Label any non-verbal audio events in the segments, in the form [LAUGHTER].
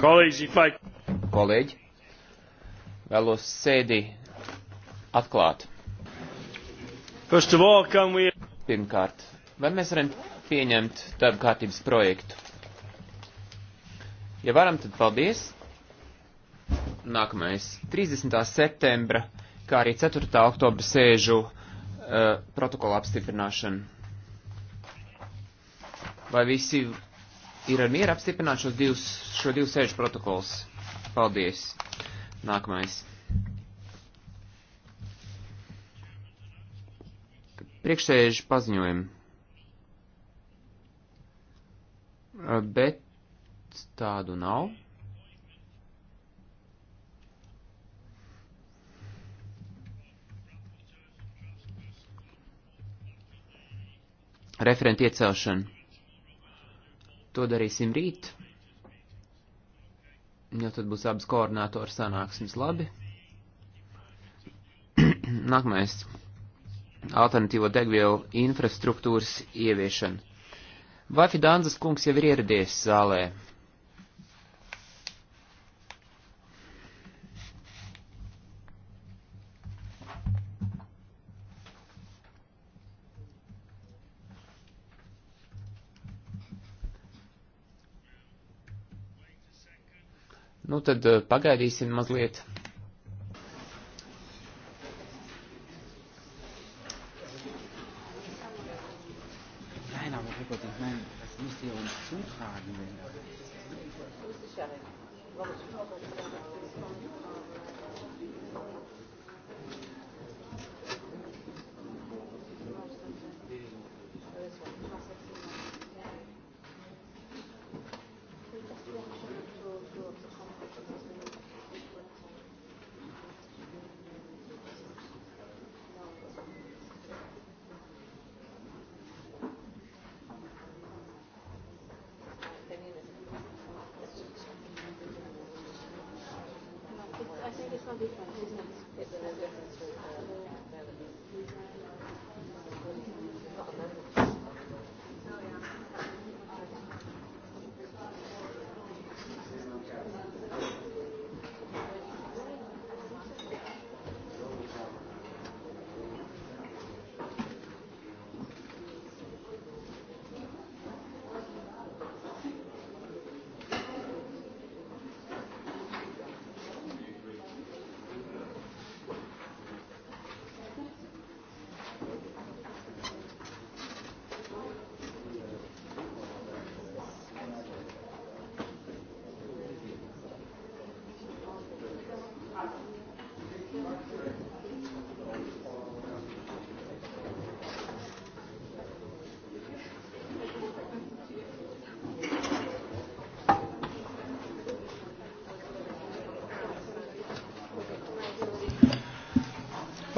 Kolēģi, vēlos sēdi atklāt. Pirmkārt, vai mēs varam pieņemt darba kārtības projektu? Ja varam, tad paldies. Nākamais, 30. septembra, kā arī 4. oktobra sēžu uh, protokola apstiprināšana. Vai visi ir ar mieru apstiprināt šos divus, šo divu sēžu protokols. Paldies. Nākamais. Priekšsēžu paziņojumu. Bet tādu nav. Referenti iecelšana. To darīsim rīt, jo tad būs abas koordinātoru sanāksmes labi. [CLEARS THROAT] Nākamais - alternatīvo degvielu infrastruktūras ieviešana. Vafi Danzas kungs jau ir ieradies zālē. Nu tad eh, pagaidīsim mazliet.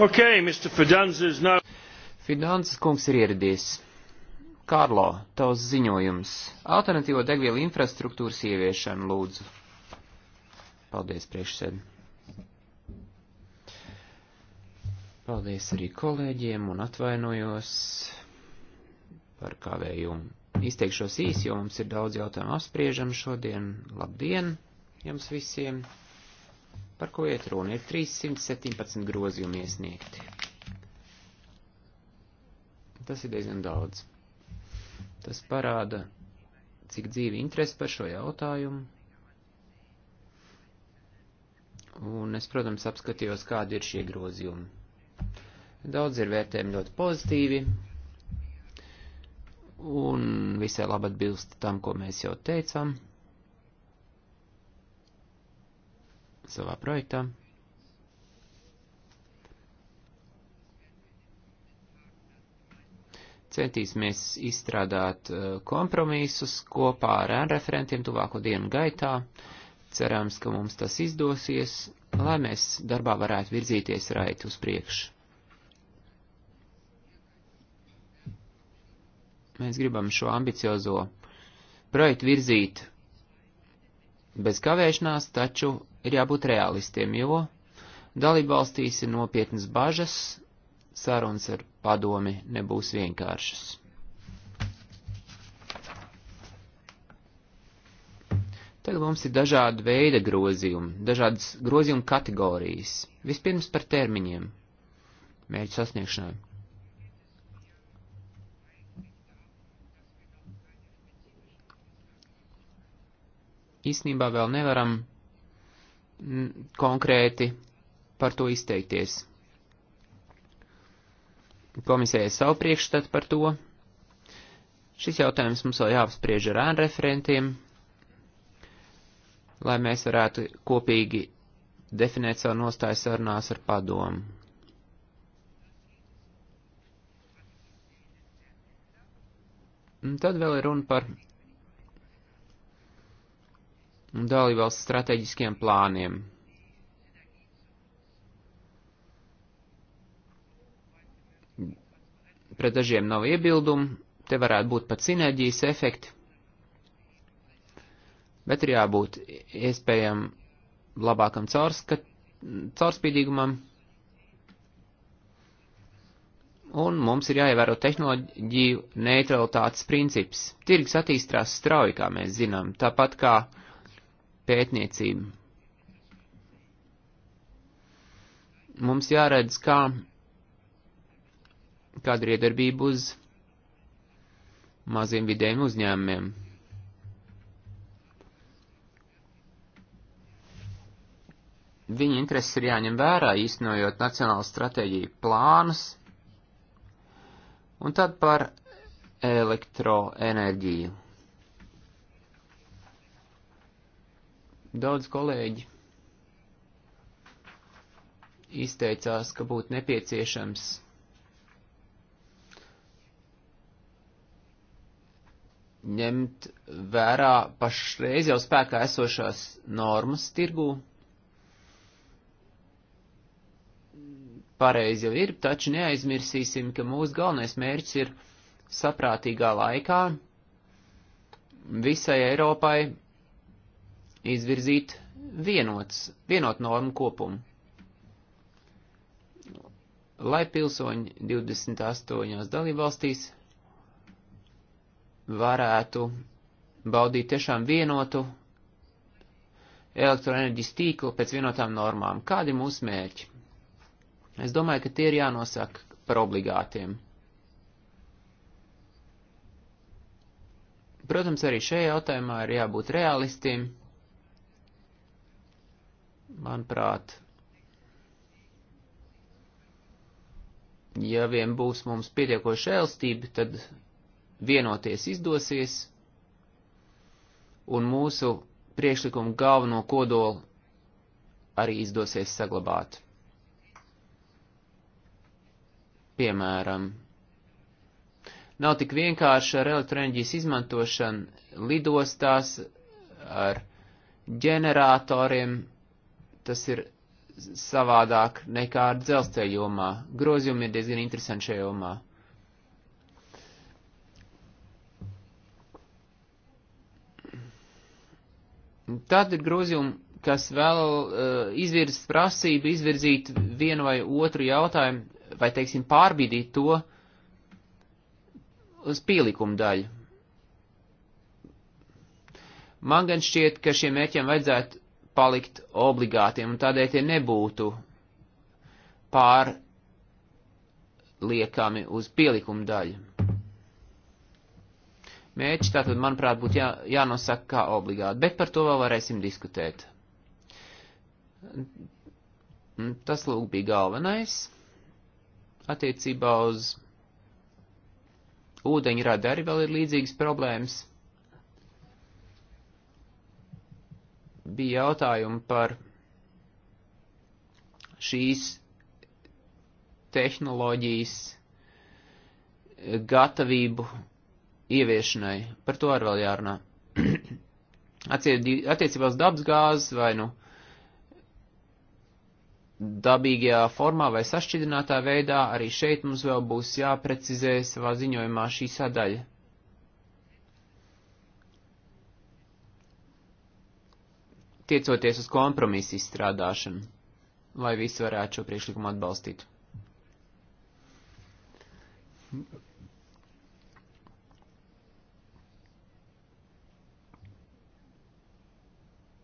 Okay, Mr. Fidanzas, now... Finanses kungs ir ieradies. Kārlo, tavs ziņojums. Alternatīvo degvielu infrastruktūras ieviešana, lūdzu. Paldies, priekšsēd. Paldies arī kolēģiem un atvainojos par kavējumu. Izteikšos īsi, jo mums ir daudz jautājumu apspriežam šodien. Labdien jums visiem! par ko iet runa, ir 317 grozījumi iesniegti. Tas ir diezgan daudz. Tas parāda, cik dzīvi interesi par šo jautājumu. Un es, protams, apskatījos, kādi ir šie grozījumi. Daudz ir vērtējumi ļoti pozitīvi, un visai labi atbilst tam, ko mēs jau teicām. savā projektā. Centīsimies izstrādāt uh, kompromisus kopā ar referentiem tuvāko dienu gaitā. Cerams, ka mums tas izdosies, lai mēs darbā varētu virzīties raiti uz priekšu. Mēs gribam šo ambiciozo projektu virzīt bez kavēšanās, taču ir jābūt realistiem, jo dalībvalstīs ir nopietnas bažas, sarunas ar padomi nebūs vienkāršas. Tagad mums ir dažādi veidi grozījumi, dažādas grozījuma kategorijas. Vispirms par termiņiem, mērķu sasniegšanai. Īsnībā vēl nevaram Mm, konkrēti par to izteikties. Komisija ir savu priekšstatu par to. Šis jautājums mums vēl jāapspriež ar ārn referentiem, lai mēs varētu kopīgi definēt savu nostāju sarunās ar padomu. Un tad vēl ir runa par un dalībvalsts strateģiskiem plāniem. Pret dažiem nav iebildumu, te varētu būt pat sinerģijas efekti, bet ir jābūt iespējam labākam caurskat, caurspīdīgumam, un mums ir jāievēro tehnoloģiju neutralitātes princips. Tirgs attīstās strauji, kā mēs zinām, tāpat kā uh, pētniecību. Mums jāredz, kā, kāda ir iedarbība uz maziem vidējiem uzņēmumiem. Viņa intereses ir jāņem vērā, īstenojot nacionālu stratēģiju plānus, un tad par elektroenerģiju. Daudz kolēģi izteicās, ka būtu nepieciešams ņemt vērā pašreiz jau spēkā esošās normas tirgū. Pareizi jau ir, taču neaizmirsīsim, ka mūsu galvenais mērķis ir saprātīgā laikā visai Eiropai izvirzīt vienots, vienot normu kopumu. Lai pilsoņi 28 dalībvalstīs varētu baudīt tiešām vienotu elektroenerģijas tīklu pēc vienotām normām. Kādi ir mūsu mērķi? Es domāju, ka tie ir jānosaka par obligātiem. Protams, arī šajā jautājumā ir jābūt realistiem. Manuprāt, ja vien būs mums pietiekoša elstība, tad vienoties izdosies, un mūsu priekšlikumu galveno kodolu arī izdosies saglabāt. Piemēram, nav tik vienkārši ar elektroenerģijas izmantošanu lidostās, ar ģeneratoriem, tas ir savādāk nekā ar dzelzceļa jomā. Grozījumi ir diezgan interesanti šajā jomā. Tad ir grozījumi, kas vēl uh, eh, izvirzas prasību izvirzīt vienu vai otru jautājumu, vai, teiksim, pārbīdīt to uz pielikumu daļu. Man gan šķiet, ka šiem mērķiem vajadzētu palikt obligātiem, un tādēļ tie nebūtu pārliekami uz pielikumu daļu. Mērķi tātad, manuprāt, būtu jā, jānosaka kā obligāti, bet par to vēl varēsim diskutēt. Tas lūk bija galvenais attiecībā uz ūdeņradi arī vēl ir līdzīgas problēmas. bija jautājumi par šīs tehnoloģijas gatavību ieviešanai. Par to arī vēl jārunā. [CLEARS THROAT] Attiecībā uz dabas gāzes vai nu dabīgajā formā vai sašķidrinātā veidā, arī šeit mums vēl būs jāprecizē savā ziņojumā šī sadaļa. tiecoties uz kompromisu izstrādāšanu, lai visi varētu šo priekšlikumu atbalstīt.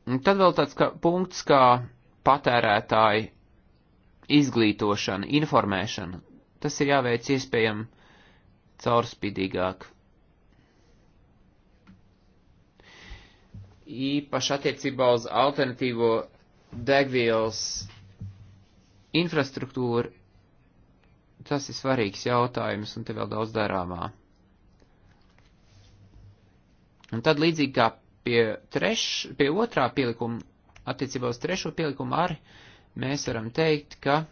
Un tad vēl tāds kā, punkts, kā patērētāji izglītošana, informēšana. Tas ir jāveic iespējami caurspīdīgāk. īpaši attiecībā uz alternatīvo degvielas infrastruktūru. Tas ir svarīgs jautājums, un te vēl daudz darāmā. Un tad līdzīgi kā pie, treš, pie otrā pielikuma, attiecībā uz trešo pielikumu arī mēs varam teikt, ka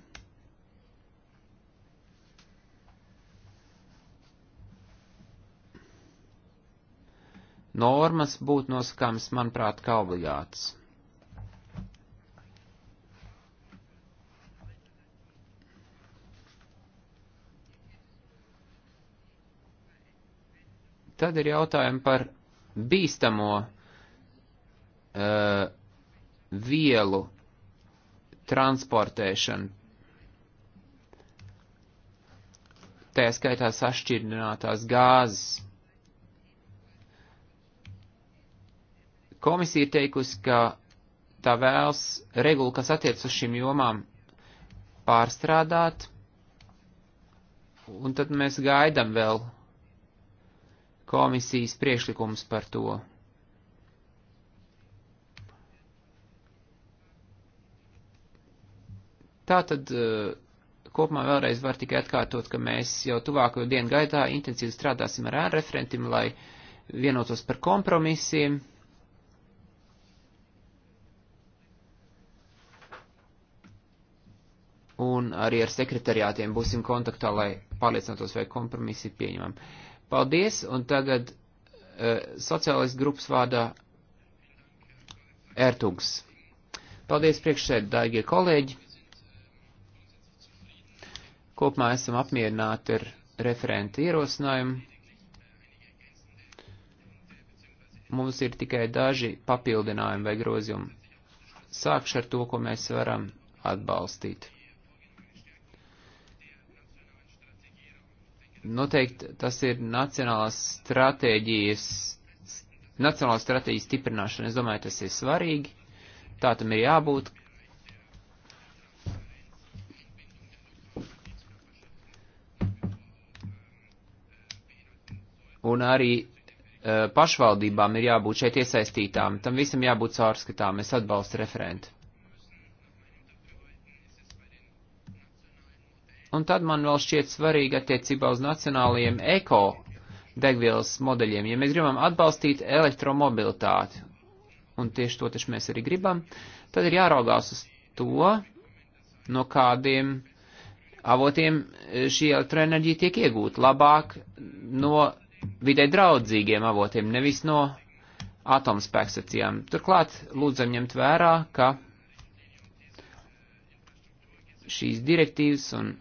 normas būtu nosakāmas, manuprāt, kā obligātas. Tad ir jautājumi par bīstamo uh, vielu transportēšanu. Tā skaitā sašķirinātās gāzes Komisija ir teikusi, ka tā vēlas regulu, kas attiec uz šīm jomām, pārstrādāt, un tad mēs gaidam vēl komisijas priekšlikums par to. Tā tad eh, kopumā vēlreiz var tikai atkārtot, ka mēs jau tuvāko dienu gaitā intensīvi strādāsim ar ārreferentiem, lai vienotos par kompromisiem. un arī ar sekretariātiem būsim kontaktā, lai pārliecinātos, vai kompromisi ir pieņemami. Paldies, un tagad uh, sociālistu grupas vārdā Ertugs. Paldies priekšsēd, dārgie kolēģi. Kopumā esam apmierināti ar referenta ierosinājumu. Mums ir tikai daži papildinājumi vai grozījumi. Sākšu ar to, ko mēs varam atbalstīt. Noteikti tas ir nacionālās stratēģijas, nacionālās stratēģijas stiprināšana. Es domāju, tas ir svarīgi. Tā tam ir jābūt. Un arī eh, pašvaldībām ir jābūt šeit iesaistītām, tam visam jābūt caurskatām, es atbalstu referentu. Un tad man vēl šķiet svarīgi attiecībā uz nacionālajiem eko degvielas modeļiem. Ja mēs gribam atbalstīt elektromobilitāti, un tieši to taču mēs arī gribam, tad ir jāraugās uz to, no kādiem avotiem šī elektroenerģija tiek iegūta. Labāk no vidē draudzīgiem avotiem, nevis no atomspēkstacijām. Turklāt lūdzam ņemt vērā, ka šīs direktīvas un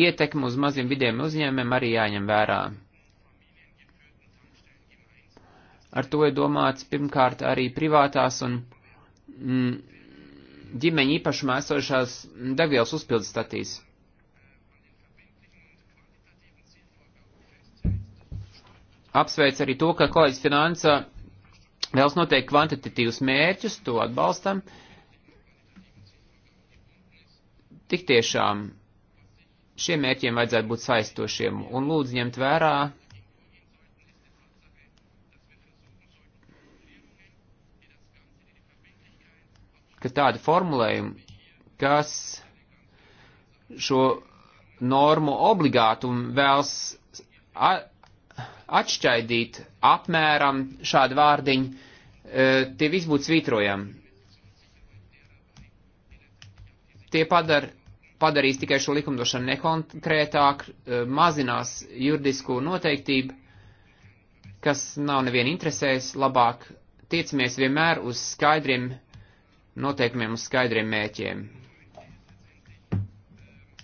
ietekmi uz maziem vidiem uzņēmumiem arī jāņem vērā. Ar to ir domāts pirmkārt arī privātās un mm, ģimeņa īpašumā esošās degvielas uzpildes statīs. Apsveic arī to, ka kolēģis finansa vēlas noteikt kvantitatīvus mērķus, to atbalstam. Tik tiešām Šiem mērķiem vajadzētu būt saistošiem un lūdzu ņemt vērā ka tādi formulējumi, kas šo normu obligātumu vēls atšķaidīt apmēram šādi vārdiņi, e, tie visi būtu svītrojami. Tie padara padarīs tikai šo likumdošanu nekonkrētāk, eh, mazinās juridisko noteiktību, kas nav neviena interesēs, labāk tiecamies vienmēr uz skaidriem noteikumiem, uz skaidriem mēķiem.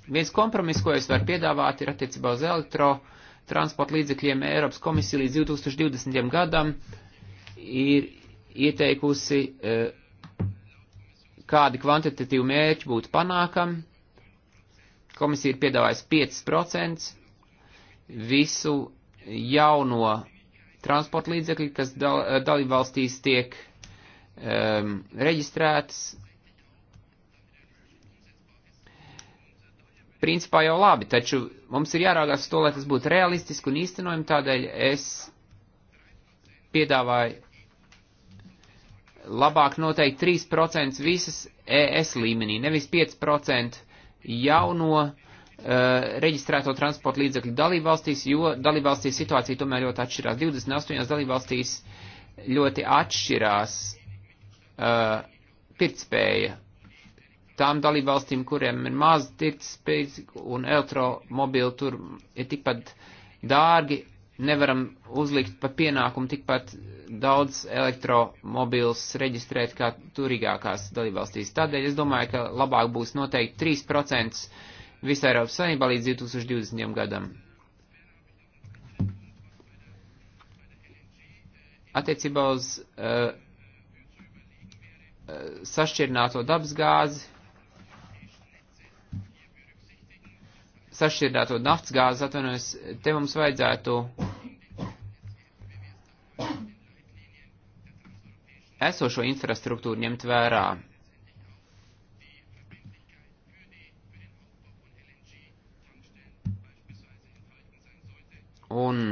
Viens kompromiss, ko es varu piedāvāt, ir attiecībā uz elektro transporta līdzekļiem Eiropas komisija līdz 2020. gadam ir ieteikusi, eh, kādi kvantitatīvi mērķi būtu panākami Komisija ir piedāvājusi 5% visu jauno transporta līdzekļu, kas dal, eh, dalībvalstīs tiek um, reģistrētas. Principā jau labi, taču mums ir jārāgās to, lai tas būtu realistiski un īstenojami, tādēļ es piedāvāju labāk noteikt 3% visas ES līmenī, nevis 5% jauno uh, reģistrēto transporta līdzekļu dalībvalstīs, jo dalībvalstīs situācija tomēr ļoti atšķirās. 28 dalībvalstīs ļoti atšķirās uh, eh, pirtspēja tām dalībvalstīm, kuriem ir maz tirdzspējas un elektromobili tur ir tikpat dārgi nevaram uzlikt pa pienākumu tikpat daudz elektromobīlus reģistrēt kā turīgākās dalībvalstīs. Tādēļ es domāju, ka labāk būs noteikti 3% visā Eiropas Savienībā līdz 2020. gadam. Attiecībā uz uh, uh, sašķirināto dabasgāzi sašķirdāto naftsgāzi, atvainojos, te mums vajadzētu esošo infrastruktūru ņemt vērā. Un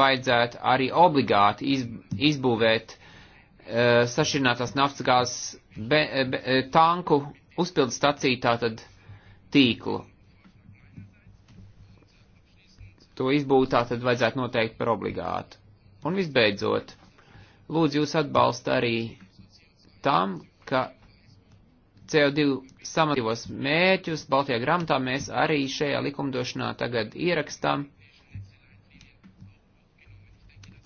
vajadzētu arī obligāti iz, izbūvēt e, sašķirinātās naftsgāzes be, e, be, e, tanku uzpildu staciju tātad tīklu to izbūvu tā tad vajadzētu noteikt par obligātu. Un visbeidzot, lūdzu jūs atbalstu arī tam, ka CO2 samatīvos mēķus Baltijā grāmatā mēs arī šajā likumdošanā tagad ierakstam.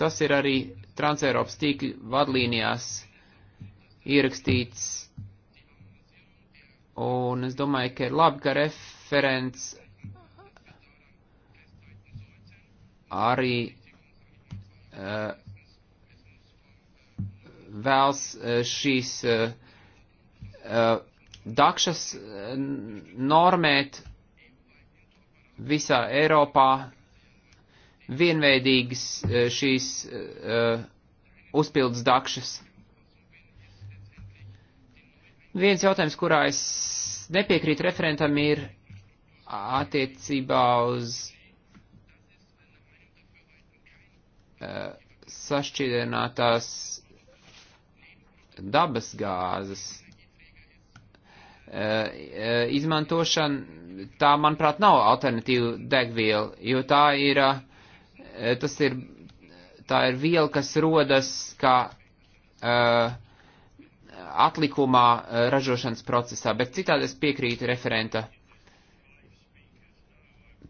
Tas ir arī Transeiropas tīkļu vadlīnijās ierakstīts. Un es domāju, ka ir labi, ka referents arī uh, vēls uh, šīs uh, dakšas normēt visā Eiropā vienveidīgas šīs uzpildes dakšas. Viens jautājums, kurā es nepiekrītu referentam, ir attiecībā uz Uh, sašķidrinātās dabas gāzes uh, uh, izmantošana, tā, manuprāt, nav alternatīva degviela, jo tā ir, tas ir, tā ir viela, kas rodas kā uh, atlikumā ražošanas procesā, bet citādi es piekrītu referenta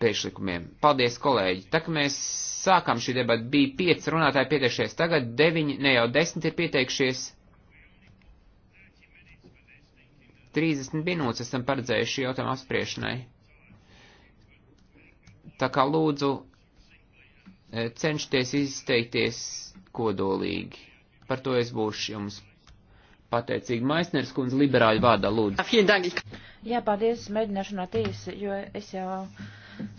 priekšlikumiem. Paldies, kolēģi! Tā kā mēs sākam šī debata, bija pieci runātāji pieteikšies, tagad deviņi, ne jau desmit ir pieteikšies. 30 minūtes esam paredzējuši jautājumu apspriešanai. Tā kā lūdzu, eh, cenšties izteikties kodolīgi. Par to es būšu jums pateicīgi. Maisners kundze liberāļu vārdā lūdzu. Jā, paldies, mēģināšanā tīs, jo es jau. Uh,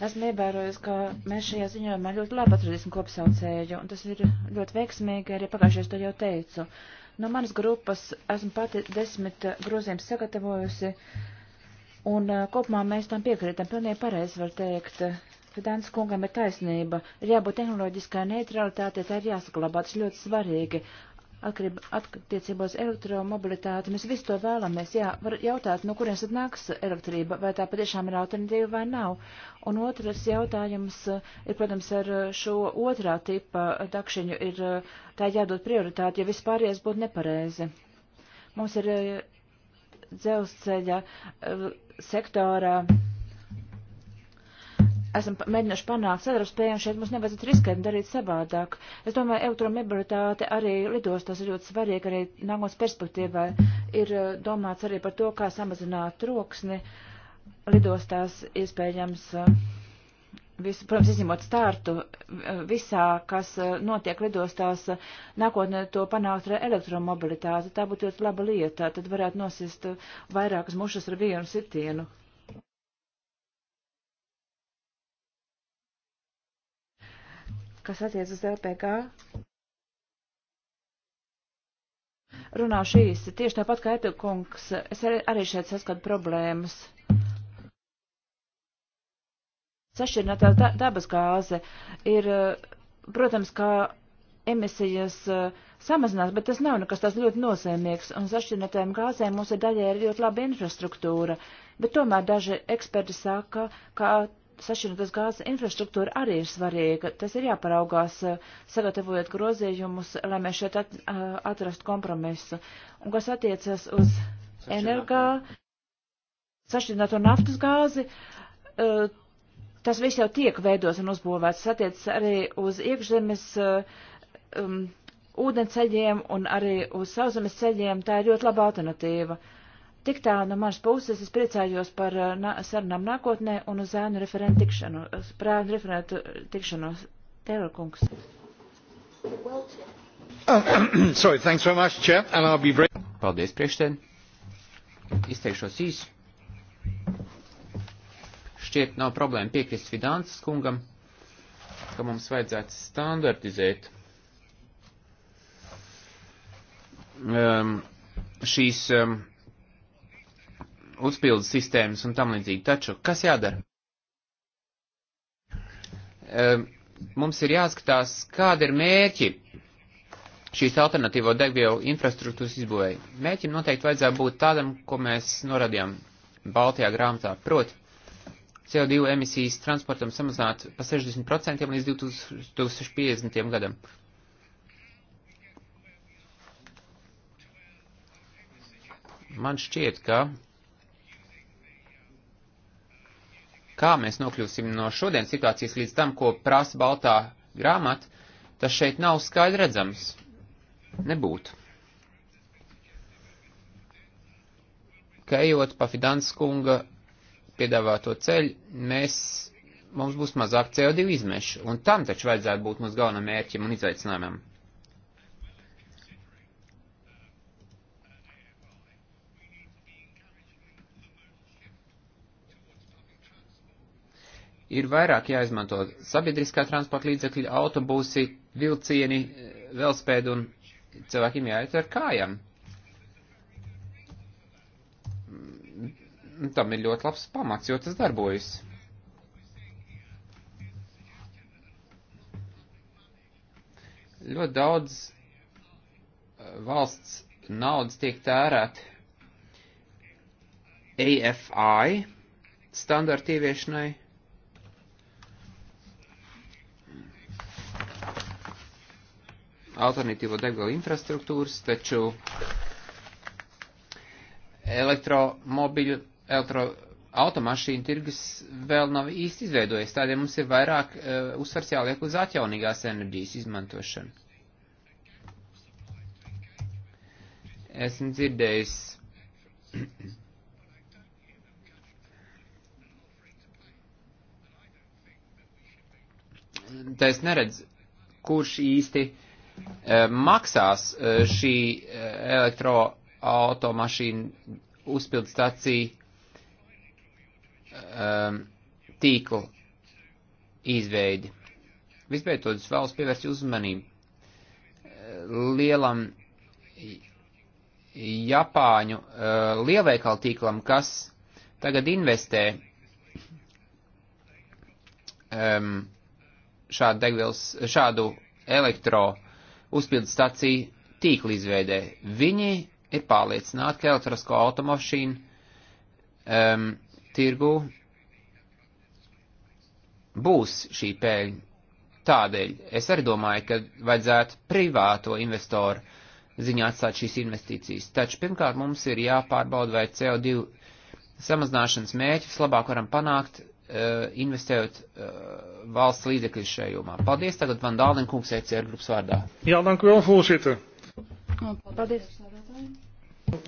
Esmu ievērojis, ka mēs šajā ziņojumā ļoti labi atradīsim kopsaucēju, un tas ir ļoti veiksmīgi, arī pagājušajā to jau teicu. No manas grupas esmu pati desmit grozījums sagatavojusi, un kopumā mēs tam piekrītam. Pilnīgi pareizi var teikt, ka Dānis kungam ir taisnība. Ir jābūt tehnoloģiskai neutralitātei, tā ir jāsaklabā, tas ļoti svarīgi attiecībā uz elektromobilitāti. Mēs visu to vēlamies. Jā, var jautāt, no kurienes tad nāks elektrība, vai tā patiešām ir alternatīva vai nav. Un otrs jautājums eh, ir, protams, ar eh, šo otrā tipa dakšiņu ir eh, tā jādod prioritāti, jo viss pārējais būtu nepareizi. Mums ir dzelzceļa sektorā esam mēģinājuši panākt sadarbspējumu, šeit mums nevajadzētu riskēt un darīt savādāk. Es domāju, elektromobilitāte arī lidostās ir ļoti svarīga, arī nākotnes perspektīvā ir eh, domāts arī par to, kā samazināt troksni. Lidostās iespējams, eh, visu, protams, izņemot startu eh, visā, kas notiek lidostās, nākotnē to panākt ar elektromobilitāti. Tā būtu ļoti laba lieta, tad varētu nosist vairākas mušas ar vienu sitienu. kas attiec uz LPK. Runāšu īsi, tieši tāpat kā Etukungs, es arī šeit saskatu problēmas. Sašķirinātā da dabas gāze ir, eh, protams, kā emisijas uh, samazinās, bet tas nav nekas tāds ļoti nozīmīgs, un sašķirinātēm gāzēm mums ir daļai arī ļoti laba infrastruktūra, bet tomēr daži eksperti saka, ka sašķirnotas gāzes infrastruktūra arī ir svarīga. Tas ir jāparaugās, eh, sagatavojot grozījumus, lai mēs šeit at, eh, atrastu kompromisu. Un kas attiecas uz energā, sašķirnotu naftas gāzi, eh, tas viss jau tiek veidos un uzbūvēts. Tas attiecas arī uz iekšzemes um, ūdenceļiem un arī uz sauszemes ceļiem. Tā ir ļoti laba alternatīva. Uh, Tik tā no manas puses es priecājos par uh, nā, sarunām nākotnē un uz ēnu referentu tikšanu, prēnu referentu tikšanos. Tev, kungs. [COUGHS] Sorry, thanks very much, Chair, and I'll be very... Paldies, priekšsēd. Izteikšos īsi. Šķiet, nav problēma piekrist Fidanses kungam, ka mums vajadzētu standartizēt um, šīs um, uzpildu sistēmas un tam līdzīgi. Taču, kas jādara? Ehm, mums ir jāskatās, kāda ir mērķi šīs alternatīvo degvielu infrastruktūras izbūvēja. Mēķim noteikti vajadzētu būt tādam, ko mēs norādījām Baltijā grāmatā, proti CO2 emisijas transportam samazināt pa 60% līdz 2050. gadam. Man šķiet, ka kā mēs nokļūsim no šodienas situācijas līdz tam, ko prasa baltā grāmata, tas šeit nav skaidri redzams. Nebūtu. Ka ejot pa Fidanskunga piedāvāto ceļu, mēs, mums būs mazāk CO2 izmešu, un tam taču vajadzētu būt mūsu galvenam mērķim un izaicinājumam. ir vairāk jāizmanto sabiedriskā transporta līdzekļi, autobusi, vilcieni, velspēdi un cilvēkiem jāiet ar kājām. Mm, tam ir ļoti labs pamats, jo tas darbojas. Ļoti daudz eh, valsts naudas tiek tērēt AFI standartu ieviešanai, alternatīvo degvielu infrastruktūras, taču elektromobiļu, elektro automašīnu tirgus vēl nav īsti izveidojies, tādēļ mums ir vairāk uh, uzsvars jāliek uz atjaunīgās enerģijas izmantošanu. Esmu dzirdējis. Tā [CLEARS THROAT] es neredzu, kurš īsti Eh, maksās eh, šī eh, elektroautomašīna uzpildu stacija tīkla izveidi. Vispētot, es vēlos pievērst uzmanību lielam Japāņu uh, lielveikalu tīklam, kas tagad investē um, šādu degvielas, šādu elektro uzpildu staciju tīkla izveidē. Viņi ir pārliecināti, ka elektrisko automašīnu um, tirgu būs šī pēļņa. Tādēļ es arī domāju, ka vajadzētu privāto investoru ziņā atstāt šīs investīcijas. Taču pirmkārt mums ir jāpārbauda, vai CO2 samazināšanas mēķis labāk varam panākt Eh, investējot eh, valsts līdzekļus šajā jomā. Paldies tagad Van Dālen kungs ECR grupas vārdā. Jā, dank vēl, voorzitter. Paldies.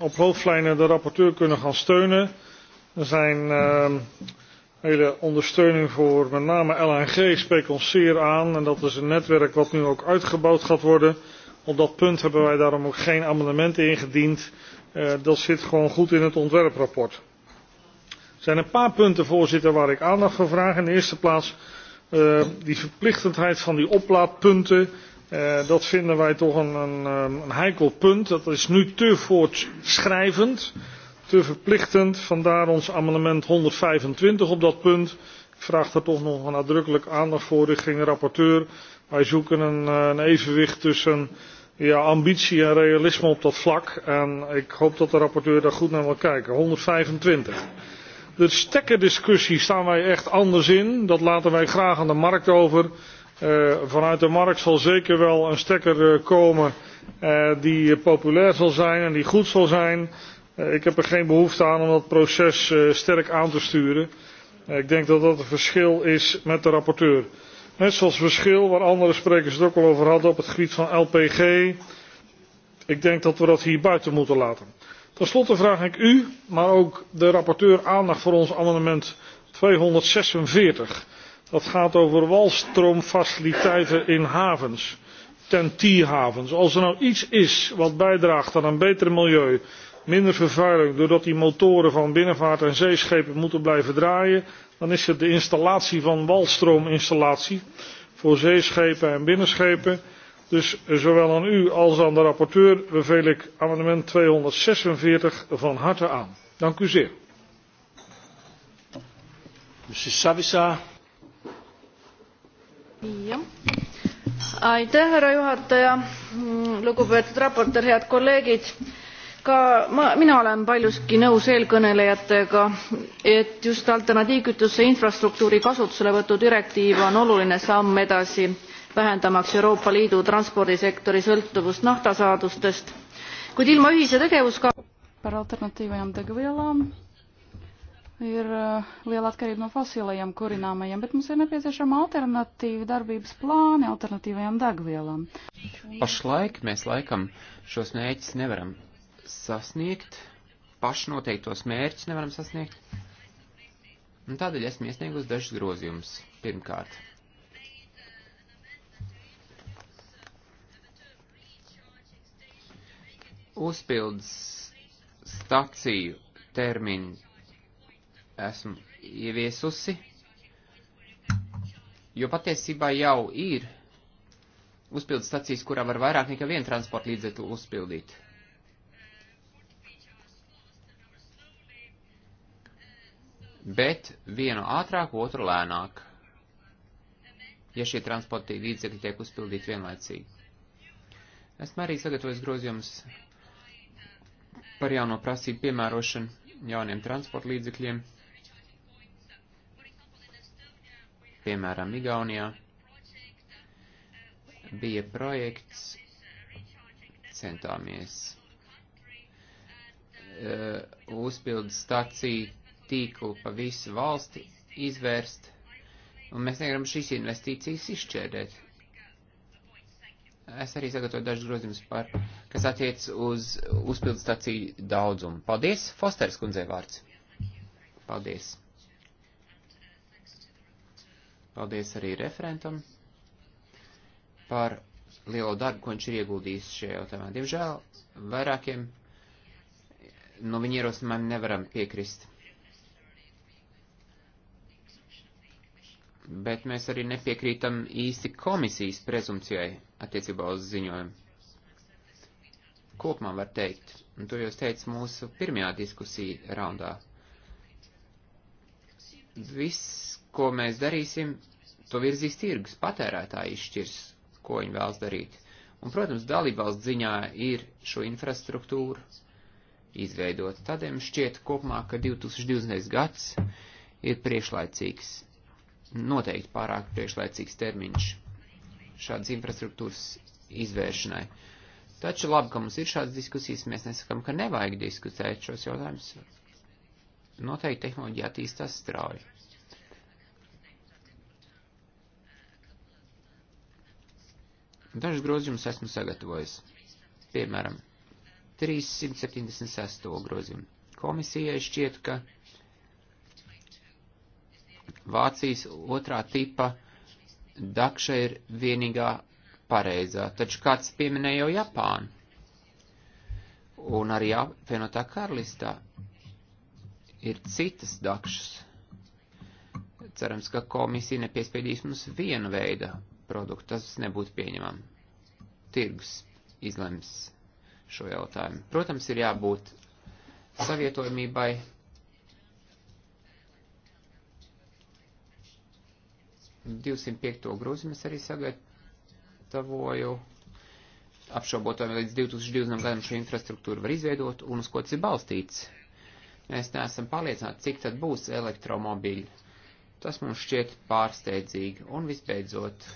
Op hoofdlijnen de rapporteur kunnen gaan steunen. Er zijn uh, hele ondersteuning voor met name LNG spreekt ons zeer aan. En dat is een netwerk wat nu ook uitgebouwd gaat worden. Op dat punt hebben wij daarom ook geen amendementen ingediend. Uh, dat zit gewoon goed in het ontwerprapport zijn een paar punten voorzitter waar ik aandacht voor vraag. in de eerste plaats uh, die verplichtendheid van die oplaadpunten. Uh, dat vinden wij toch een, een, ehm, een heikel punt. dat is nu te voortschrijvend te verplichtend vandaar ons amendement honderdvijfentwintig op dat punt. ik vraag daar toch nog nadrukkelijk aandacht voor richting de rapporteur. wij zoeken een, eh, een evenwicht tussen ja, ambitie en realisme op dat vlak en ik hoop dat de rapporteur daar goed naar wil kijken. honderdvijfentwintig De stekkerdiscussie staan wij echt anders in. Dat laten wij graag aan de markt over. Uh, vanuit de markt zal zeker wel een stekker uh, komen uh, die populair zal zijn en die goed zal zijn. Ik heb er geen behoefte aan om dat proces sterk aan te sturen. Ik denk dat dat een verschil is met de rapporteur. Net zoals verschil, waar andere sprekers het ook al over hadden, op het gebied van LPG. Ik denk dat we dat hier buiten moeten laten. Ten slotte vraag ik u, maar ook de rapporteur, aandacht voor ons amendement 246. Dat gaat over walstroomfaciliteiten in havens, TEN-T-havens. Als er nou iets is wat bijdraagt aan een beter milieu, minder vervuiling, doordat die motoren van binnenvaart en zeeschepen moeten blijven draaien, dan is het de installatie van walstroominstallatie voor zeeschepen en binnenschepen Dus eh, zowel aan u als aan de rapporteur beveel ik amendement 246 van harte aan. Dank u zeer. Mr. Savisa. jah, aitäh, härra juhataja, mm, lugupeetud raportöör, head kolleegid. ka ma, mina olen paljuski nõus eelkõnelejatega, et just alternatiivkütuse infrastruktuuri kasutuselevõtu direktiiv on oluline samm edasi vähendamaks euroopa liidu transpordisektori sõltuvust naftasaadustest kuid ilma ühise tegevuskava par alternatīvajām degvielām ir eh, liela atkarība no fosilajiem kurināmajiem, bet mums ir nepieciešama alternatīva darbības plāni alternatīvajām degvielām. Pašlaik mēs laikam šos mērķus nevaram sasniegt, pašnoteiktos mērķus nevaram sasniegt, un tādēļ esmu iesniegus dažus grozījumus. Pirmkārt, uzpildes staciju terminu esmu ieviesusi, jo patiesībā jau ir uzpildes stacijas, kurā var vairāk nekā vienu transporta līdzekli uzpildīt. Bet vienu ātrāk, otru lēnāk, ja šie transporta līdzekļi tiek uzpildīti vienlaicīgi. Esmu arī sagatavojis grozījumus par jauno prasību piemērošanu jauniem transporta līdzekļiem. Piemēram, Igaunijā bija projekts, centāmies uh, uzpildu staciju tīklu pa visu valsti izvērst, un mēs negribam šīs investīcijas izšķērdēt. Es arī sagatavoju dažus grozījumus par, kas attiec uz uzpildu staciju daudzumu. Paldies, Fosters kundzē vārds. Paldies. Paldies arī referentam par lielo darbu, ko viņš ir ieguldījis šajā jautājumā. Diemžēl vairākiem no viņa ierosinājumiem nevaram piekrist. bet mēs arī nepiekrītam īsti komisijas prezumcijai attiecībā uz ziņojumu. Kopumā var teikt, un to jūs teicat mūsu pirmajā diskusija raundā. Viss, ko mēs darīsim, to virzīs tirgus, patērētāji izšķirs, ko viņi vēlas darīt. Un, protams, dalībvalsts ziņā ir šo infrastruktūru izveidot. Tādēļ šķiet kopumā, ka 2020. gads ir priešlaicīgs noteikti pārāk priekšlaicīgs termiņš šādas infrastruktūras izvēršanai. Taču labi, ka mums ir šādas diskusijas, mēs nesakam, ka nevajag diskutēt šos jautājumus. Noteikti tehnoloģija attīstās strauji. Dažus grozījumus esmu sagatavojis. Piemēram, 376. grozījumu. Komisijai šķiet, ka Vācijas otrā tipa dakša ir vienīgā pareizā, taču kāds pieminēja jau Japānu un arī apvienotā karalistā ir citas dakšas. Cerams, ka komisija nepiespiedīs mums vienu veidu produktu, tas nebūtu pieņemam. Tirgus izlems šo jautājumu. Protams, ir jābūt savietojumībai 205. grozījumu es arī sagatavoju. Apšaubotājiem līdz 2020. gadam šo infrastruktūru var izveidot un uz ko tas ir balstīts. Mēs neesam pārliecināti, cik tad būs elektromobīļi. Tas mums šķiet pārsteidzīgi. Un visbeidzot,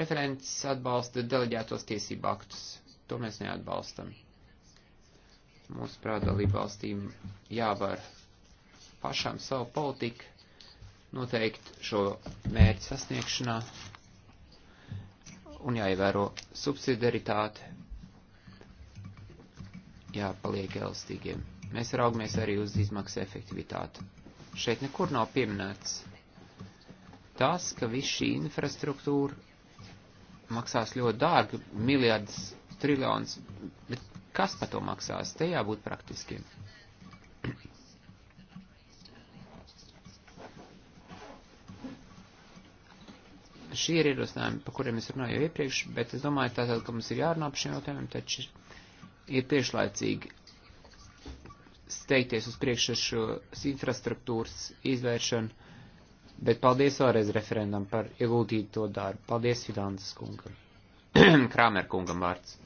referents atbalsta deleģētos tiesību aktus. To mēs neatbalstam. Mūsu prāt dalību valstīm jāvar pašām savu politiku noteikti šo mērķu sasniegšanā un jāievēro subsidiaritāte, jāpaliek elastīgiem. Mēs raugamies arī uz izmaksu efektivitāti. Šeit nekur nav pieminēts tas, ka viss šī infrastruktūra maksās ļoti dārgi, miljardus, triljonus, bet kas par to maksās? Te jābūt praktiskiem. šie ir ierosinājumi, par kuriem es runāju iepriekš, bet es domāju, tātad, ka mums ir jārunā par šiem jautājumiem, taču ir priekšlaicīgi steigties uz priekšu šos infrastruktūras izvēršanu, bet paldies vēlreiz referendam par ieguldīto darbu. Paldies Fidanses kungam. [CLEARS THROAT] Krāmer kungam vārds.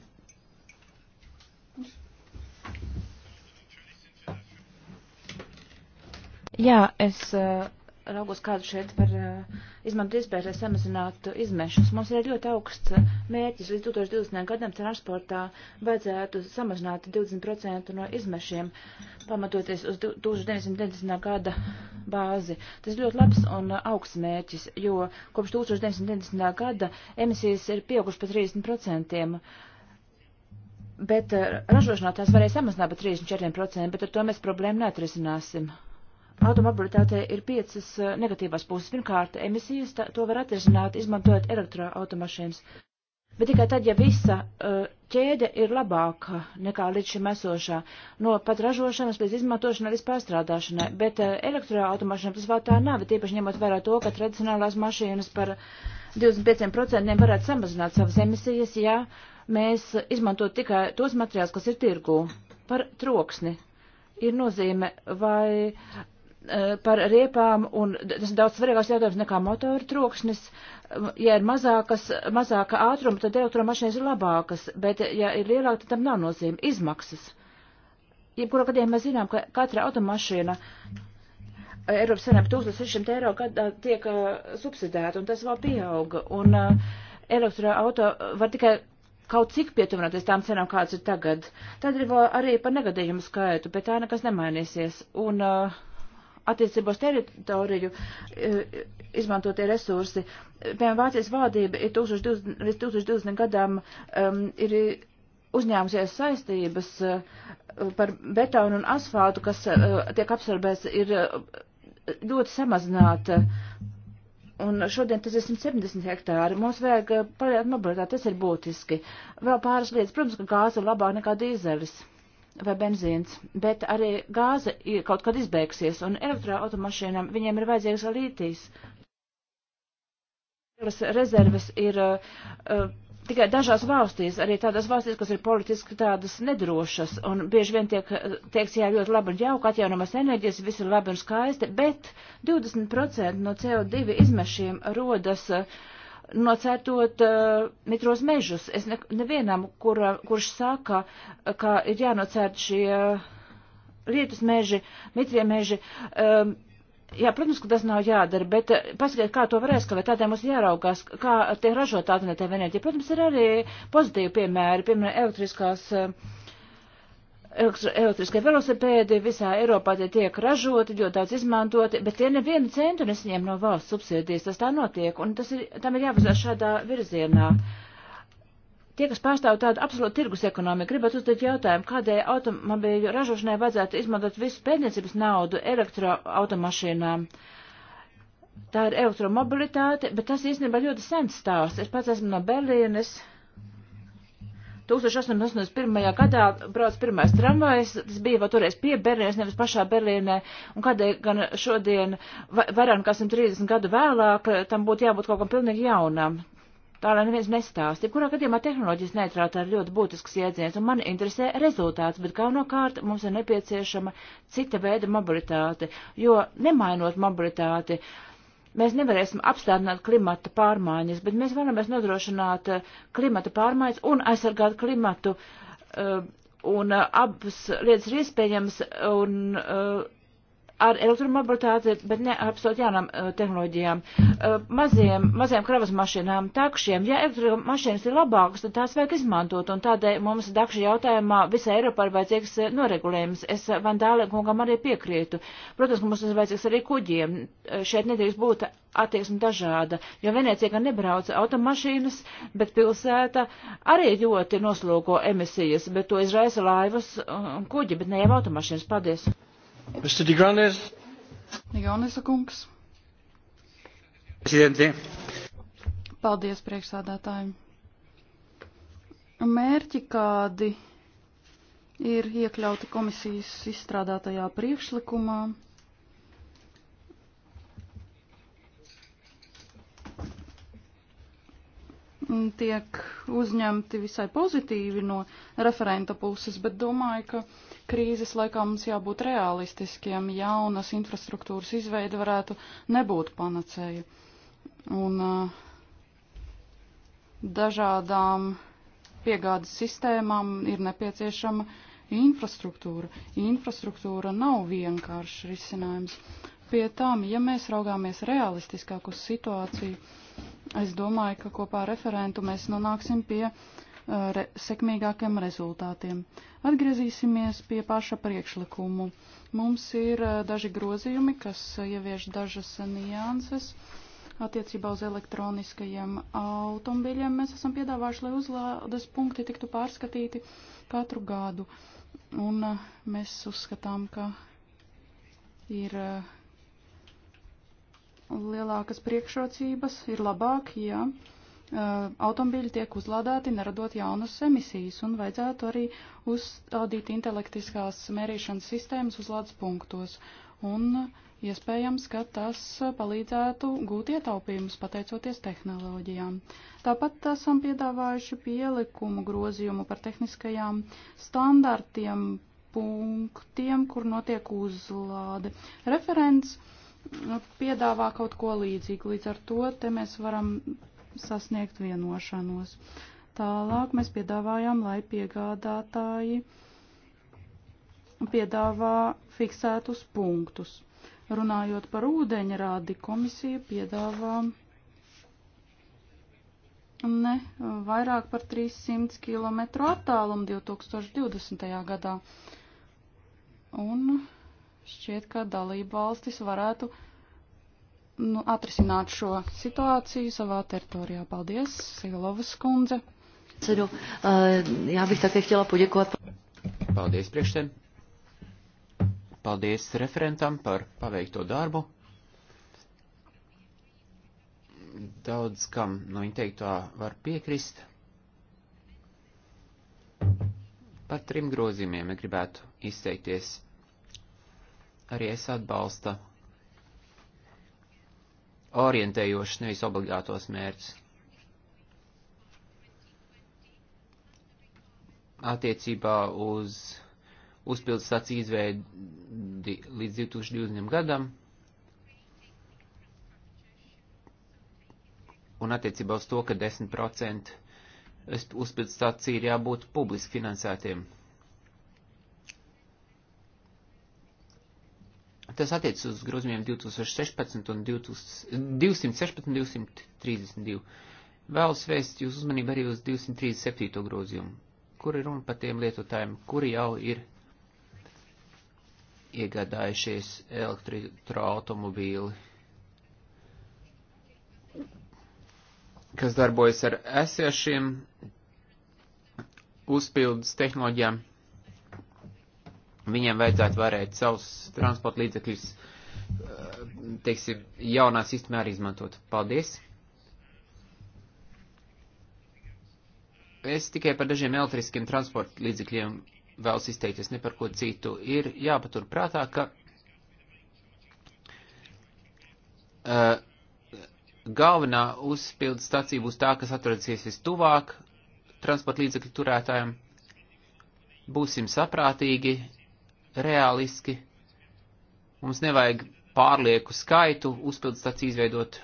Jā, es uh, raugos kādu šeit par uh, eh, izmantot iespēju, lai samazinātu izmešus. Mums ir ļoti augsts mērķis līdz 2020. gadam transportā vajadzētu samazināt 20% no izmešiem, pamatoties uz 1990. gada bāzi. Tas ļoti labs un augsts mērķis, jo kopš 1990. gada emisijas ir pieaugušas par 30%. Bet eh, ražošanā tās varēja samazināt par 34%, bet ar to mēs problēmu neatrisināsim automobilitātei ir piecas eh, negatīvās puses. Pirmkārt, emisijas tā, to var atrisināt, izmantojot elektroautomašīnas. Bet tikai tad, ja visa eh, ķēde ir labāka nekā līdz šim esošā, no pat ražošanas līdz izmantošanai līdz pārstrādāšanai, bet eh, elektroautomašīnām tas vēl tā nav, tīpaši ņemot vērā to, ka tradicionālās mašīnas par 25% varētu samazināt savas emisijas, ja mēs izmantot tikai tos materiālus, kas ir tirgū par troksni ir nozīme, vai Eh, par riepām, un tas ir daudz svarīgāks jautājums nekā motora troksnis. Eh, ja ir mazākas, mazāka ātruma, tad elektromašīnas ir labākas, bet ja ir lielāka, tad tam nav nozīme izmaksas. Jebkurā gadījumā mēs zinām, ka katra automašīna eh, Eiropas Savienībā 1600 eiro gadā tiek uh, subsidēta, un tas vēl pieauga, un uh, elektroauto var tikai kaut cik pietuvināties tām cenām, kāds ir tagad. Tad ir vēl arī par negadījumu skaitu, bet tā nekas nemainīsies, un uh, attiecībos teritoriju e, izmantotie resursi. Piemēram, Vācijas valdība ir 2020, līdz 2020 gadam um, ir uzņēmusies saistības uh, par betonu un asfaltu, kas uh, tiek apsarbēts, ir uh, ļoti samazināta. Un šodien tas ir 170 hektāri. Mums vajag palielināt mobilitāti, tas ir būtiski. Vēl pāris lietas. Protams, ka gāze ir labāk nekā dīzelis. Uh, vai benzīns, bet arī gāze kaut kad izbeigsies, un elektroautomašīnām viņiem ir vajadzīgs lītīs. Rezerves ir uh, uh, tikai dažās valstīs, arī tādās valstīs, kas ir politiski tādas nedrošas, un bieži vien tiek uh, teiks, jā, ļoti labi un jauka atjaunamas enerģijas, viss ir labi un skaisti, bet 20% no CO2 izmešiem rodas uh, nocērtot uh, mitros mežus. Es ne, nevienam, kur, eh, kurš saka, ka ir jānocērt šie uh, lietus meži, mitrie meži, um, jā, protams, ka tas nav jādara, bet eh, pasakiet, kā to var aizskavēt, tādēļ mums jāraugās, kā tiek ražot alternatīva enerģija. Protams, ir arī pozitīvi piemēri, piemēram, elektriskās. Uh, elektriskie velosipēdi visā Eiropā tie tiek ražoti, ļoti daudz izmantoti, bet tie nevienu centu nesaņem no valsts subsīdijas. Tas tā notiek, un tas ir, tam ir jāvazās šādā virzienā. Tie, kas pārstāv tādu absolūtu tirgus ekonomiku, gribētu uzdot jautājumu, kādēļ automobīļu ražošanai vajadzētu izmantot visu pēdniecības naudu elektroautomašīnām. Tā ir elektromobilitāte, bet tas īstenībā ļoti sens stāsts. Es pats esmu no Berlīnes. Es 1881. gadā brauc pirmais tramvajs, tas bija vēl toreiz pie Berlīnes, nevis pašā Berlīnē, un kādēļ gan šodien, vairāk nekā 130 gadu vēlāk, tam būtu jābūt kaut kam pilnīgi jaunam. Tā lai neviens nestāst. Jebkurā gadījumā tehnoloģijas neitrāta ir ļoti būtisks jēdziens, un man interesē rezultāts, bet galvenokārt mums ir nepieciešama cita veida mobilitāte, jo nemainot mobilitāti, uh, Mēs nevarēsim apstādināt klimata pārmaiņas, bet mēs vēlamies nodrošināt eh, klimata pārmaiņas un aizsargāt klimatu. Eh, un eh, abas lietas ir iespējams, un ar elektromobilitāti, bet ne ar absolūti jaunām uh, tehnoloģijām. Uh, maziem, maziem kravas mašīnām, takšiem, ja elektromašīnas ir labākas, tad tās vajag izmantot, un tādēļ mums dakšu jautājumā visā Eiropā ir vajadzīgs eh, noregulējums. Es Vandāle kungam arī piekrītu. Protams, ka mums tas vajadzīgs arī kuģiem. Šeit nedrīkst būt attieksme dažāda, jo Venecija gan nebrauc automašīnas, bet pilsēta arī ļoti noslūko emisijas, bet to izraisa laivas un kuģi, bet ne jau automašīnas. Paldies! Mr. Digronis. Digronis kungs. Presidente. Paldies priekšsādātājiem. Mērķi kādi ir iekļauti komisijas izstrādātajā priekšlikumā. Tiek uzņemti visai pozitīvi no referenta puses, bet domāju, ka krīzes laikā mums jābūt realistiskiem. Jaunas infrastruktūras izveida varētu nebūt panacēja. Un uh, dažādām piegādes sistēmām ir nepieciešama infrastruktūra. Infrastruktūra nav vienkāršs risinājums. Pie tām, ja mēs raugāmies realistiskāk uz situāciju, es domāju, ka kopā ar referentu mēs nonāksim pie uh, re, sekmīgākiem rezultātiem. Atgriezīsimies pie paša priekšlikumu. Mums ir eh, daži grozījumi, kas ievieš dažas nianses. Attiecībā uz elektroniskajiem automobiļiem mēs esam piedāvājuši, lai uzlādes punkti tiktu pārskatīti katru gadu. Un eh, mēs uzskatām, ka ir eh, lielākas priekšrocības, ir labāk, jā. Ja Eh, automobīļi tiek uzlādēti, neradot jaunas emisijas, un vajadzētu arī uzstādīt intelektiskās mērīšanas sistēmas uzlādes punktos. Un iespējams, ka tas palīdzētu gūt ietaupījumus pateicoties tehnoloģijām. Tāpat esam piedāvājuši pielikumu grozījumu par tehniskajām standartiem punktiem, kur notiek uzlāde. Referents piedāvā kaut ko līdzīgu, līdz ar to te mēs varam sasniegt vienošanos. Tālāk mēs piedāvājām, lai piegādātāji piedāvā fiksētus punktus. Runājot par ūdeņrādi, komisija piedāvā ne vairāk par 300 km attālumu 2020. gadā. Un šķiet, ka dalība valstis varētu nu, atrisināt šo situāciju savā teritorijā. Paldies, Sigalovas kundze. Ceļu, eh, jā, bych také chtěla poděkovat. Paldies priekšsēm. Paldies referentam par paveikto darbu. Daudz kam, nu, viņa teiktā var piekrist. Par trim grozījumiem gribētu izteikties. Arī es atbalsta orientējošs, nevis obligātos mērķis. Attiecībā uz uzpildu stāciju izveidi līdz 2020. gadam un attiecībā uz to, ka 10% uzpildu stāciju ir jābūt publiski finansētiem. Tas attiec uz grozījumiem 2016 un 216 un 232. Vēlos vēst jūs uzmanību arī uz 237. grozījumu, kur ir runa par tiem lietotājiem, kuri jau ir iegādājušies elektroautomobīli, kas darbojas ar esiešiem uzpildus tehnoloģijām. Viņiem vajadzētu varēt savus transporta līdzekļus, eh, teiksim, jaunā sistēmā arī izmantot. Paldies! Es tikai par dažiem elektriskiem transporta līdzekļiem vēlos izteikties, ne par ko citu. Ir jāpatur prātā, ka uh, galvenā uzpildu stacija būs tā, kas atradīsies vistuvāk transporta līdzekļu turētājiem. Būsim saprātīgi, reāliski. Mums nevajag pārlieku skaitu uzpildu stāciju izveidot.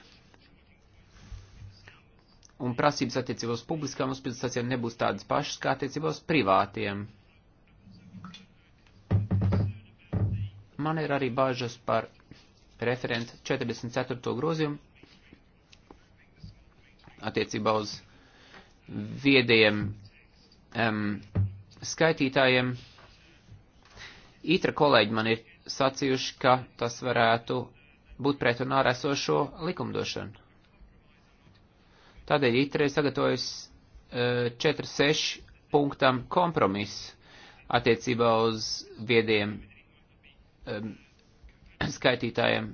Un prasības attiecībā uz publiskām uzpildu stācijām nebūs tādas pašas kā attiecībā uz privātiem. Man ir arī bažas par referentu 44. grozījumu attiecībā uz viediem um, skaitītājiem Itra kolēģi man ir sacījuši, ka tas varētu būt pretrunā ar esošo likumdošanu. Tādēļ Itra ir sagatavojis e, 4-6 punktam kompromisu attiecībā uz viediem um, skaitītājiem.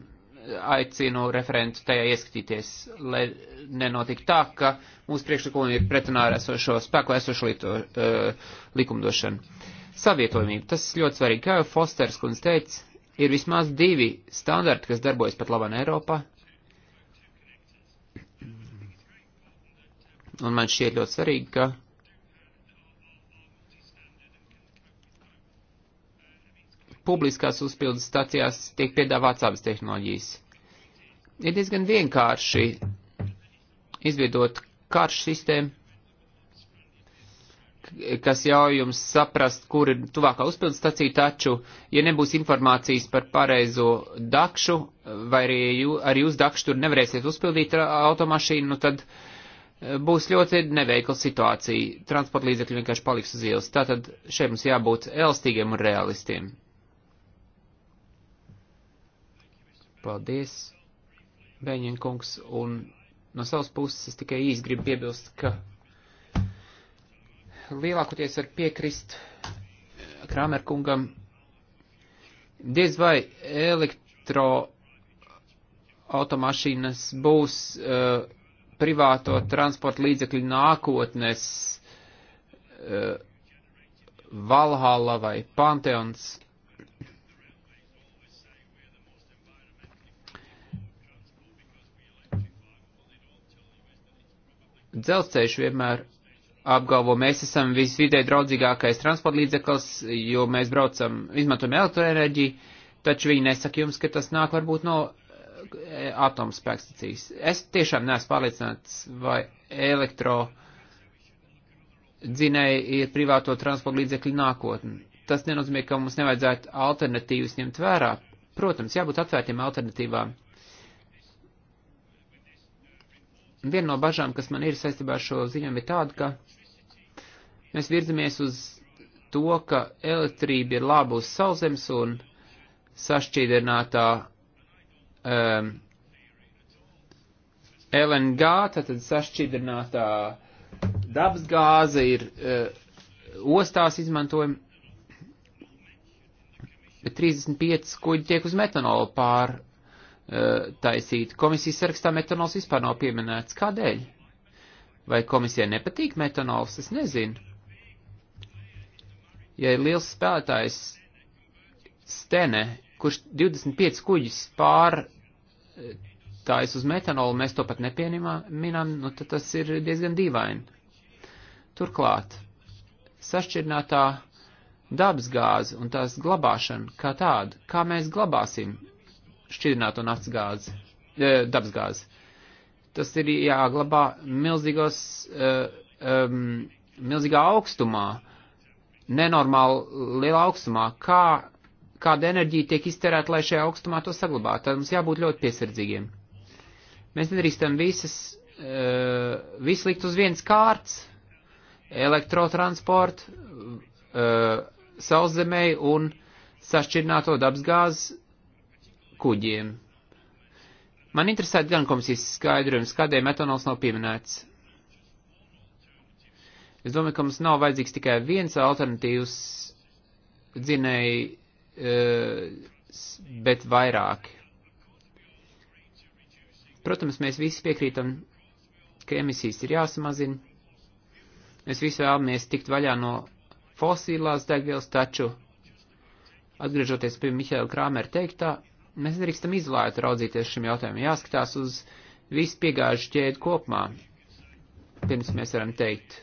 Aicinu referentu tajā ieskatīties, lai nenotika tā, ka mūsu priekšlikumi ir pretrunā ar esošo spēku esošo lito, uh, likumdošanu. Uh, savietojamību. Tas ļoti svarīgi, kā jau Fosters kundze teica, ir vismaz divi standarti, kas darbojas pat labāk Eiropā. Un man šķiet ļoti svarīgi, ka publiskās uzpildes stacijās tiek piedāvāts abas tehnoloģijas. Ir diezgan vienkārši izveidot karšu sistēmu kas ļauj jums saprast, kur ir tuvākā uzpildes stacija, taču, ja nebūs informācijas par pareizo dakšu, vai arī, jū, arī jūs dakšu tur nevarēsiet uzpildīt automašīnu, nu tad e, būs ļoti neveikla situācija. Transporta līdzekļi vienkārši paliks uz ielas. Tātad šeit mums jābūt elastīgiem un realistiem. Paldies, Bēņin kungs, un no savas puses es tikai īsti gribu piebilst, ka lielākoties var piekrist Kramerkungam. Diez vai elektro automašīnas būs uh, privāto transporta līdzekļu nākotnes uh, Valhalla vai Panteons. Dzelzceļš vienmēr apgalvo, mēs esam visvidē draudzīgākais transporta līdzeklis, jo mēs braucam, izmantojam elektroenerģiju, taču viņi nesaka jums, ka tas nāk varbūt no eh, atomspēkstacijas. Es tiešām neesmu pārliecināts, vai elektro dzinēji ir privāto transporta līdzekļu nākotne. Tas nenozīmē, ka mums nevajadzētu alternatīvas ņemt vērā. Protams, jābūt atvērtiem alternatīvām Viena no bažām, kas man ir saistībā ar šo ziņojumu, ir tāda, ka mēs virzamies uz to, ka elektrība ir laba uz sauszemes un sašķīdinātā um, ehm, LNG, tātad sašķidrinātā dabasgāze ir uh, ostās izmantojama, bet 35 kuģi tiek uz metanolu pār Eh, taisīt. Komisijas sarakstā metanols vispār nav pieminēts. Kādēļ? Vai komisijai nepatīk metanols? Es nezinu. Ja ir liels spēlētājs Stene, kurš 25 kuģis pārtājas eh, uz metanolu, mēs to pat nepieminam, nu tad tas ir diezgan dīvaini. Turklāt, sašķirinātā dabas gāze un tās glabāšana kā tāda, kā mēs glabāsim šķidrināto naftas gāzi, e, dabas gāzi. Tas ir jāglabā milzīgos, um, milzīgā augstumā, nenormāli lielā augstumā. Kā, kāda enerģija tiek izterēta, lai šajā augstumā to saglabātu? Tad mums jābūt ļoti piesardzīgiem. Mēs nedrīkstam visas, uh, visu likt uz vienas kārtas elektrotransportu, uh, sauszemēju un sašķirināto dabasgāzes kuģiem. Man interesētu gan komisijas skaidrojums, kādēļ metanols nav pieminēts. Es domāju, ka mums nav vajadzīgs tikai viens alternatīvs dzinēji, e, bet vairāk. Protams, mēs visi piekrītam, ka emisijas ir jāsamazina. Mēs visi vēlamies tikt vaļā no fosīlās degvielas, taču, atgriežoties pie Mihaila Krāmera teiktā, Mēs nedrīkstam izolēti raudzīties šim jautājumam. Jāskatās uz visu piegāžu ķēdi kopumā. Pirms mēs varam teikt,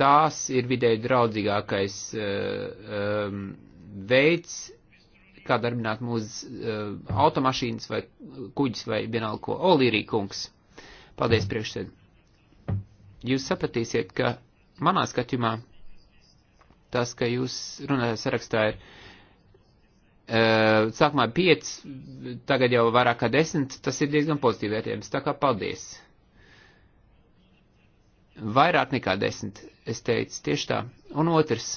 tās ir vidēji draudzīgākais uh, um, veids, kā darbināt mūsu uh, eh, automašīnas vai kuģis vai vienalga ko. Olīrī kungs, paldies priekšsēd. Jūs sapratīsiet, ka manā skatījumā tas, ka jūs runājat sarakstā, ir Eh, sākumā 5, tagad jau vairāk kā 10, tas ir diezgan pozitīvi vērtējums. Tā kā paldies. Vairāk nekā 10, es teicu, tieši tā. Un otrs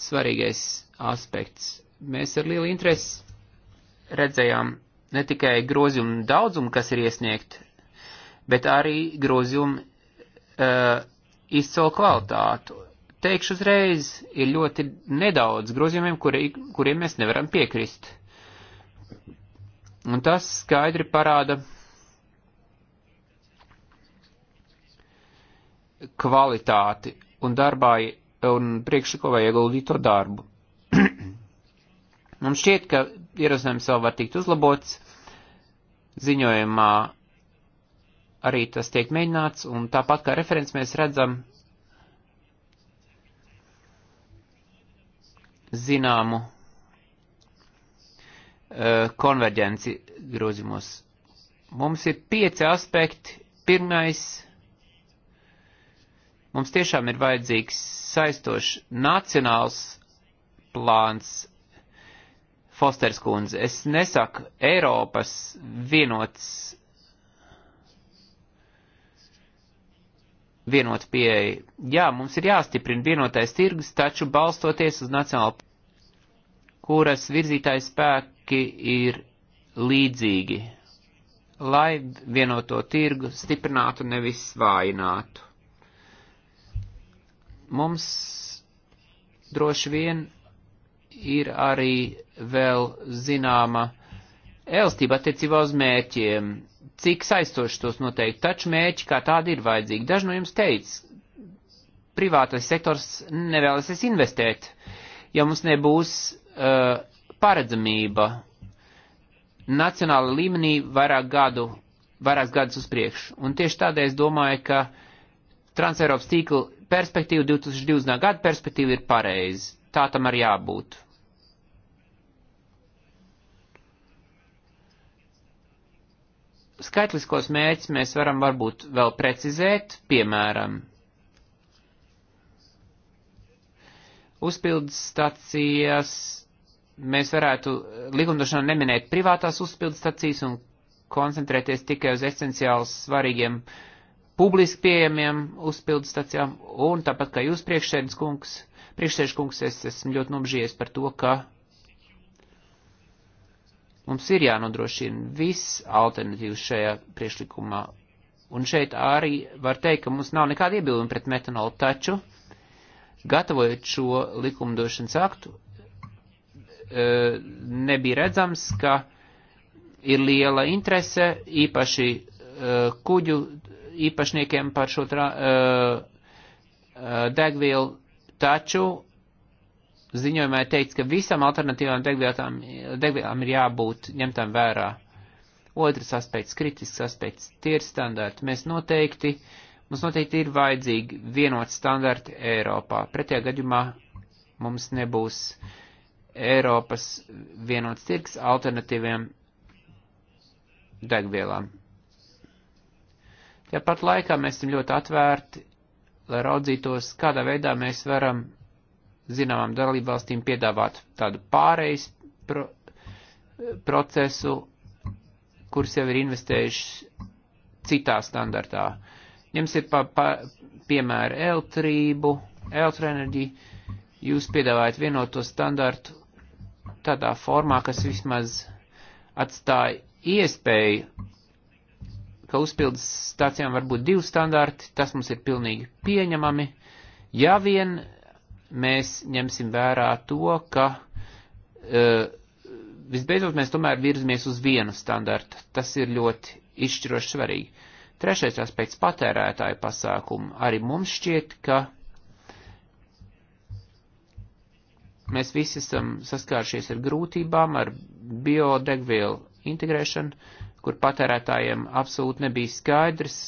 svarīgais aspekts. Mēs ar lielu interesi redzējām ne tikai grozījumu daudzumu, kas ir iesniegt, bet arī grozījumu uh, izcelu kvalitātu teikšu uzreiz, ir ļoti nedaudz grozījumiem, kuri, kuriem mēs nevaram piekrist. Un tas skaidri parāda kvalitāti un darbā un priekšlikovai ieguldīto darbu. [CLEARS THROAT] Mums šķiet, ka ierosinājums vēl var tikt uzlabots, ziņojumā arī tas tiek mēģināts, un tāpat kā referents mēs redzam, zināmu eh, konverģenci grozījumos. Mums ir pieci aspekti. Pirmais, mums tiešām ir vajadzīgs saistošs nacionāls plāns. Fosters kundze, es nesaku Eiropas vienots vienota pieeja. Jā, mums ir jāstiprina vienotais tirgus, taču balstoties uz nacionālu, kuras virzītāji spēki ir līdzīgi, lai vienoto tirgu stiprinātu, nevis svājinātu. Mums droši vien ir arī vēl zināma elastība attiecībā uz mērķiem cik saistoši tos noteikti, taču mērķi kā tādi ir vajadzīgi. Daži no jums teica, privātais sektors nevēlasies investēt, ja mums nebūs uh, paredzamība nacionāla līmenī vairāk gadu, vairākus gadus uz priekšu. Un tieši tādēļ es domāju, ka Transeiropas tīkla perspektīva 2020. gada perspektīva ir pareizi. Tā tam arī jābūt. skaitliskos mērķus mēs varam varbūt vēl precizēt, piemēram, uzpildes stacijas, mēs varētu likumdošanā neminēt privātās uzpildes stacijas un koncentrēties tikai uz esenciāli svarīgiem publiski pieejamiem uzpildes stacijām, un tāpat kā jūs priekšsēdus kungs, priekšsēdus kungs, es esmu ļoti nobžījies par to, ka Mums ir jānodrošina viss alternatīvs šajā priešlikumā. Un šeit arī var teikt, ka mums nav nekāda iebilduma pret metanolu, taču, gatavojot šo likumdošanas aktu, e, nebija redzams, ka ir liela interese īpaši e, kuģu īpašniekiem par šo e, degvielu, taču ziņojumā ir teikts, ka visam alternatīvām degvielām, degvielām ir jābūt ņemtām vērā. Otrs aspekts, kritisks aspekts, tie ir standarti. Mēs noteikti, mums noteikti ir vajadzīgi vienot standarti Eiropā. Pretējā gadījumā mums nebūs Eiropas vienots tirgs alternatīviem degvielām. Tāpat ja laikā mēs esam ļoti atvērti, lai raudzītos, kādā veidā mēs varam zināmām dalībvalstīm piedāvāt tādu pārejas pro, procesu, kurus jau ir investējuši citā standartā. Ņemsiet pa, pa, piemēru elektrību, elektroenerģiju. Jūs piedāvājat vienoto standartu tādā formā, kas vismaz atstāja iespēju, ka uzpildes stācijām var būt divi standarti, tas mums ir pilnīgi pieņemami, ja vien mēs ņemsim vērā to, ka e, visbeidzot mēs tomēr virzamies uz vienu standartu. Tas ir ļoti izšķiroši svarīgi. Trešais aspekts - patērētāju pasākumu. Arī mums šķiet, ka mēs visi esam saskāršies ar grūtībām, ar biodegvielu integrēšanu, kur patērētājiem absolūti nebija skaidrs,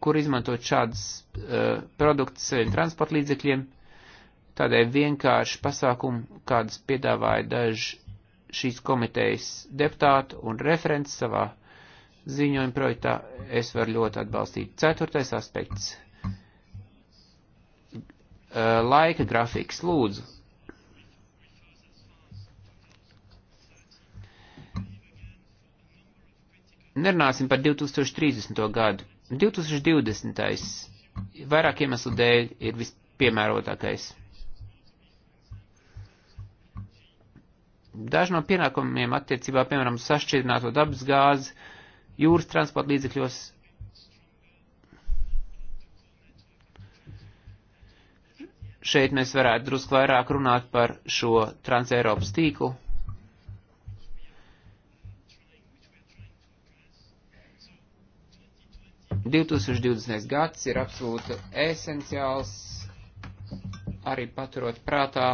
kur izmantot šādas uh, produktus saviem transportlīdzekļiem. Uh, Tādēļ vienkārši pasākumu, kādas piedāvāja daži šīs komitejas deputāti un referents savā ziņojuma projektā, es varu ļoti atbalstīt. Ceturtais aspekts - laika grafiks. Lūdzu, nerunāsim par 2030. gadu. 2020. vairāk iemeslu dēļ ir vispiemērotākais. Daži no pienākumiem attiecībā, piemēram, sašķidrināto dabas gāzi jūras transporta līdzekļos šeit mēs varētu drusku vairāk runāt par šo transeiropas tīklu. gads ir absolūti esenciāls, arī paturot prātā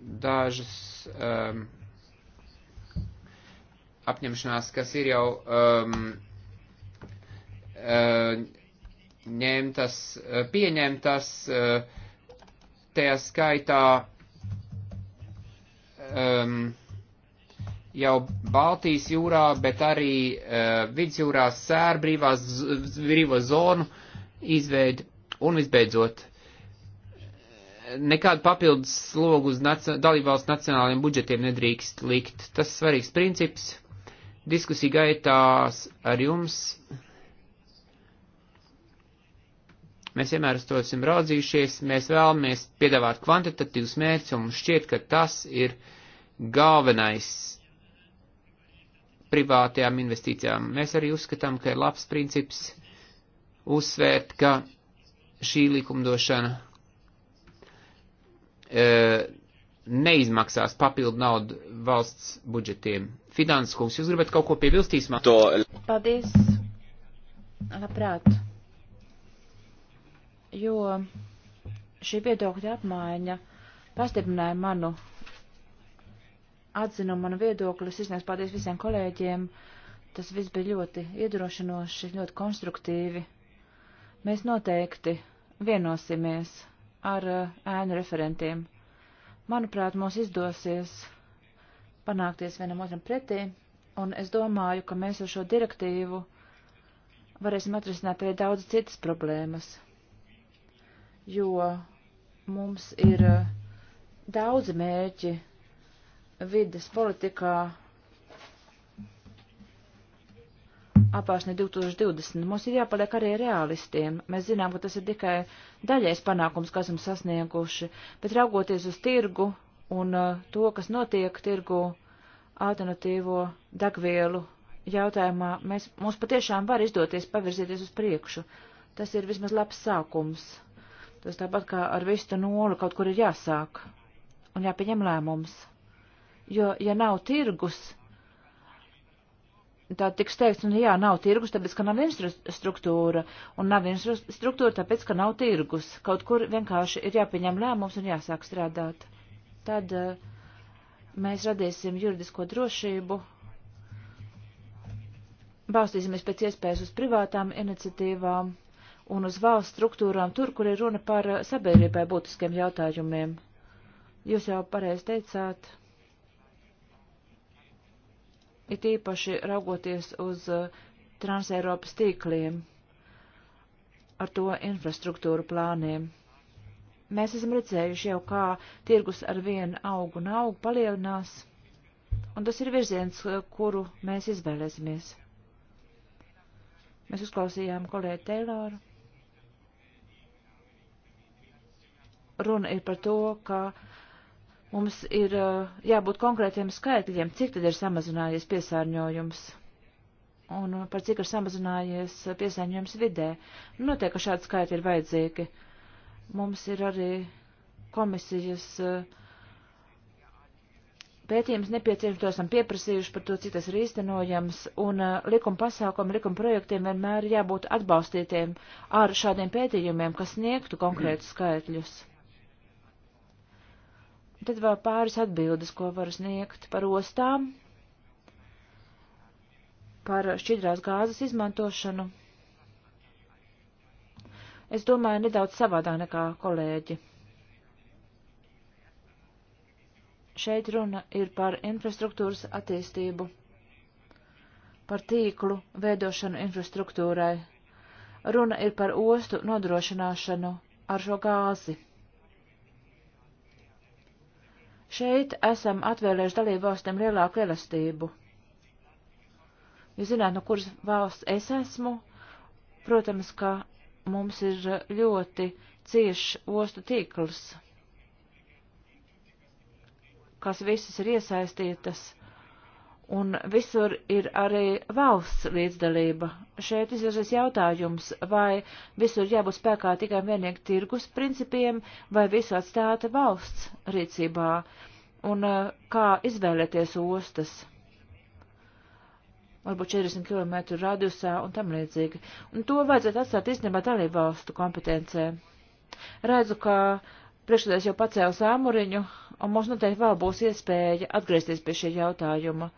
dažas um, apņemšanās, kas ir jau um, uh, ņemtas, uh, pieņemtas, uh, tajā skaitā um, jau Baltijas jūrā, bet arī uh, vidusjūrā sērbrīvās brīvo zonu izveidi un visbeidzot nekādu papildus slogu uz nac dalībvalsts nacionālajiem budžetiem nedrīkst likt. Tas svarīgs princips. Diskusija gaitās ar jums. Mēs vienmēr uz to esam raudzījušies. Mēs vēlamies piedāvāt kvantitatīvus mērķus, un mums šķiet, ka tas ir galvenais privātajām investīcijām. Mēs arī uzskatām, ka ir labs princips uzsvērt, ka šī likumdošana E, neizmaksās papildu naudu valsts budžetiem. Fidāns kungs, jūs gribat kaut ko piebilst īsumā? To. Paldies. Labprāt. Jo šī viedokļa apmaiņa pastiprināja manu atzinumu, manu viedokli. Es iznieku paldies visiem kolēģiem. Tas viss bija ļoti iedrošinoši, ļoti konstruktīvi. Mēs noteikti vienosimies ar eh, ēnu referentiem. Manuprāt, mums izdosies panākties vienam otram pretī, un es domāju, ka mēs ar šo direktīvu varēsim atrisināt arī daudz citas problēmas, jo mums ir eh, daudzi mērķi vides politikā apārsni 2020. Mums ir jāpaliek arī realistiem. Mēs zinām, ka tas ir tikai daļais panākums, kas esam sasnieguši, bet raugoties uz tirgu un uh, to, kas notiek tirgu alternatīvo degvielu jautājumā, mēs, mums patiešām var izdoties pavirzīties uz priekšu. Tas ir vismaz labs sākums. Tas tāpat kā ar vistu nolu kaut kur ir jāsāk un jāpieņem lēmums. Jo, ja nav tirgus, tā tiks teikts, nu jā, nav tirgus, tāpēc, ka nav infrastruktūra, un nav infrastruktūra, tāpēc, ka nav tirgus. Kaut kur vienkārši ir jāpieņem lēmums un jāsāk strādāt. Tad eh, mēs radīsim juridisko drošību, balstīsimies pēc iespējas uz privātām iniciatīvām un uz valsts struktūrām tur, kur ir runa par eh, sabiedrībai būtiskiem jautājumiem. Jūs jau pareizi teicāt it īpaši raugoties uz uh, Transeiropas tīkliem, ar to infrastruktūru plāniem. Mēs esam redzējuši jau, kā tirgus ar vienu augu un augu palielinās, un tas ir virziens, uh, kuru mēs izvēlēsimies. Mēs uzklausījām kolēģi Teiloru. Runa ir par to, ka Mums ir eh, jābūt konkrētiem skaitļiem, cik tad ir samazinājies piesārņojums un eh, par cik ir samazinājies eh, piesārņojums vidē. Noteikti, ka šādi skaitļi ir vajadzīgi. Mums ir arī komisijas pētījums nepieciešams, to esam pieprasījuši par to, cik tas ir īstenojams, un likuma pasākumu, likuma projektiem vienmēr jābūt atbalstītiem ar šādiem pētījumiem, kas sniegtu konkrētus skaitļus. Tad vēl pāris atbildes, ko varu sniegt par ostām, par šķidrās gāzes izmantošanu. Es domāju nedaudz savādā nekā kolēģi. Šeit runa ir par infrastruktūras attīstību, par tīklu veidošanu infrastruktūrai. Runa ir par ostu nodrošināšanu ar šo gāzi. Šeit esam atvēlējuši dalību valstīm lielāku elastību. Jūs zināt, no kuras valsts es esmu? Protams, ka mums ir ļoti cieši ostu tīkls, kas visas ir iesaistītas Un visur ir arī valsts līdzdalība. Šeit izražas jautājums, vai visur jābūt spēkā tikai vienīgi tirgus principiem, vai visu atstāta valsts rīcībā, un eh, kā izvēlēties ostas. Varbūt 40 km radiusā un tam līdzīgi. Un to vajadzētu atstāt īstenībā dalību valstu kompetencē. Redzu, ka priekšsēdēs jau pacēla sāmuriņu, un mums noteikti vēl būs iespēja atgriezties pie šī jautājuma.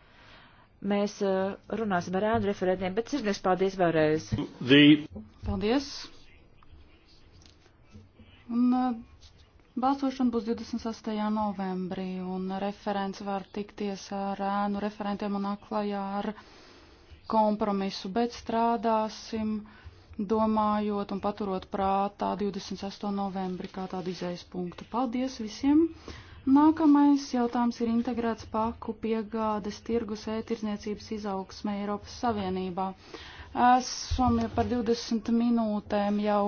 Mēs eh, runāsim ar ēnu referentiem, bet sirdnieks paldies vēlreiz. The... Paldies. Un eh, balsošana būs 28. novembrī, un referents var tikties ar ēnu referentiem un aklajā ar kompromisu, bet strādāsim domājot un paturot prātā 28. novembri kā tādu izējas punktu. Paldies visiem! Nākamais jautājums ir integrēts paku piegādes tirgus ētirniecības izaugsmē Eiropas Savienībā. Esam jau par 20 minūtēm jau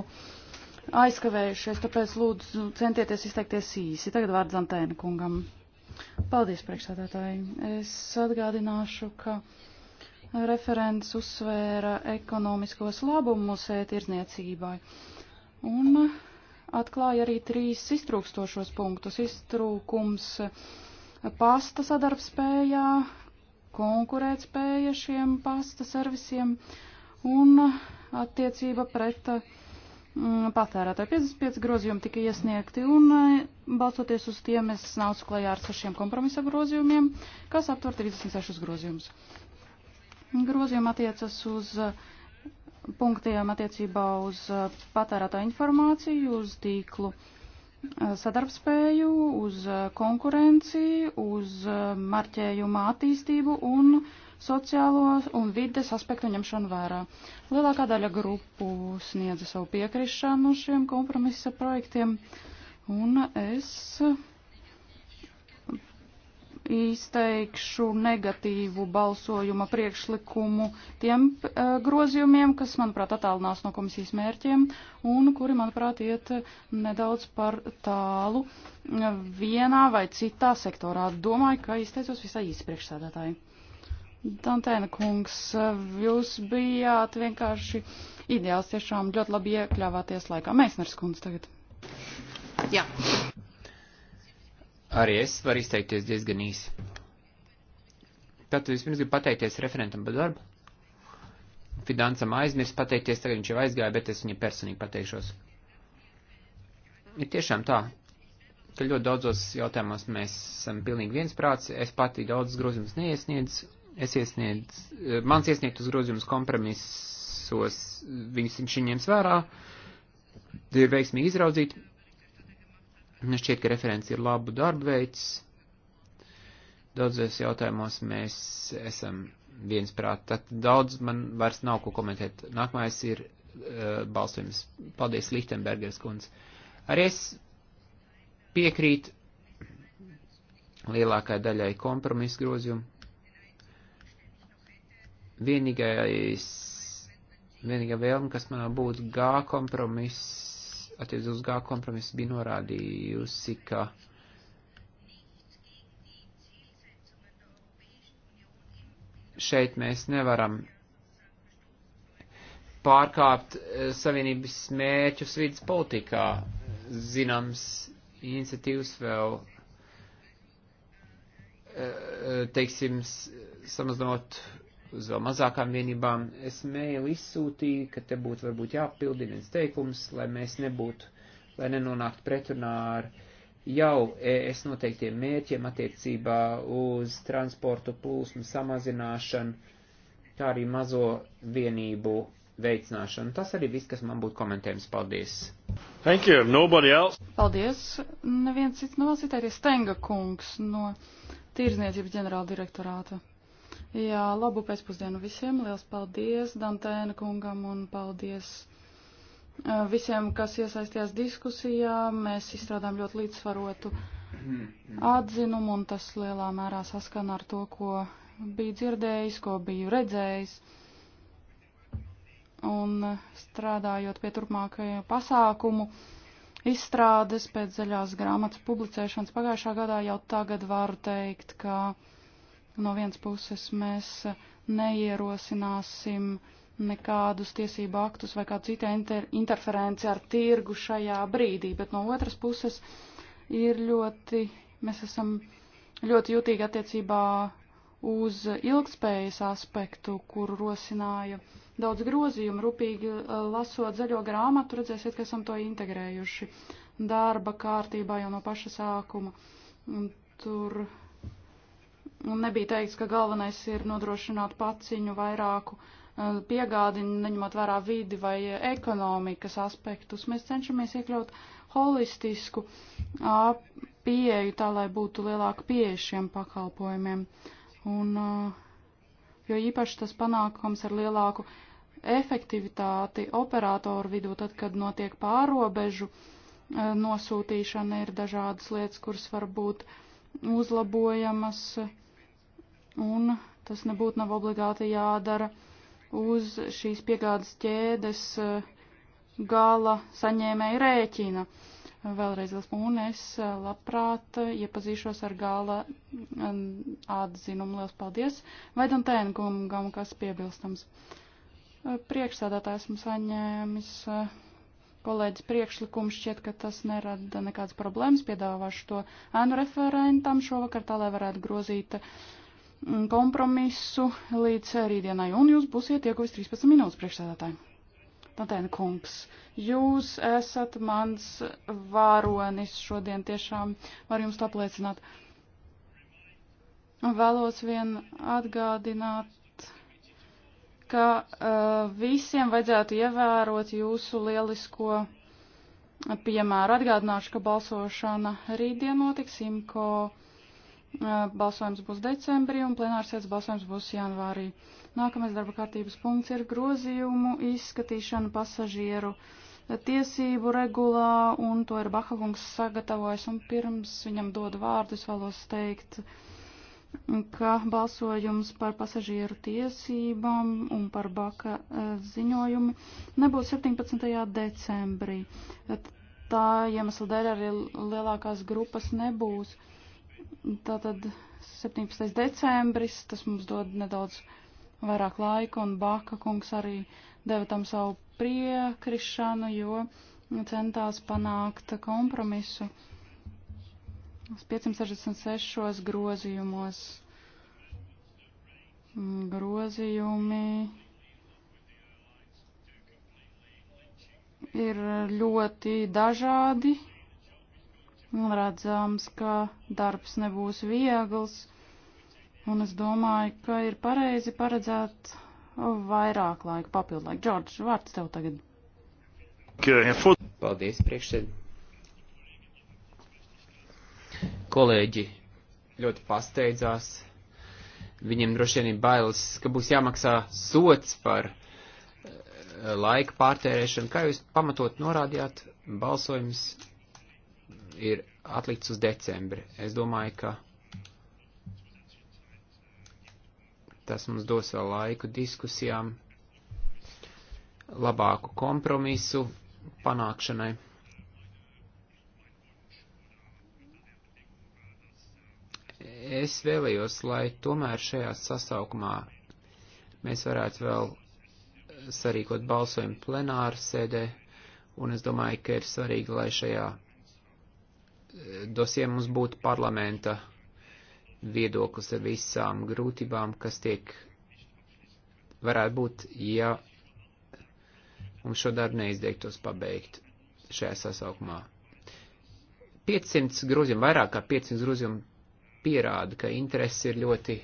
aizkavējušies, tāpēc lūdzu centieties izteikties īsi. Tagad vārds Antēna kungam. Paldies, priekšsēdētāji. Es atgādināšu, ka referents uzsvēra ekonomiskos labumus ētirniecībai. Un atklāja arī trīs iztrūkstošos punktus. Iztrūkums pasta sadarbspējā, konkurētspēja šiem pasta servisiem un attiecība pret mm, patērētāju. 55 grozījumi tika iesniegti un eh, balsoties uz tiem es nācu klajā ar sešiem kompromisa grozījumiem, kas aptver 36 grozījumus. Grozījumi attiecas uz uh, punktiem attiecībā uz uh, patērētā informāciju, uz tīklu uh, sadarbspēju, uz uh, konkurenci, uz marķējuma attīstību un sociālo un vides aspektu ņemšanu vērā. Lielākā daļa grupu sniedza savu piekrišanu šiem kompromisa projektiem, un es izteikšu negatīvu balsojuma priekšlikumu tiem eh, grozījumiem, kas, manuprāt, attālinās no komisijas mērķiem un kuri, manuprāt, iet nedaudz par tālu vienā vai citā sektorā. Domāju, ka izteicos visai īsi priekšsēdētāji. Dantēna kungs, jūs bijāt vienkārši ideāls, tiešām ļoti labi iekļāvāties laikā. Mēsners kungs tagad. Jā. Arī es varu izteikties diezgan īsi. Tātad vispirms gribu pateikties referentam par darbu. Fidansam aizmirst pateikties, tagad viņš jau aizgāja, bet es viņam personīgi pateikšos. Ir tiešām tā, ka ļoti daudzos jautājumos mēs esam pilnīgi viensprāts. Es pati daudz grozījumus neiesniedz. Es iesniedz, eh, mans iesniegtus grozījumus kompromisos, viņus viņš ņems vērā. Ir veiksmīgi izraudzīt. Man nu, šķiet, ka referents ir labu darbu veids. Daudzos jautājumos mēs esam viensprāt. Tad daudz man vairs nav ko komentēt. Nākamais ir uh, balsojums. Paldies, Lichtenbergers kundze. Arī es piekrītu lielākai daļai kompromisu grozījumu. Vienīgais, vienīgā vēlme, kas manā būtu gā kompromiss attiecībā uz G kompromisu bija norādījusi, ka šeit mēs nevaram pārkāpt eh, savienības mērķus vidas politikā. Zināms, iniciatīvas vēl, eh, eh, teiksim, samazinot uz vēl mazākām vienībām. Es mēlu izsūtīju, ka te būtu varbūt jāpildina viens teikums, lai mēs nebūtu, lai nenonāktu pretrunā ar jau es noteiktiem mērķiem attiecībā uz transportu plūsmu samazināšanu, kā arī mazo vienību veicināšanu. Tas arī viss, kas man būtu komentējums. Paldies! Thank you, nobody else! Paldies! Neviens cits nav citēties Stenga kungs no Tīrzniecības ģenerāla direktorāta. Jā, labu pēcpusdienu visiem. Liels paldies Dantēna kungam un paldies visiem, kas iesaistījās diskusijā. Mēs izstrādājam ļoti līdzsvarotu atzinumu un tas lielā mērā saskana ar to, ko biju dzirdējis, ko biju redzējis. Un strādājot pie turpmākajiem pasākumu izstrādes pēc zaļās grāmatas publicēšanas pagājušā gadā, jau tagad varu teikt, ka No vienas puses mēs neierosināsim nekādus tiesību aktus vai kādu citu inter interferenci ar tirgu šajā brīdī, bet no otras puses ir ļoti, mēs esam ļoti jūtīgi attiecībā uz ilgspējas aspektu, kuru rosināja daudz grozījumu, rūpīgi lasot zaļo grāmatu, redzēsiet, ka esam to integrējuši darba kārtībā jau no paša sākuma. Un tur nebija teikts, ka galvenais ir nodrošināt paciņu vairāku eh, piegādi, neņemot vērā vidi vai ekonomikas aspektus. Mēs cenšamies iekļaut holistisku pieeju tā, lai būtu lielāka pieeja šiem pakalpojumiem. Un, jo īpaši tas panākums ar lielāku efektivitāti operātoru vidū, tad, kad notiek pārobežu nosūtīšana, ir dažādas lietas, kuras varbūt būt uzlabojamas, un tas nebūtu nav obligāti jādara uz šīs piegādes ķēdes eh, gala saņēmēja rēķina. Vēlreiz esmu un es eh, labprāt eh, iepazīšos ar gala atzinumu. Lielas paldies Vaidam Tēnkungam, kas piebilstams. Priekšsēdētājs esmu saņēmis kolēģis priekšlikums šķiet, ka tas nerada nekādas problēmas. Piedāvāšu to ēnu referentam šovakar, tā lai varētu grozīt mm, kompromisu līdz rītdienai, un jūs būsiet ieguvis 13 minūtes priekšsēdētāji. Tatēna kungs, jūs esat mans varonis šodien tiešām, var jums apliecināt. Vēlos vien atgādināt ka uh, visiem vajadzētu ievērot jūsu lielisko piemēru. Atgādināšu, ka balsošana rītdien notiks imko. Uh, balsojums būs decembrī un plenārsēdes balsojums būs janvārī. Nākamais darba kārtības punkts ir grozījumu izskatīšana pasažieru tiesību regulā, un to ir Bahagungs sagatavojis, un pirms viņam dodu vārdus vēlos teikt, uh, ka balsojums par pasažieru tiesībām un par baka e, ziņojumu nebūs 17. decembrī. Tā iemesla dēļ arī lielākās grupas nebūs. Tātad 17. decembris, tas mums dod nedaudz vairāk laika, un Baka kungs arī deva tam savu priekrišanu, jo centās panākt kompromisu 566 grozījumos mm, grozījumi ir ļoti dažādi. Redzams, ka darbs nebūs viegls, un es domāju, ka ir pareizi paredzēt vairāk laika papildu laiku. Džordž, vārds tev tagad. Paldies, priekšsēdētāj. kolēģi ļoti pasteidzās. Viņiem droši vien ir bailes, ka būs jāmaksā sots par eh, laika pārtērēšanu. Kā jūs pamatot norādījāt, balsojums ir atlikts uz decembri. Es domāju, ka tas mums dos vēl laiku diskusijām, labāku kompromisu panākšanai. es vēlējos, lai tomēr šajā sasaukumā mēs varētu vēl sarīkot balsojumu plenāru sēdē, un es domāju, ka ir svarīgi, lai šajā eh, dosie mums būtu parlamenta viedoklis ar visām grūtībām, kas tiek varētu būt, ja mums šo darbu neizdeiktos pabeigt šajā sasaukumā. 500 grūzījumu, vairāk kā 500 grūzījumu pierāda, ka interesi ir ļoti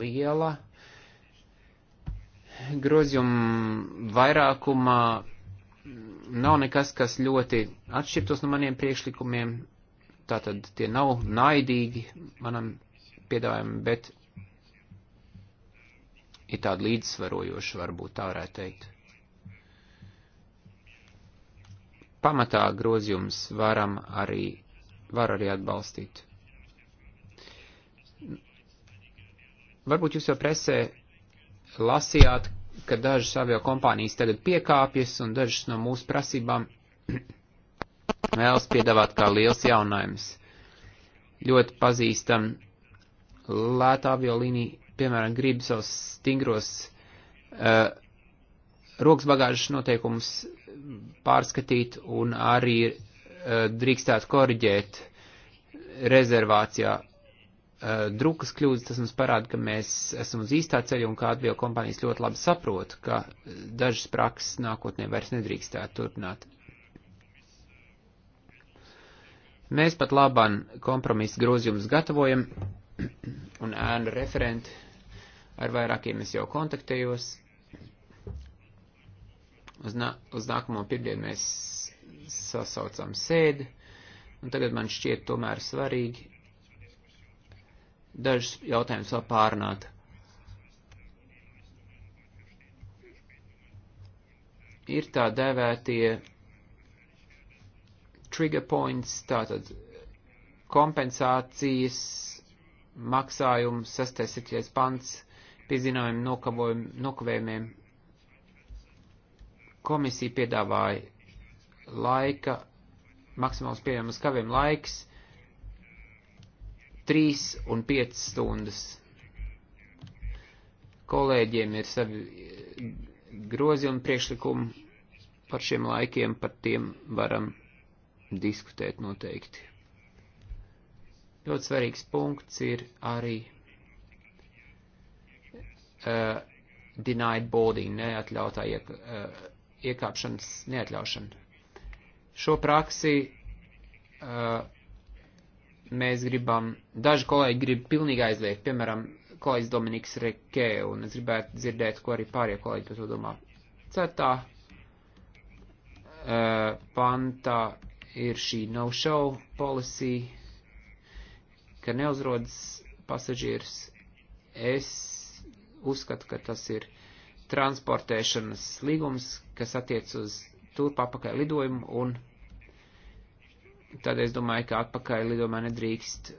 liela. Grozījuma vairākumā nav nekas, kas ļoti atšķirtos no maniem priekšlikumiem. Tātad tie nav naidīgi manam piedāvājumam, bet ir tāda līdzsvarojoša, varbūt tā varētu teikt. Pamatā grozījums varam arī, var arī atbalstīt. Varbūt jūs jau presē lasījāt, ka dažas avio kompānijas tagad piekāpjas un dažas no mūsu prasībām [CLEARS THROAT] vēlas piedāvāt kā liels jaunājums. Ļoti pazīstam lētā aviolīnija, piemēram, grib savus stingros uh, eh, rokas bagāžas noteikumus pārskatīt un arī uh, eh, drīkstāt koriģēt rezervācijā Eh, drukas kļūdas, tas mums parāda, ka mēs esam uz īstā ceļa un kā atbio kompānijas ļoti labi saprot, ka eh, dažas prakses nākotnē vairs nedrīkstētu turpināt. Mēs pat labam kompromisu grozījumus gatavojam [CLEARS THROAT] un ēnu referenti ar vairākiem es jau kontaktējos. Uz, nā, uz nākamo pirmdienu mēs sasaucam sēdi, un tagad man šķiet tomēr svarīgi dažus jautājumus vēl pārnāt. Ir tā dēvētie trigger points, tātad kompensācijas, maksājums, 6.7. pants, piezinājumi nokavējumiem. Komisija piedāvāja laika, maksimāls pieejams kaviem laiks 3 un 5 stundas. Kolēģiem ir savi eh, grozi un priekšlikumi par šiem laikiem, par tiem varam diskutēt noteikti. Ļoti svarīgs punkts ir arī uh, denied boarding, neatļautā iek, uh, iekāpšanas neatļaušana. Šo praksi uh, mēs gribam, daži kolēģi grib pilnīgi aizliegt, piemēram, kolēģis Dominiks Rekē, un es gribētu dzirdēt, ko arī pārējie kolēģi par to domā. Ceturtā uh, pantā ir šī no-show policy, ka neuzrodas pasažieris. Es uzskatu, ka tas ir transportēšanas līgums, kas attiec uz turpapakaļ lidojumu un tad es domāju, ka atpakaļ lidomā nedrīkst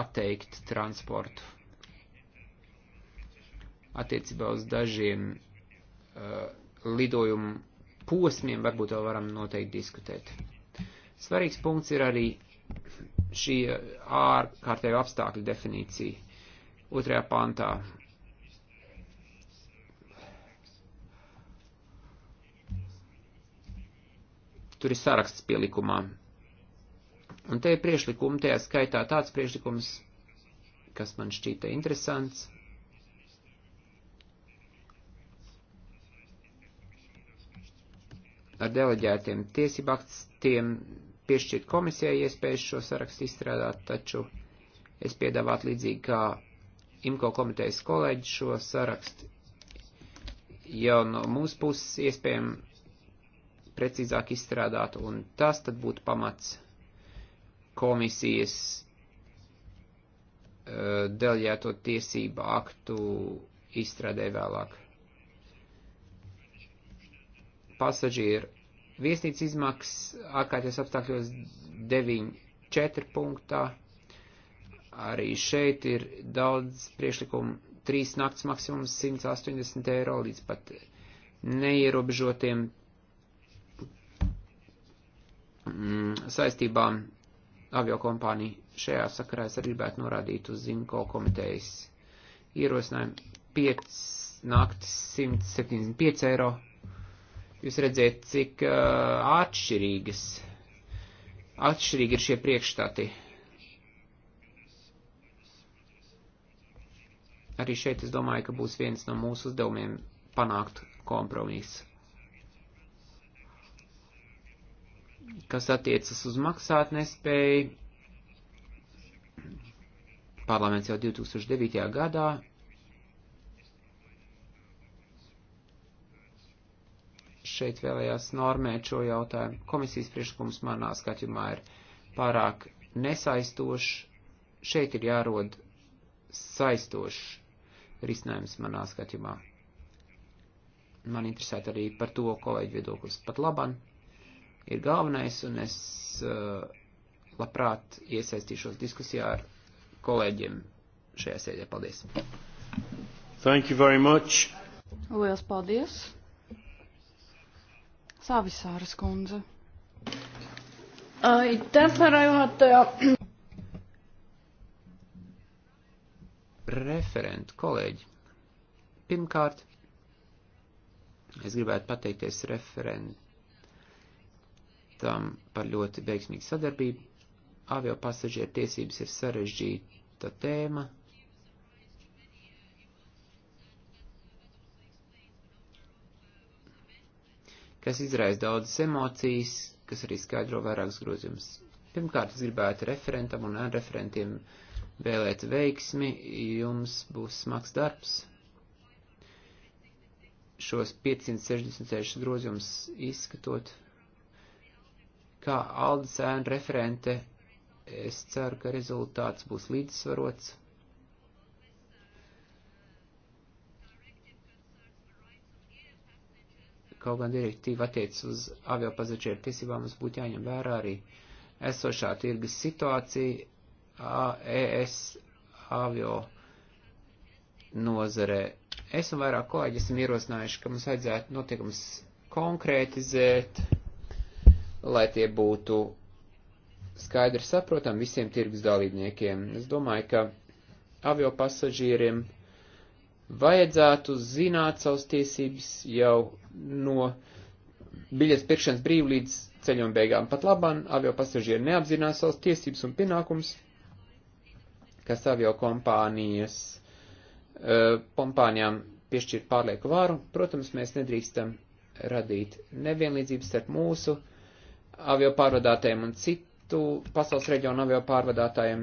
atteikt transportu. Attiecībā uz dažiem uh, lidojumu posmiem varbūt vēl varam noteikti diskutēt. Svarīgs punkts ir arī šī ārkārtēja apstākļu definīcija. Otrajā pantā tur ir saraksts pielikumā. Un te ir priešlikumi, tajā skaitā tāds priešlikums, kas man šķīta interesants. Ar deleģētiem tiesībāktiem piešķirt komisijai iespējas šo sarakstu izstrādāt, taču es piedāvātu līdzīgi kā IMCO komitejas kolēģi šo sarakstu jau no mūsu puses iespējami precīzāk izstrādāt, un tas tad būtu pamats komisijas uh, eh, deļģēto tiesību aktu izstrādē vēlāk. Pasažieru viesnīcas izmaksas ārkārtas apstākļos 9.4 punktā. Arī šeit ir daudz priešlikumu. 3 nakts maksimums 180 eiro līdz pat neierobežotiem mm, saistībām aviokompāniju. Šajā sakarā es arī gribētu norādīt uz Zimko komitejas ierosinājumu 5 naktis 175 eiro. Jūs redzēt, cik uh, atšķirīgas, atšķirīgi ir šie priekšstati. Arī šeit es domāju, ka būs viens no mūsu uzdevumiem panākt kompromisu. kas attiecas uz maksātnespēju. Parlaments jau 2009. gadā šeit vēlējās normēt šo jautājumu. Komisijas priekšlikums manā skatījumā ir pārāk nesaistošs. Šeit ir jārod saistošs risinājums manā skatījumā. Man interesētu arī par to kolēģi viedoklis pat laban ir galvenais, un es uh, labprāt iesaistīšos diskusijā ar kolēģiem šajā sēdē. Paldies! Thank you very much! Lielas paldies! Savisāras kundze. Aitäh, härra juhataja. Referent, kolēģi. Pirmkārt, es gribētu pateikties referent tam par ļoti veiksmīgu sadarbību. Avio pasažieru tiesības ir sarežģīta tēma. kas izraisa daudzas emocijas, kas arī skaidro vairākus grozījumus. Pirmkārt, es gribētu referentam un referentiem vēlēt veiksmi, jums būs smags darbs, šos 566 grozījumus izskatot, Kā Aldis ēna referente, es ceru, ka rezultāts būs līdzsvarots. Kaut gan direktīva attiec uz avio pasažieru tiesībām, mums būtu jāņem vērā arī esošā tirgus situācija AES avio nozarē. Es un vairāk kolēģi esam ierosinājuši, ka mums vajadzētu notiekums konkrētizēt lai tie būtu skaidri saprotam visiem tirgus dalībniekiem. Es domāju, ka avio pasažieriem vajadzētu zināt savas tiesības jau no biļetes pirkšanas brīv līdz ceļojuma beigām. Pat labam avio pasažieri neapzinās savas tiesības un pienākums, kas avio kompānijas, eh, kompānijām piešķir pārlieku vāru. Protams, mēs nedrīkstam radīt nevienlīdzības starp mūsu uh, avio pārvadātājiem un citu pasaules reģionu avio pārvadātājiem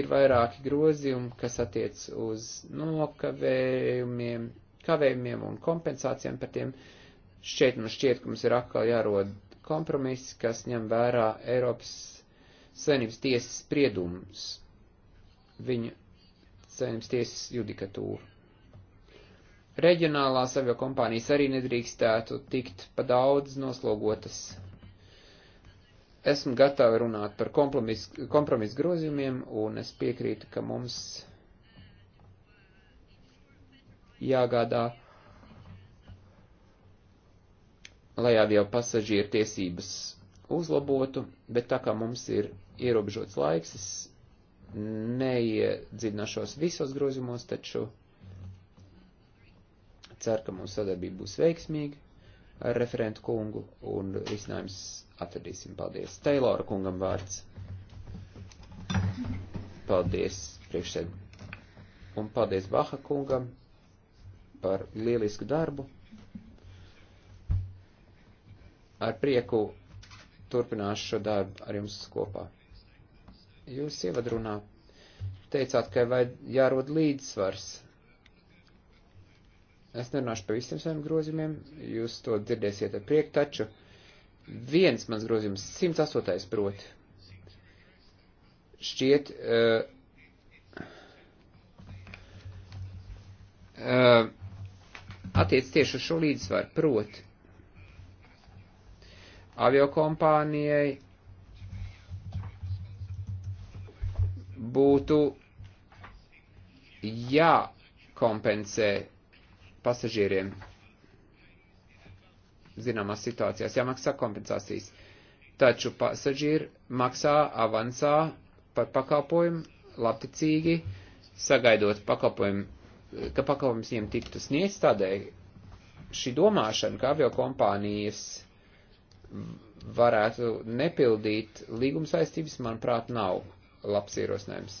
ir vairāki grozījumi, kas attiec uz nokavējumiem, kavējumiem un kompensācijām par tiem. Šķiet mums šķiet, ka mums ir atkal jārod kompromiss, kas ņem vērā Eiropas Savienības tiesas spriedumus, viņa Savienības tiesas judikatūru. Reģionālās aviokompānijas arī nedrīkstētu tikt pa daudz noslogotas Esmu gatavi runāt par kompromisu kompromis grozījumiem, un es piekrītu, ka mums jāgādā, lai jau pasažieru tiesības uzlabotu, bet tā kā mums ir ierobežots laiks, es neiedzināšos visos grozījumos, taču ceru, ka mūsu sadarbība būs veiksmīga ar referentu kungu un risinājums atradīsim. Paldies. Teilora kungam vārds. Paldies, priekšsēd. Un paldies Baha kungam par lielisku darbu. Ar prieku turpināšu šo darbu ar jums kopā. Jūs ievadrunā teicāt, ka vajag jārod līdzsvars. Es nerunāšu par visiem saviem grozījumiem, jūs to dzirdēsiet ar prieku, taču viens mans grozījums, 108. proti. Šķiet, uh, uh, attiec tieši uz šo līdzsvaru, proti. Aviokompānijai būtu jākompensē pasažieriem zināmās situācijās jāmaksā kompensācijas. Taču pasažieri maksā avansā par pakalpojumu labticīgi, sagaidot pakalpojumu, ka pakalpojums viņiem tiktu sniegts tādēļ. Šī domāšana, ka avio kompānijas varētu nepildīt līguma saistības, manuprāt, nav labs ierosinājums.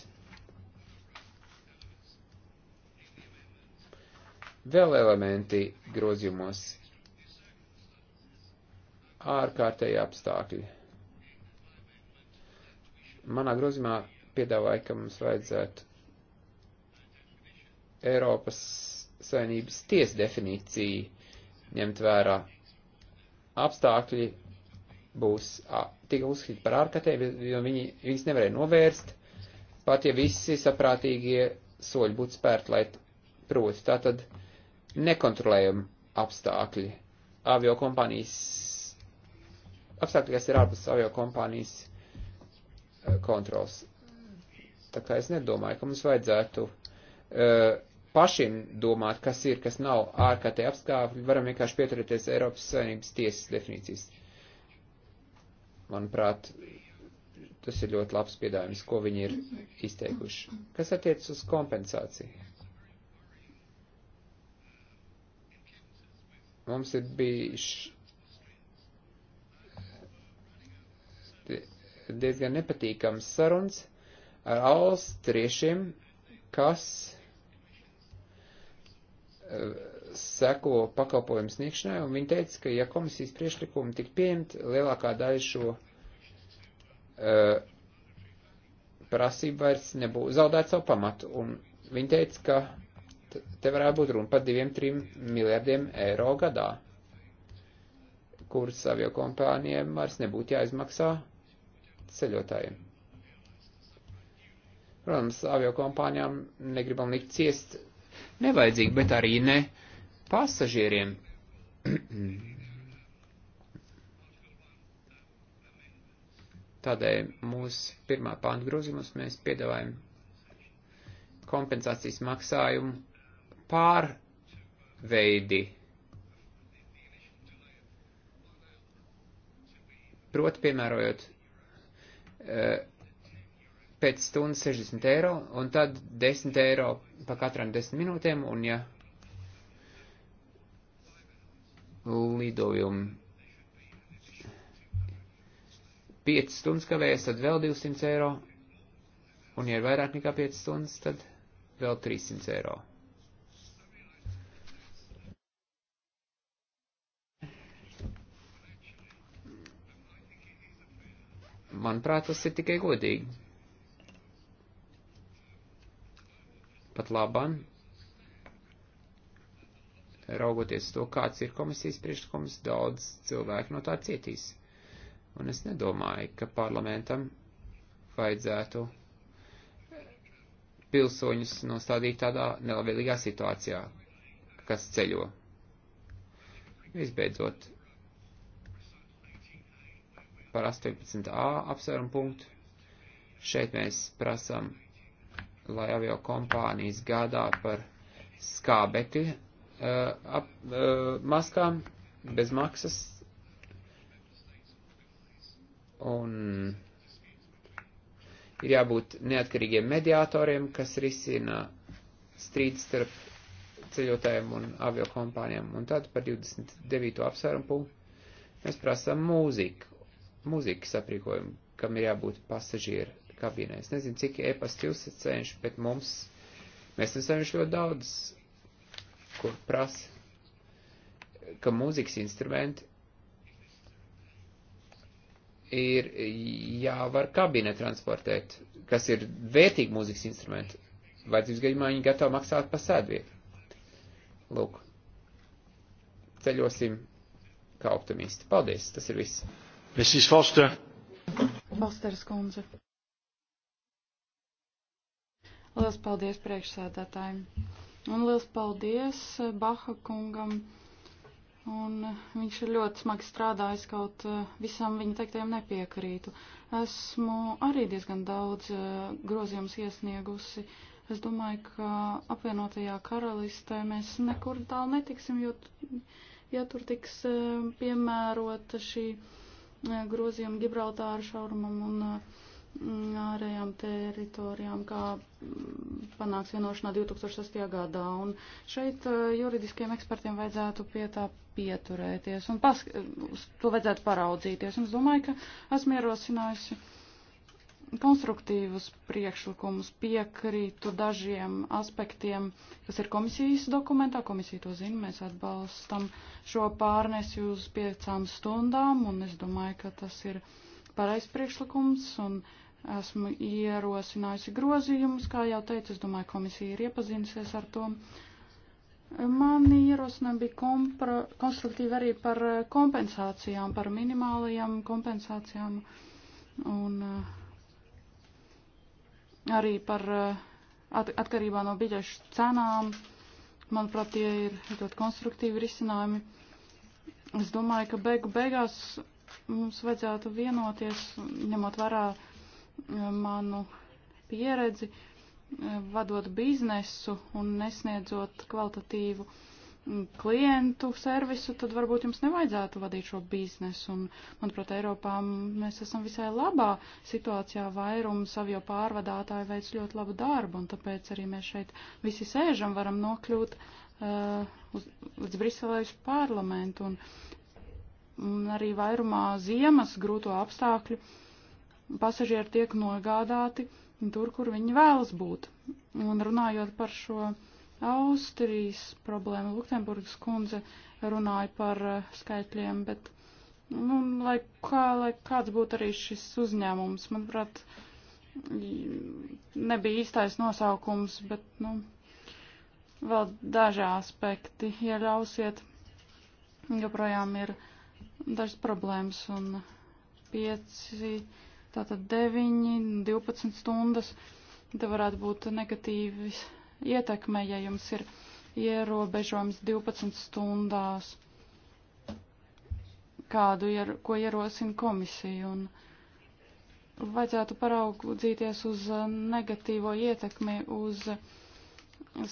Vēl elementi grozījumos ārkārtēji apstākļi. Manā grozījumā piedāvāja, ka mums vajadzētu Eiropas Savienības tiesa definīciju ņemt vērā. Apstākļi būs tika uzskatīti par ārkārtēji, jo viņi, viņas nevarēja novērst, pat ja visi saprātīgie soļi būtu spērti, lai proti. Tātad nekontrolējami apstākļi. Avio kompānijas apstākļi, kas ir ārpus avio kompānijas eh, kontrols. Tā kā es nedomāju, ka mums vajadzētu uh, pašiem domāt, kas ir, kas nav ārkārtēji apstākļi, varam vienkārši pieturēties Eiropas Savienības tiesas definīcijas. Manuprāt, tas ir ļoti labs piedāvājums, ko viņi ir izteikuši. Kas attiec uz kompensāciju? Mums ir bijuši diezgan nepatīkams saruns ar austriešiem, kas eh, seko pakalpojumu sniegšanai, un viņi teica, ka ja komisijas priešlikumi tik pieņemt, lielākā daļa šo uh, prasību vairs nebūs zaudēt savu pamatu. Un viņi teica, ka te varētu būt runa par diviem, trim miljardiem eiro gadā, kuras aviokompānijiem vairs nebūtu jāizmaksā ceļotājiem. Protams, aviokompānijām negribam likt ciest nevajadzīgi, bet arī ne pasažieriem. [CLEARS THROAT] Tādēļ mūsu pirmā pānta grozījumus mēs piedāvājam kompensācijas maksājumu pārveidi. Proti, piemērojot Eh, pēc stundas 60 eiro, un tad 10 eiro pa katram 10 minūtēm, un ja lidojumi 5 stundas kavējas, tad vēl 200 eiro, un ja ir vairāk nekā 5 stundas, tad vēl 300 eiro. Manuprāt, tas ir tikai godīgi. Pat labam, raugoties to, kāds ir komisijas priekšlikums, daudz cilvēku no tā cietīs. Un es nedomāju, ka parlamentam vajadzētu pilsoņus nostādīt tādā nelabvēlīgā situācijā, kas ceļo. Visbeidzot, par 18a apsvērumu punktu. Šeit mēs prasam, lai avio kompānijas gādā par skābekļa uh, ap, uh, maskām bez maksas. Un ir jābūt neatkarīgiem mediātoriem, kas risina strīdus starp ceļotājiem un avio kompānijām. Un tad par 29. apsvērumu punktu mēs prasām mūziku muzikas aprīkojumu, kam ir jābūt pasažieru kabīnē. Es nezinu, cik e-pasta jūs cenšat, bet mums, mēs esam ļoti daudz, kur prasa, ka mūzikas instrumenti ir jāvar kabīnē transportēt, kas ir vērtīgi mūzikas instrumenti. Vajadzības gadījumā viņi gatavi maksāt par sēdvietu. Lūk, ceļosim kā optimisti. Paldies, tas ir viss. Mrs. Foster. Fosteras kundze. Liels paldies priekšsēdētājiem. Un liels paldies eh, Baha kungam. Un eh, viņš ir ļoti smagi strādājis, kaut eh, visam viņa teiktajam nepiekrītu. Esmu arī diezgan daudz grozījums iesniegusi. Es domāju, ka apvienotajā karalistē mēs nekur tālu netiksim, jo, ja tur tiks piemērota šī Eh, grozījumu Gibraltāru šaurumam un eh, mm, ārējām teritorijām, kā mm, panāks vienošanā 2006. gadā. Un šeit eh, juridiskiem ekspertiem vajadzētu pie tā pieturēties un pas, to vajadzētu paraudzīties. Un es domāju, ka esmu ierosinājusi konstruktīvus priekšlikumus, piekrītu dažiem aspektiem, kas ir komisijas dokumentā. Komisija to zina, mēs atbalstam šo pārnesi uz piecām stundām, un es domāju, ka tas ir pareizs priekšlikums, un esmu ierosinājusi grozījumus, kā jau teicu, es domāju, komisija ir iepazinusies ar to. Mani ierosinājumi bija kompra, konstruktīvi arī par kompensācijām, par minimālajām kompensācijām. Un, uh, arī par eh, at atkarībā no biļešu cenām. Manuprāt, tie ir ļoti konstruktīvi risinājumi. Es domāju, ka beigu beigās mums vajadzētu vienoties, ņemot vērā eh, manu pieredzi, eh, vadot biznesu un nesniedzot kvalitatīvu uh, Mm, klientu servisu, tad varbūt jums nevajadzētu vadīt šo biznesu. Un, manuprāt, Eiropā mēs esam visai labā situācijā. Vairums avio pārvadātāju veic ļoti labu darbu, un tāpēc arī mēs šeit visi sēžam, varam nokļūt uh, uz, uz Briselē uz parlamentu. Un, un arī vairumā ziemas grūto apstākļu pasažieri tiek nogādāti tur, kur viņi vēlas būt. Un runājot par šo Austrijas problēma. Luktemburgas kundze runāja par eh, skaitļiem, bet, nu, lai, kā, lai kāds būtu arī šis uzņēmums, manuprāt, nebija īstais nosaukums, bet, nu, vēl daži aspekti, ja ļausiet, joprojām ir dažas problēmas un pieci, tātad deviņi, divpadsmit stundas, te varētu būt negatīvis ietekme, ja jums ir ierobežojums 12 stundās, kādu, ier, ko ierosina komisija. Un vajadzētu paraugudzīties uz uh, negatīvo ietekmi uz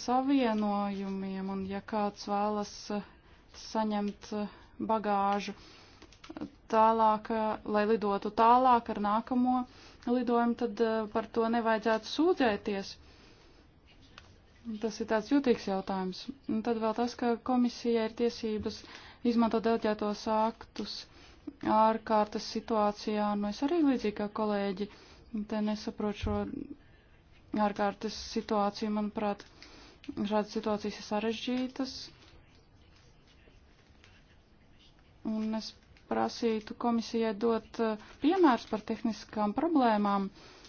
savienojumiem, un ja kāds vēlas uh, saņemt uh, bagāžu tālāk, lai lidotu tālāk ar nākamo lidojumu, tad par to nevajadzētu sūdzēties. Tas ir tāds jūtīgs jautājums. Un tad vēl tas, ka komisija ir tiesības izmantot delģētos aktus ārkārtas situācijā. Nu, es arī līdzīgi kā kolēģi te nesaprotu šo ārkārtas situāciju. Manuprāt, šādas situācijas ir sarežģītas. Un es prasītu komisijai dot eh, piemērus par tehniskām problēmām. Uh,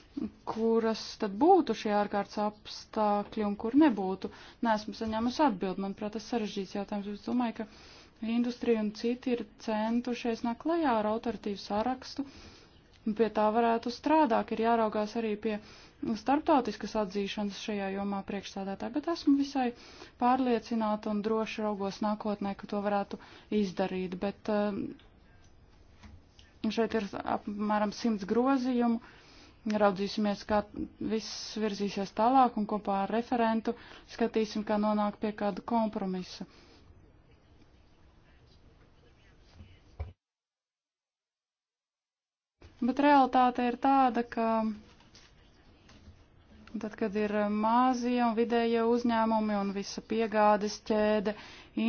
kuras tad būtu šie ārkārtas apstākļi un kur nebūtu. Nesmu saņēmusi atbildi, manuprāt, tas sarežģīts jautājums. Es domāju, ka industrija un citi ir centušies nāk klajā ar autoritīvu sarakstu, un pie tā varētu strādāt, ir jāraugās arī pie starptautiskas atzīšanas šajā jomā priekšstādētā, bet esmu visai pārliecināta un droši raugos nākotnē, ka to varētu izdarīt, bet eh, šeit ir apmēram simts grozījumu raudzīsimies, kā viss virzīsies tālāk un kopā ar referentu skatīsim, kā nonākt pie kāda kompromisa. Bet realitāte ir tāda, ka tad, kad ir mazie un vidējie uzņēmumi un visa piegādes ķēde,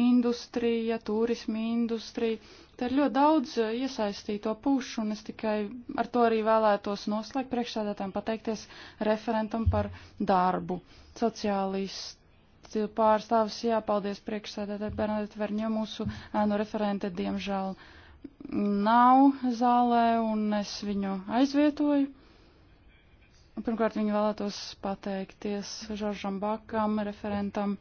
industrija, turisma industrija, Te ir ļoti daudz eh, iesaistīto pušu, un es tikai ar to arī vēlētos noslēgt priekšsēdētājiem pateikties referentam par darbu. Sociālisti pārstāvis jāpaldies priekšsēdētāji Bernadette Verņo, mūsu ēnu referente, diemžēl nav zālē, un es viņu aizvietoju. Pirmkārt, viņu vēlētos pateikties Žoržam Bakam, referentam,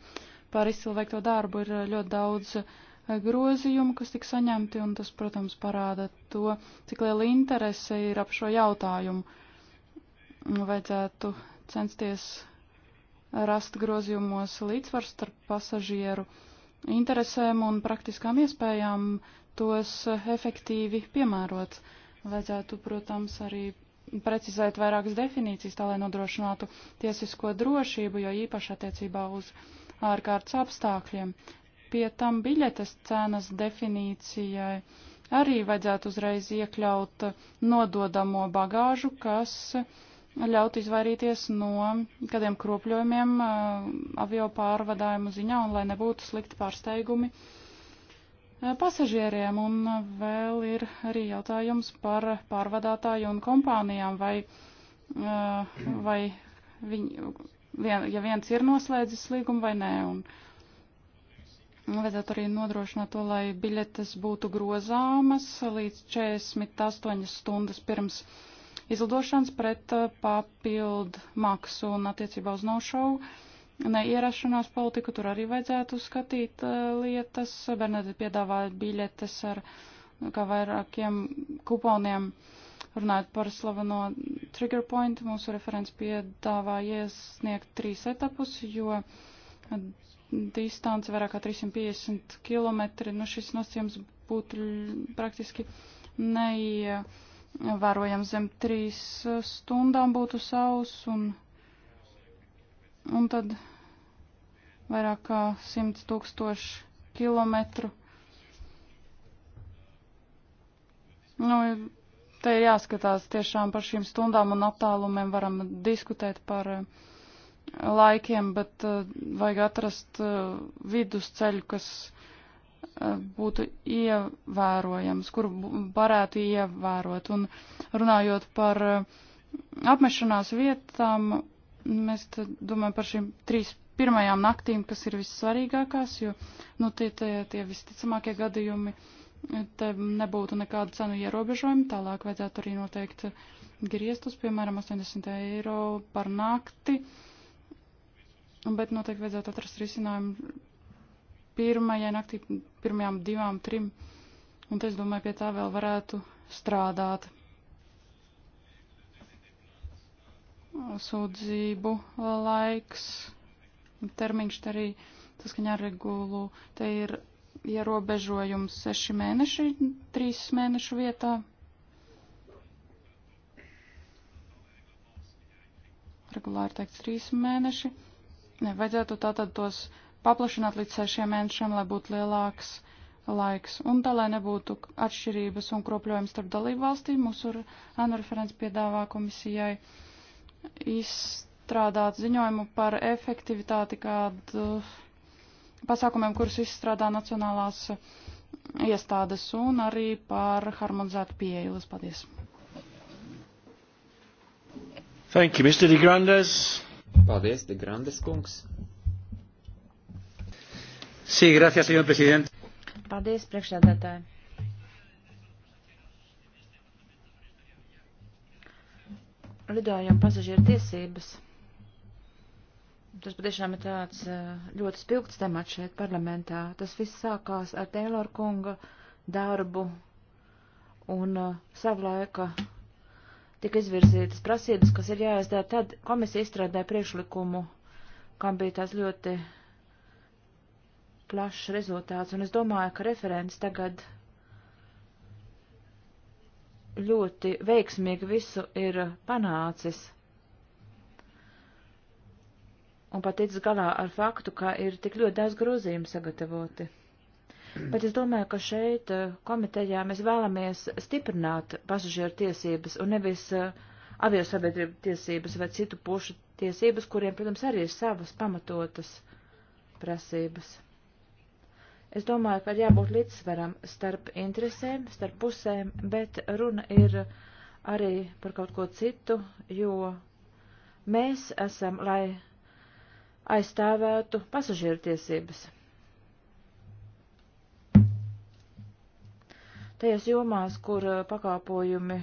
par izcilveikto darbu. Ir eh, ļoti daudz uh, Eh, grozījumu, kas tika saņemti, un tas, protams, parāda to, cik liela interese ir ap šo jautājumu. Vajadzētu censties rast grozījumos līdzsvaru starp pasažieru interesēm un praktiskām iespējām tos efektīvi piemērot. Vajadzētu, protams, arī precizēt vairākas definīcijas, tā lai nodrošinātu tiesisko drošību, jo īpaši attiecībā uz ārkārtas apstākļiem. Pie tam biļetes cenas definīcijai arī vajadzētu uzreiz iekļaut nododamo bagāžu, kas ļaut izvairīties no kādiem kropļojumiem uh, avio pārvadājumu ziņā un lai nebūtu slikti pārsteigumi uh, pasažieriem. Un vēl ir arī jautājums par pārvadātāju un kompānijām, vai, uh, vai viņi, vien, ja viens ir noslēdzis līgumu vai nē. Un, Nu, vajadzētu arī nodrošināt to, lai biļetes būtu grozāmas līdz 48 stundas pirms izlidošanas pret uh, papildu maksu un attiecībā uz nošovu. Neierašanās politiku tur arī vajadzētu skatīt uh, lietas. Bernadette piedāvāja biļetes ar nu, kā vairākiem kuponiem. Runājot par slaveno trigger point, mūsu referents piedāvā iesniegt trīs etapus, jo distance vairāk kā 350 km, nu šis nosacījums būtu praktiski neievērojams zem 3 stundām būtu saus un, un tad vairāk kā 100 tūkstoši kilometru. Nu, te ir jāskatās tiešām par šīm stundām un attālumiem varam diskutēt par uh, laikiem, bet eh, vajag atrast eh, vidusceļu, kas eh, būtu ievērojams, kuru varētu ievērot. Un runājot par apmešanās vietām, mēs domājam par šīm trīs pirmajām naktīm, kas ir vissvarīgākās, jo nu, tie, tie, tie visticamākie gadījumi te nebūtu nekāda cenu ierobežojuma. Tālāk vajadzētu arī noteikt griestus, piemēram, 80 eiro par nakti. Uh, bet noteikti vajadzētu atrast risinājumu pirmajai naktī, pirmajām divām, trim. Un es domāju, pie tā vēl varētu strādāt. Sūdzību laiks, termiņš te arī saskaņā ar regulu, te ir ierobežojums seši mēneši, trīs mēnešu vietā. Regulāri teikts trīs mēneši. Vajadzētu tātad tos paplašināt līdz sešiem mēnešiem, lai būtu lielāks laiks. Un tā, lai nebūtu atšķirības un kropļojums starp dalību valstīm, mūsu ANO referents piedāvā komisijai izstrādāt ziņojumu par efektivitāti kādu pasākumiem, kurus izstrādā nacionālās iestādes un arī par harmonizētu pieeju. Paldies! Thank you, Mr. De Grandes. Paldies, De Grandes kungs. Sī, gracias, senor prezident. Paldies, priekšsēdētāji. Lidojuma pasažieru tiesības. Tas patiešām ir tāds eh, ļoti spilgts temats šeit parlamentā. Tas viss sākās ar Teilor kunga darbu un eh, savlaika laika tika izvirzītas prasības, kas ir jāizdara, tad komisija izstrādāja priekšlikumu, kam bija tās ļoti plašs rezultāts, un es domāju, ka referents tagad ļoti veiksmīgi visu ir panācis un pat ticis galā ar faktu, ka ir tik ļoti daudz grozījumu sagatavoti. Bet es domāju, ka šeit eh, komitejā mēs vēlamies stiprināt pasažieru tiesības un nevis eh, aviosabiedrību tiesības vai citu pušu tiesības, kuriem, protams, arī ir savas pamatotas prasības. Es domāju, ka jābūt līdzsveram starp interesēm, starp pusēm, bet runa ir arī par kaut ko citu, jo mēs esam, lai aizstāvētu pasažieru tiesības. tajās jomās, kur eh, pakāpojumi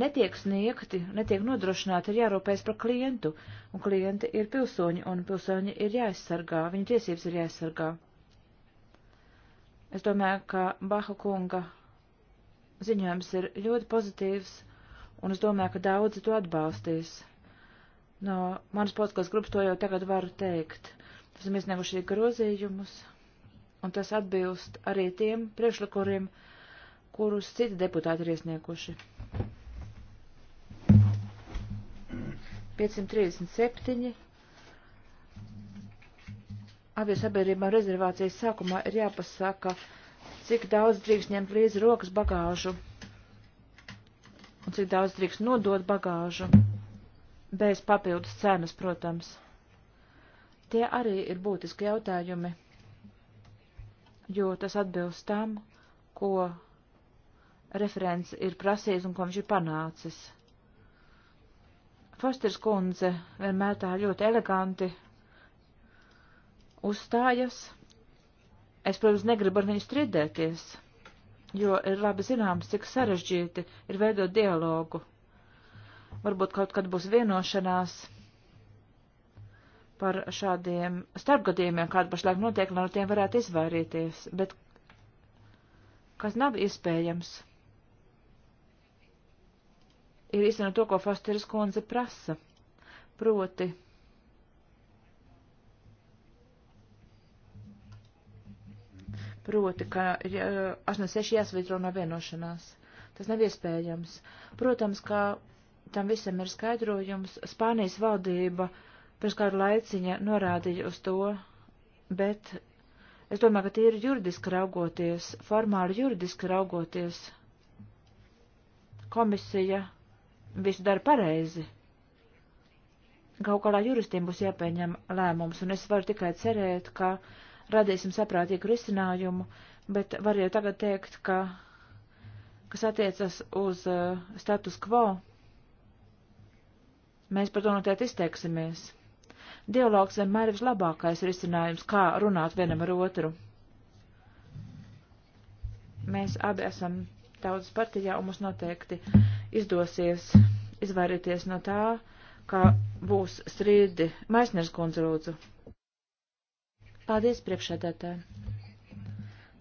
netiek sniegti, netiek nodrošināti, ir jārūpējas par klientu, un klienti ir pilsoņi, un pilsoņi ir jāaizsargā, viņu tiesības ir jāaizsargā. Es domāju, ka Baha kunga ziņojums ir ļoti pozitīvs, un es domāju, ka daudzi to atbalstīs. No manas podkās grupas to jau tagad varu teikt. Esam iesnieguši grozījumus, un tas atbilst arī tiem priekšlikumiem, kurus citi deputāti ir iesnieguši. 537. Aviosabiedrībām rezervācijas sākumā ir jāpasaka, cik daudz drīkst ņemt līdzi rokas bagāžu un cik daudz drīkst nodot bagāžu, bez papildus cenas, protams. Tie arī ir būtiski jautājumi, jo tas atbilst tam, ko referents ir prasījis un ko viņš ir panācis. Fosters kundze vienmēr tā ļoti eleganti uzstājas. Es, protams, negribu ar viņu strīdēties, jo ir labi zināms, cik sarežģīti ir veidot dialogu. Varbūt kaut kad būs vienošanās par šādiem starpgadījumiem, kāda pašlaik notiek, lai no tiem varētu izvairīties, bet kas nav iespējams ir īstenot to, ko Fosteris kundze prasa. Proti, proti, ka 86 jāsvītro no vienošanās. Tas nav iespējams. Protams, ka tam visam ir skaidrojums. Spānijas valdība pirms kādu laiciņa norādīja uz to, bet es domāju, ka tīri juridiski raugoties, formāli juridiski raugoties, komisija visu dara pareizi. Gau galā juristiem būs jāpieņem lēmums, un es varu tikai cerēt, ka radīsim saprātīgu risinājumu, bet var jau tagad teikt, ka, kas attiecas uz uh, status quo, mēs par to noteikti izteiksimies. Dialogs vienmēr ir vislabākais risinājums, kā runāt vienam ar otru. Mēs abi esam tautas partijā, un mums noteikti izdosies izvairīties no tā, ka būs strīdi. Maisners kundze lūdzu. Paldies priekšsēdētē.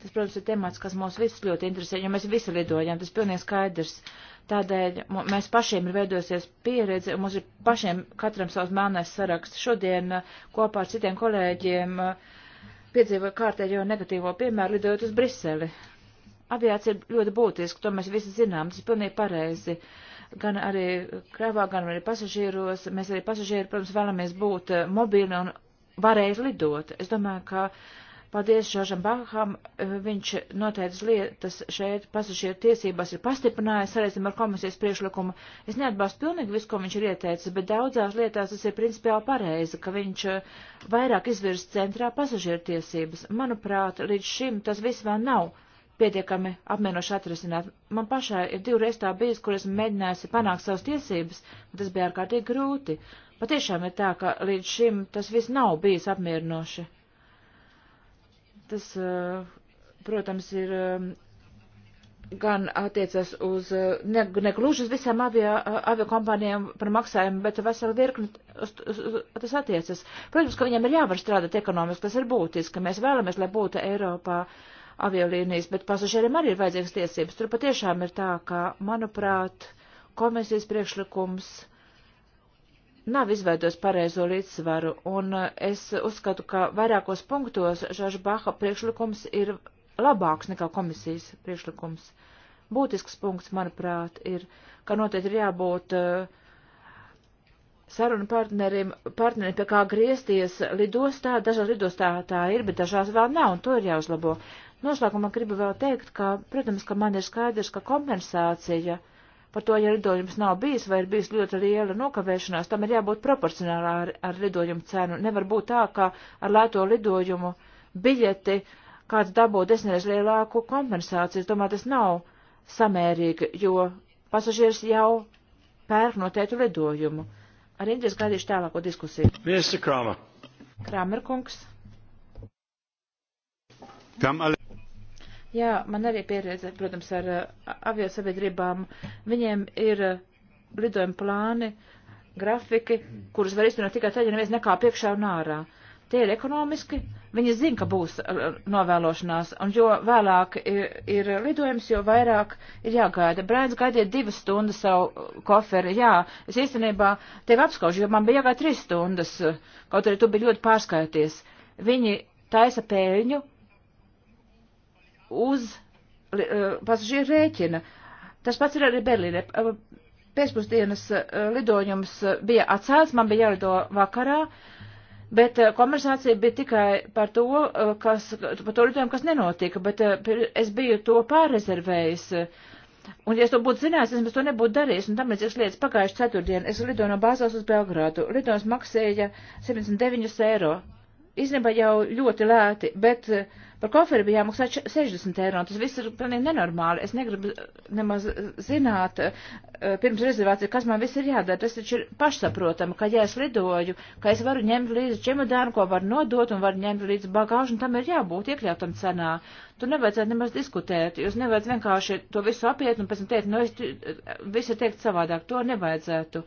Tas, protams, ir temats, kas mūs visus ļoti interesē, jo mēs visi lidojam, tas pilnīgi skaidrs. Tādēļ mēs pašiem ir veidosies pieredze, mums ir pašiem katram savs melnais saraksts. Šodien uh, kopā ar citiem kolēģiem uh, piedzīvoju kārtējo negatīvo piemēru lidojot uz Briseli aviācija ir ļoti būtiska, to mēs visi zinām, tas ir pilnīgi pareizi. Gan arī kravā, gan arī pasažieros, mēs arī pasažieri, protams, vēlamies būt eh, mobīli un varēt lidot. Es domāju, ka paldies Žožam Baham, eh, viņš noteicis lietas šeit pasažieru tiesībās ir pastiprinājis, sareizim ar komisijas priešlikumu. Es neatbalstu pilnīgi visu, ko viņš ir ieteicis, bet daudzās lietās tas ir principiāli pareizi, ka viņš eh, vairāk izvirs centrā pasažieru tiesības. Manuprāt, līdz šim tas viss vēl nav pietiekami apmienoši atrisināt. Man pašai ir divreiz tā bijis, kur esmu mēģinājusi panākt savas tiesības, un tas bija ārkārtīgi grūti. Patiešām ir tā, ka līdz šim tas viss nav bijis apmierinoši. Tas, eh, protams, ir eh, gan attiecas uz eh, ne, ne gluži uz visām aviokompānijām par maksājumu, bet veselu virkni uz, uz, uz, tas attiecas. Protams, ka viņiem ir jāvar strādāt ekonomiski, tas ir būtiski. Mēs vēlamies, lai būtu Eiropā uh, aviolīnijas, bet pasažieriem arī ir vajadzīgas tiesības. Tur patiešām ir tā, ka, manuprāt, komisijas priekšlikums nav izveidojis pareizo līdzsvaru, un uh, es uzskatu, ka vairākos punktos Žaža Baha priekšlikums ir labāks nekā komisijas priekšlikums. Būtisks punkts, manuprāt, ir, ka noteikti ir jābūt uh, sarunu partnerim, partnerim pie kā griezties lidostā, dažās lidostā tā ir, bet dažās vēl nav, un to ir jāuzlabo. Noslēgumā gribu vēl teikt, ka, protams, ka man ir skaidrs, ka kompensācija par to, ja lidojums nav bijis vai ir bijis ļoti liela nokavēšanās, tam ir jābūt proporcionālā ar, ar lidojumu cenu. Nevar būt tā, ka ar lēto lidojumu biļeti kāds dabū desmitreiz lielāku kompensāciju. Tomēr tas nav samērīgi, jo pasažieris jau pērk noteiktu lidojumu. Ar Indijas gaidīšu tālāko diskusiju. Viesi Krāma. Krāmerkungs. Kam ali? Jā, man arī pieredze, protams, ar uh, aviosabiedrībām. Viņiem ir uh, lidojuma plāni, grafiki, kurus var iztenot tikai tad, ja neviens nekāp iekšā un ārā. Tie ir ekonomiski, viņi zina, ka būs uh, novēlošanās, un jo vēlāk ir, ir lidojums, jo vairāk ir jāgaida. Brēns gaidīja divas stundas savu koferi, jā, es īstenībā tevi apskaužu, jo man bija jāgaida trīs stundas, kaut arī tu biji ļoti pārskaities. Viņi taisa pēļņu, uz eh, pasažieru rēķina. Tas pats ir arī Berlīne. Eh, pēcpusdienas eh, lidojums bija atcēlts, man bija jālido vakarā, bet konversācija bija tikai par to, kas, par to lidojumu, kas nenotika, bet es biju to pārrezervējis. Un, ja es to būtu zinājis, es to nebūtu darījis, un tāpēc es lietas pagājuši ceturtdien, es lidoju no bāzās uz Belgrādu. Lidojums maksēja 79 eiro. Īstenībā jau ļoti lēti, bet uh, Par koferi bija jāmaksā 60 eiro, un tas viss ir pilnīgi nenormāli. Es negribu nemaz zināt eh, pirms rezervācija, kas man viss ir jādara. Tas taču ir pašsaprotami, ka ja es lidoju, ka es varu ņemt līdzi čemodānu, ko var nodot un var ņemt līdzi bagāžu, un tam ir jābūt iekļautam cenā. Tur nevajadzētu nemaz diskutēt, jūs nevajadzētu vienkārši to visu apiet un pēc tam teikt, nu es visu teikt savādāk, to nevajadzētu.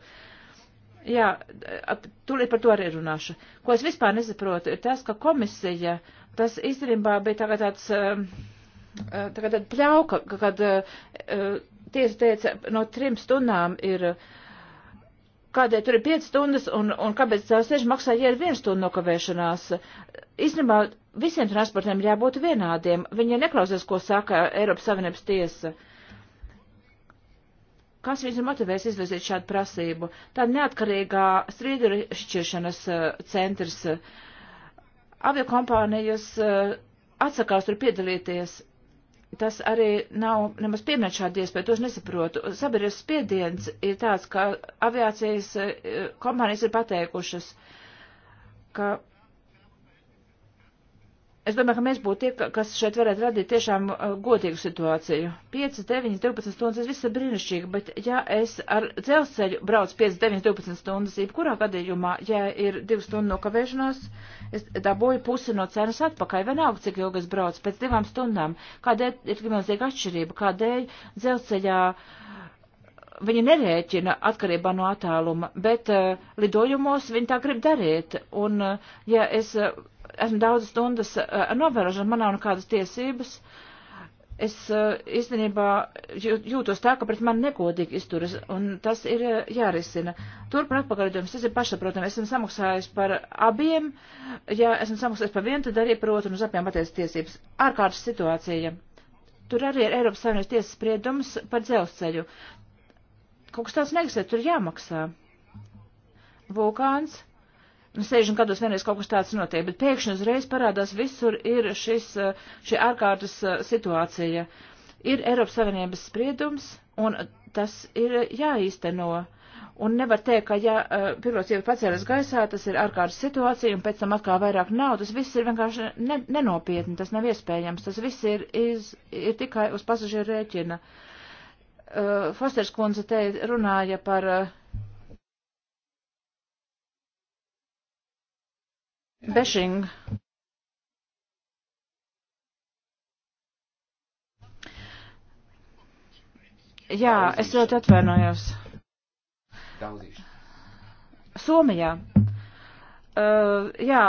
Jā, tūlīt par to arī runāšu. Ko es vispār nesaprotu, ir tas, ka komisija. Uh, Tas īstenībā bija tagad tāds, um, uh, tagad tāda pļauka, kad uh, uh, tiesa teica, no trim stundām ir, kādēļ tur ir 5 stundas un, un kāpēc tā sēž maksā, ja ir 1 stunda nokavēšanās. Īstenībā visiem transportiem jābūt vienādiem. Viņi neklausās, ko saka Eiropas Savienības tiesa. Kas viņus motivēs izvirzīt šādu prasību? Tāda neatkarīgā strīdu šķiršanas centrs. Uh, aviokompānijas eh, atsakās tur piedalīties. Tas arī nav nemaz pieminēt šādu iespēju, to es nesaprotu. Sabiedrības spiediens ir tāds, ka aviācijas eh, kompānijas ir pateikušas, ka Es domāju, ka mēs būtu tie, kas šeit varētu radīt tiešām uh, godīgu situāciju. 5, 9, 12 stundas, tas viss ir brīnišķīgi, bet ja es ar dzelzceļu braucu 5, 9, 12 stundas, jebkurā gadījumā, ja ir 2 stundu nokavēšanās, es dabūju pusi no cenas atpakaļ, vienalga, cik ilgi es braucu, pēc divām stundām. Kādēļ ir milzīga atšķirība, kādēļ dzelzceļā uh, viņi nerēķina atkarībā no attāluma, bet uh, lidojumos viņi tā grib darīt. Un, uh, ja es uh, esmu daudz stundas eh, novērošana, man nav nekādas tiesības. Es eh, īstenībā jūtos tā, ka pret mani negodīgi izturas, un tas ir eh, jārisina. Turpin atpakaļidojums, tas ir pašsaprotami. Esmu samaksājis par abiem, ja esmu samaksājis par vienu, tad arī, protams, uz abiem attiecas tiesības. Ārkārtas situācija. Tur arī ir Eiropas Savienības tiesas spriedums par dzelzceļu. Kaut kas tāds neeksistē, tur jāmaksā. Vulkāns 60 gados vienreiz kaut kas tāds notiek, bet pēkšņi uzreiz parādās visur ir šis, eh, šī ārkārtas eh, situācija. Ir Eiropas Savienības spriedums, un tas ir jāīsteno. Un nevar teikt, ka, ja eh, pirots jau pacēlas gaisā, tas ir ārkārtas situācija, un pēc tam atkal vairāk nav. Tas viss ir vienkārši ne, nenopietni, tas nav iespējams. Tas viss ir, iz, ir tikai uz pasažieru rēķina. Uh, Fosters kundze te runāja par uh, Bešing. Jā, es ļoti atvainojos. Daudzīšu. Somijā. Uh, jā,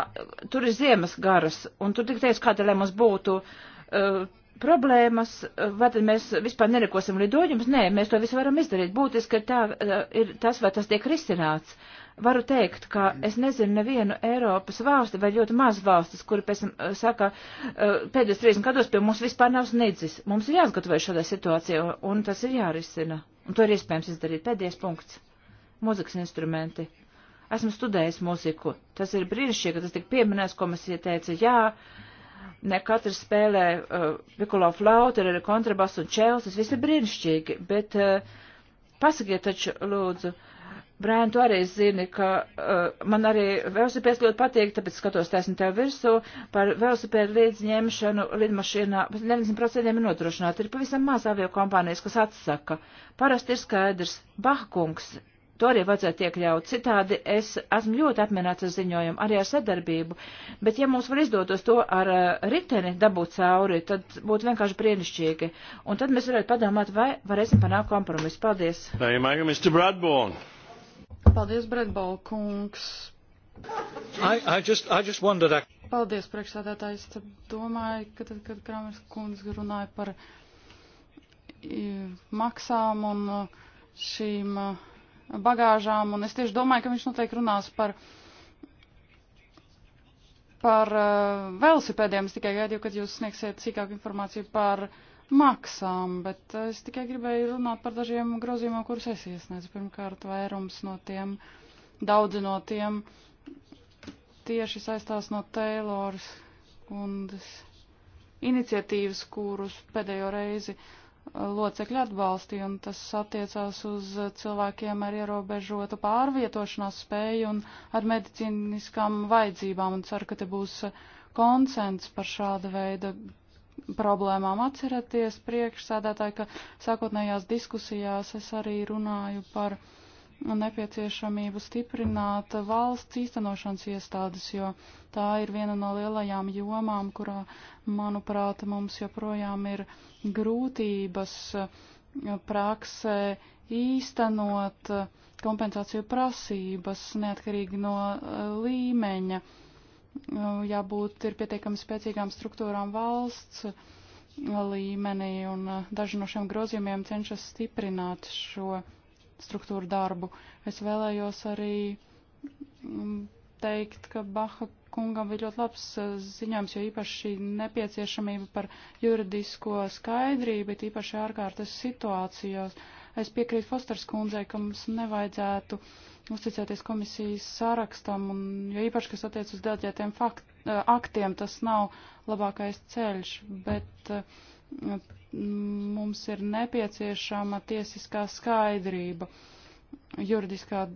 tur ir ziemas garas, un tur tik teiks, kāda, lai mums būtu uh, problēmas, uh, vai tad mēs vispār nerikosim lidojumus? Nē, mēs to visu varam izdarīt. Būtiski ir, tā, uh, ir tas, vai tas tiek risināts varu teikt, ka es nezinu nevienu Eiropas valsti vai ļoti maz valstis, kuri pēc tam saka, eh, pēdējos 30 gados pie mums vispār nav sniedzis. Mums ir jāizgatavojas šādā situācijā, un tas ir jārisina. Un to ir iespējams izdarīt. Pēdējais punkts. Mūzikas instrumenti. Esmu studējis mūziku. Tas ir brīnišķīgi, ka tas tik pieminēts, ko mēs ieteica. Jā, ne katrs spēlē uh, eh, vikulo flautu, ir arī kontrabass un čels. Tas viss ir brīnišķīgi, bet uh, pasakiet taču, lūdzu, uh, Brian, tu arī zini, ka uh, man arī velosipēds ļoti patīk, tāpēc skatos taisni tev virsū par velosipēdu līdzņemšanu lidmašīnā. 90% ir nodrošināti. Ir pavisam maz avio kompānijas, kas atsaka. Parasti ir skaidrs, Bahkungs, to arī vajadzētu iekļaut. Citādi es esmu ļoti apmierināts ar ziņojumu, arī ar sadarbību, bet ja mums var izdotos to ar uh, riteni dabūt cauri, tad būtu vienkārši brīnišķīgi. Un tad mēs varētu padomāt, vai varēsim panākt kompromisu. Paldies! Thank you, Michael, Mr. Bradbourne. Paldies, Bredbola kungs. I, I just, I just wondered... Paldies, priekšsēdētājs. Domāju, ka tad, kad Kramers kundze runāja par maksām un uh, šīm uh, bagāžām, un es tieši domāju, ka viņš noteikti runās par, par uh, velosipēdiem. Es tikai gaidīju, kad jūs sniegsiet sīkāku informāciju par uh, maksām, bet es tikai gribēju runāt par dažiem grozījumiem, kurus es iesniedzu. Pirmkārt, vairums no tiem, daudzi no tiem tieši saistās no Teiloras kundas iniciatīvas, kurus pēdējo reizi uh, locekļi atbalstīja, un tas attiecās uz cilvēkiem ar ierobežotu pārvietošanās spēju un ar medicīniskām vajadzībām, un ceru, ka te būs uh, konsens par šāda veida problēmām. Atcerieties, priekšsēdētāji, ka sākotnējās diskusijās es arī runāju par nepieciešamību stiprināt valsts īstenošanas iestādes, jo tā ir viena no lielajām jomām, kurā, manuprāt, mums joprojām ir grūtības praksē īstenot kompensāciju prasības neatkarīgi no līmeņa. Uh, jābūt ir pietiekami spēcīgām struktūrām valsts līmenī, un uh, daži no šiem grozījumiem cenšas stiprināt šo struktūru darbu. Es vēlējos arī mm, teikt, ka Baha kungam bija ļoti labs uh, ziņojums, jo īpaši šī nepieciešamība par juridisko skaidrību, īpaši ārkārtas situācijos. Uh, Es piekrītu Fosters kundzei, ka mums nevajadzētu uzticēties komisijas sārakstam, un jo īpaši, kas attiec uz dēļģētiem eh, aktiem, tas nav labākais ceļš, bet eh, mums ir nepieciešama tiesiskā skaidrība, juridiskā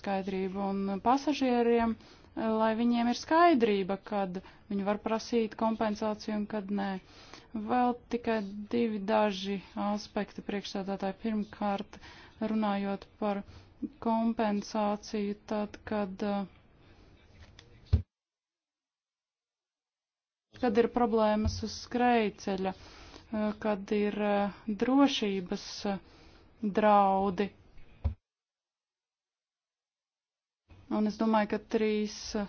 skaidrība un pasažieriem. Uh, lai viņiem ir skaidrība, kad viņi var prasīt kompensāciju un kad nē. Vēl tikai divi daži aspekti priekšstādātāji. Pirmkārt, runājot par kompensāciju, tad, kad, kad ir problēmas uz skrejceļa, kad ir eh, drošības eh, draudi Un es domāju, ka trīs eh,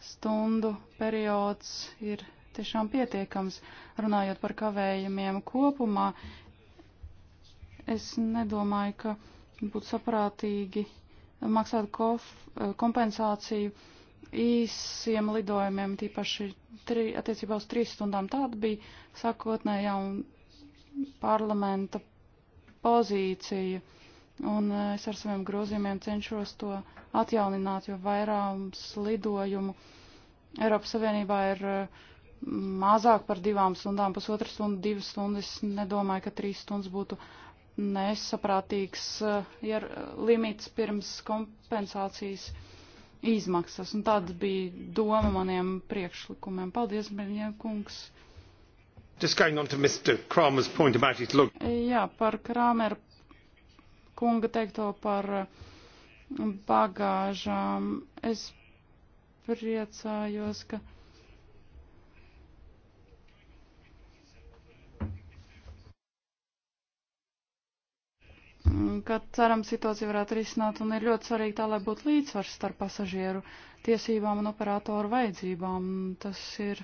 stundu periods ir tiešām pietiekams. Runājot par kavējumiem kopumā, es nedomāju, ka būtu saprātīgi maksāt kof, eh, kompensāciju īsiem lidojumiem, tīpaši tri, attiecībā uz trīs stundām. Tāda bija sākotnējā un parlamenta pozīcija un eh, es ar saviem grozījumiem cenšos to atjaunināt, jo vairāms lidojumu Eiropas Savienībā ir eh, mazāk par divām stundām, pusotra stunda, divas stundas. Nedomāju, ka trīs stundas būtu nesaprātīgs eh, ja limits pirms kompensācijas izmaksas. Un tāda bija doma maniem priekšlikumiem. Paldies, Mirņiem kungs! Just going on to Mr. Kramer's point about it, look. Jā, par Krāmeru kunga teikto par bagāžām. Es priecājos, ka. ka cerams situācija varētu risināt un ir ļoti svarīgi tā, lai būtu līdzsvars starp pasažieru tiesībām un operātoru vajadzībām. Tas ir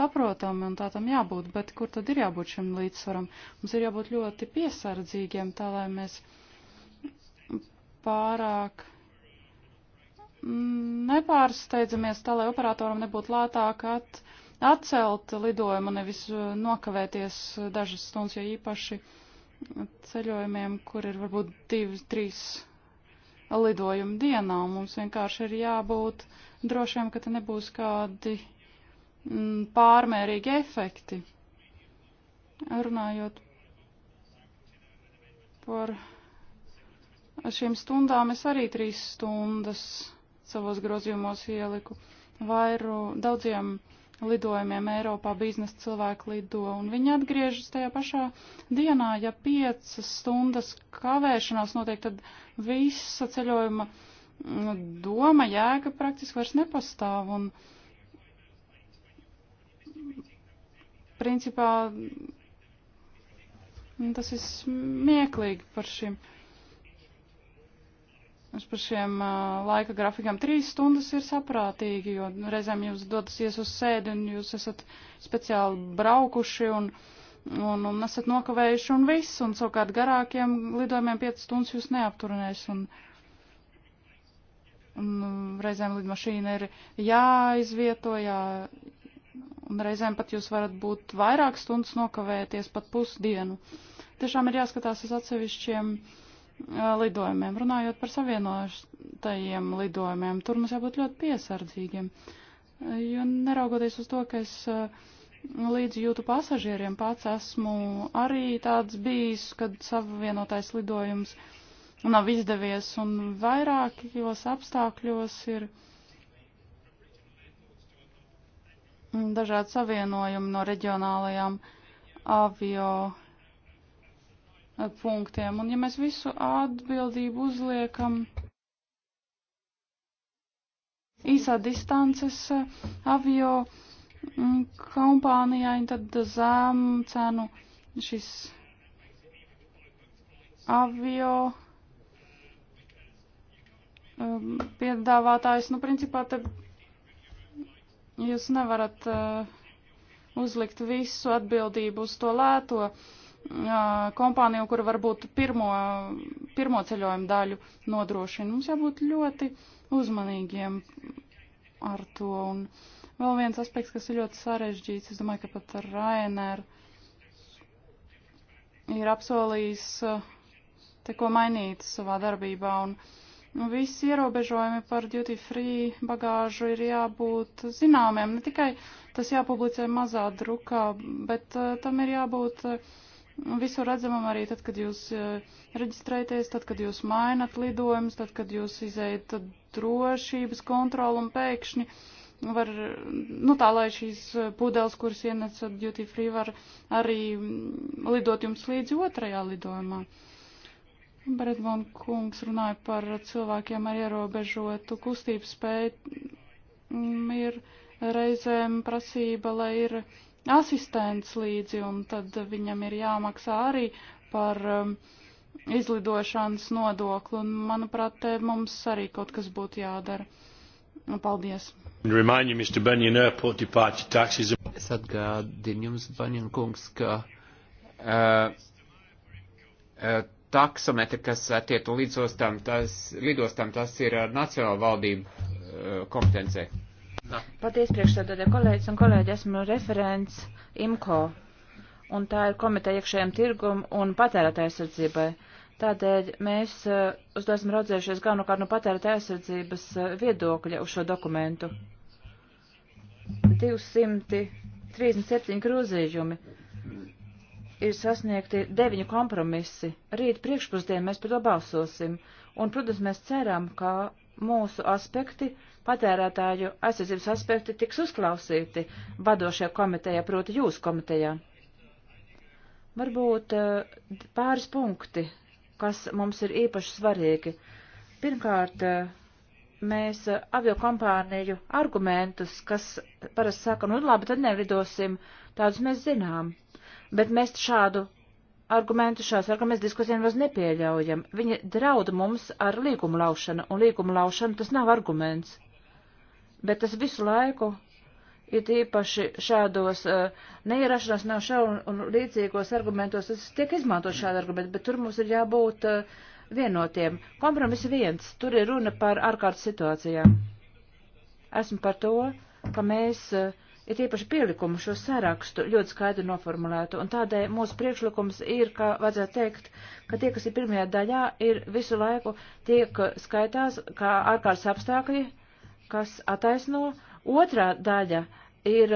saprotami un tā tam jābūt, bet kur tad ir jābūt šim līdzsvaram? Mums ir jābūt ļoti piesardzīgiem tā, lai mēs. Uh, pārāk nepārsteidzamies tā, lai operatoram nebūtu lētāk at, atcelt lidojumu, nevis uh, nokavēties dažas stundas, jo īpaši ceļojumiem, kur ir varbūt divi, trīs lidojumi dienā, un mums vienkārši ir jābūt drošiem, ka te nebūs kādi mm, pārmērīgi efekti. Runājot par Ar šīm stundām es arī trīs stundas savos grozījumos ieliku. Vairu daudziem lidojumiem Eiropā biznesa cilvēki lido, un viņi atgriežas tajā pašā dienā. Ja piecas stundas kavēšanās notiek, tad visa ceļojuma mm, doma, jēga praktiski vairs nepastāv. Un, principā, tas ir smieklīgi par šim. Uh, uz par šiem laika grafikam. Trīs stundas ir saprātīgi, jo reizēm jūs dodaties uz sēdi un jūs esat speciāli braukuši un, un, un esat nokavējuši un viss, un savukārt garākiem lidojumiem piecas stundas jūs neapturnēs. Un, un nu, reizēm lidmašīna ir jāizvieto, jā, un reizēm pat jūs varat būt vairāk stundas nokavēties pat pusdienu. Tiešām ir jāskatās uz atsevišķiem uh, lidojumiem. Runājot par savienotajiem lidojumiem, tur mums jābūt ļoti piesardzīgiem. Jo neraugoties uz to, ka es līdzi jūtu pasažieriem, pats esmu arī tāds bijis, kad savienotais lidojums nav izdevies un vairākos apstākļos ir dažādi savienojumi no reģionālajām avio punktiem. Un ja mēs visu atbildību uzliekam īsā distances eh, avio mm, kompānijai, tad zem cenu šis avio um, piedāvātājs, nu, principā, te jūs nevarat uh, uzlikt visu atbildību uz to lēto uh, kompāniju, kur varbūt pirmo, pirmo ceļojumu daļu nodrošina. Mums jābūt ļoti uzmanīgiem ar to. Un vēl viens aspekts, kas ir ļoti sarežģīts, es domāju, ka pat ar Rainer ir apsolījis te ko mainīt savā darbībā. Un visi ierobežojumi par duty free bagāžu ir jābūt zināmiem. Ne tikai tas jāpublicē mazā drukā, bet tam ir jābūt uh, visu redzamam arī tad, kad jūs e, reģistrēties, tad, kad jūs mainat lidojumus, tad, kad jūs izējat drošības kontroli un pēkšņi var, nu tā, lai šīs e, pudeles, kuras ienesat duty free, var arī mm, lidot jums līdz otrajā lidojumā. Bredmon kungs runāja par cilvēkiem ar ierobežotu kustību spēju. Mm, ir reizēm prasība, lai ir asistents līdzi, un tad viņam ir jāmaksā arī par um, izlidošanas nodokli, un manuprāt, te mums arī kaut kas būtu jādara. Nu, paldies! Es atgādinu jums, Banjan kungs, ka uh, uh, taksometri, kas attiet uh, līdzostām, tas, lidostām, tas ir uh, nacionāla valdība uh, kompetencija. Paldies priekšstādātie kolēģis un kolēģi, esmu referents IMCO, un tā ir komiteja iekšējiem tirgum un patērētāju aizsardzībai. Tādēļ mēs eh, uz to esam raudzējušies galvenokārt no patērētāja aizsardzības eh, viedokļa uz šo dokumentu. 237 grozījumi ir sasniegti 9 kompromisi. Rīt priekšpusdien mēs par to balsosim. Un, protams, mēs ceram, ka mūsu aspekti patērētāju aizsardzības aspekti tiks uzklausīti vadošajā komitejā, proti jūs komitejā. Varbūt eh, pāris punkti, kas mums ir īpaši svarīgi. Pirmkārt, eh, mēs aviokompāniju argumentus, kas parasti saka, nu labi, tad nelidosim, tādus mēs zinām. Bet mēs šādu argumentu šās argumentas diskusijām vairs nepieļaujam. Viņa drauda mums ar līgumu laušanu, un līgumu laušana tas nav arguments bet tas visu laiku ir īpaši šādos uh, neierašanās nav šaunu un līdzīgos argumentos, tas tiek izmantot šādi argumenti, bet tur mums ir jābūt uh, vienotiem. Kompromis viens, tur ir runa par ārkārtas situācijām. Esmu par to, ka mēs uh, ir īpaši pielikumu šo sarakstu ļoti skaidri noformulētu, un tādēļ mūsu priekšlikums ir, ka vajadzētu teikt, ka tie, kas ir pirmajā daļā, ir visu laiku tiek skaitās kā ārkārtas apstākļi, kas attaisno. Otrā daļa ir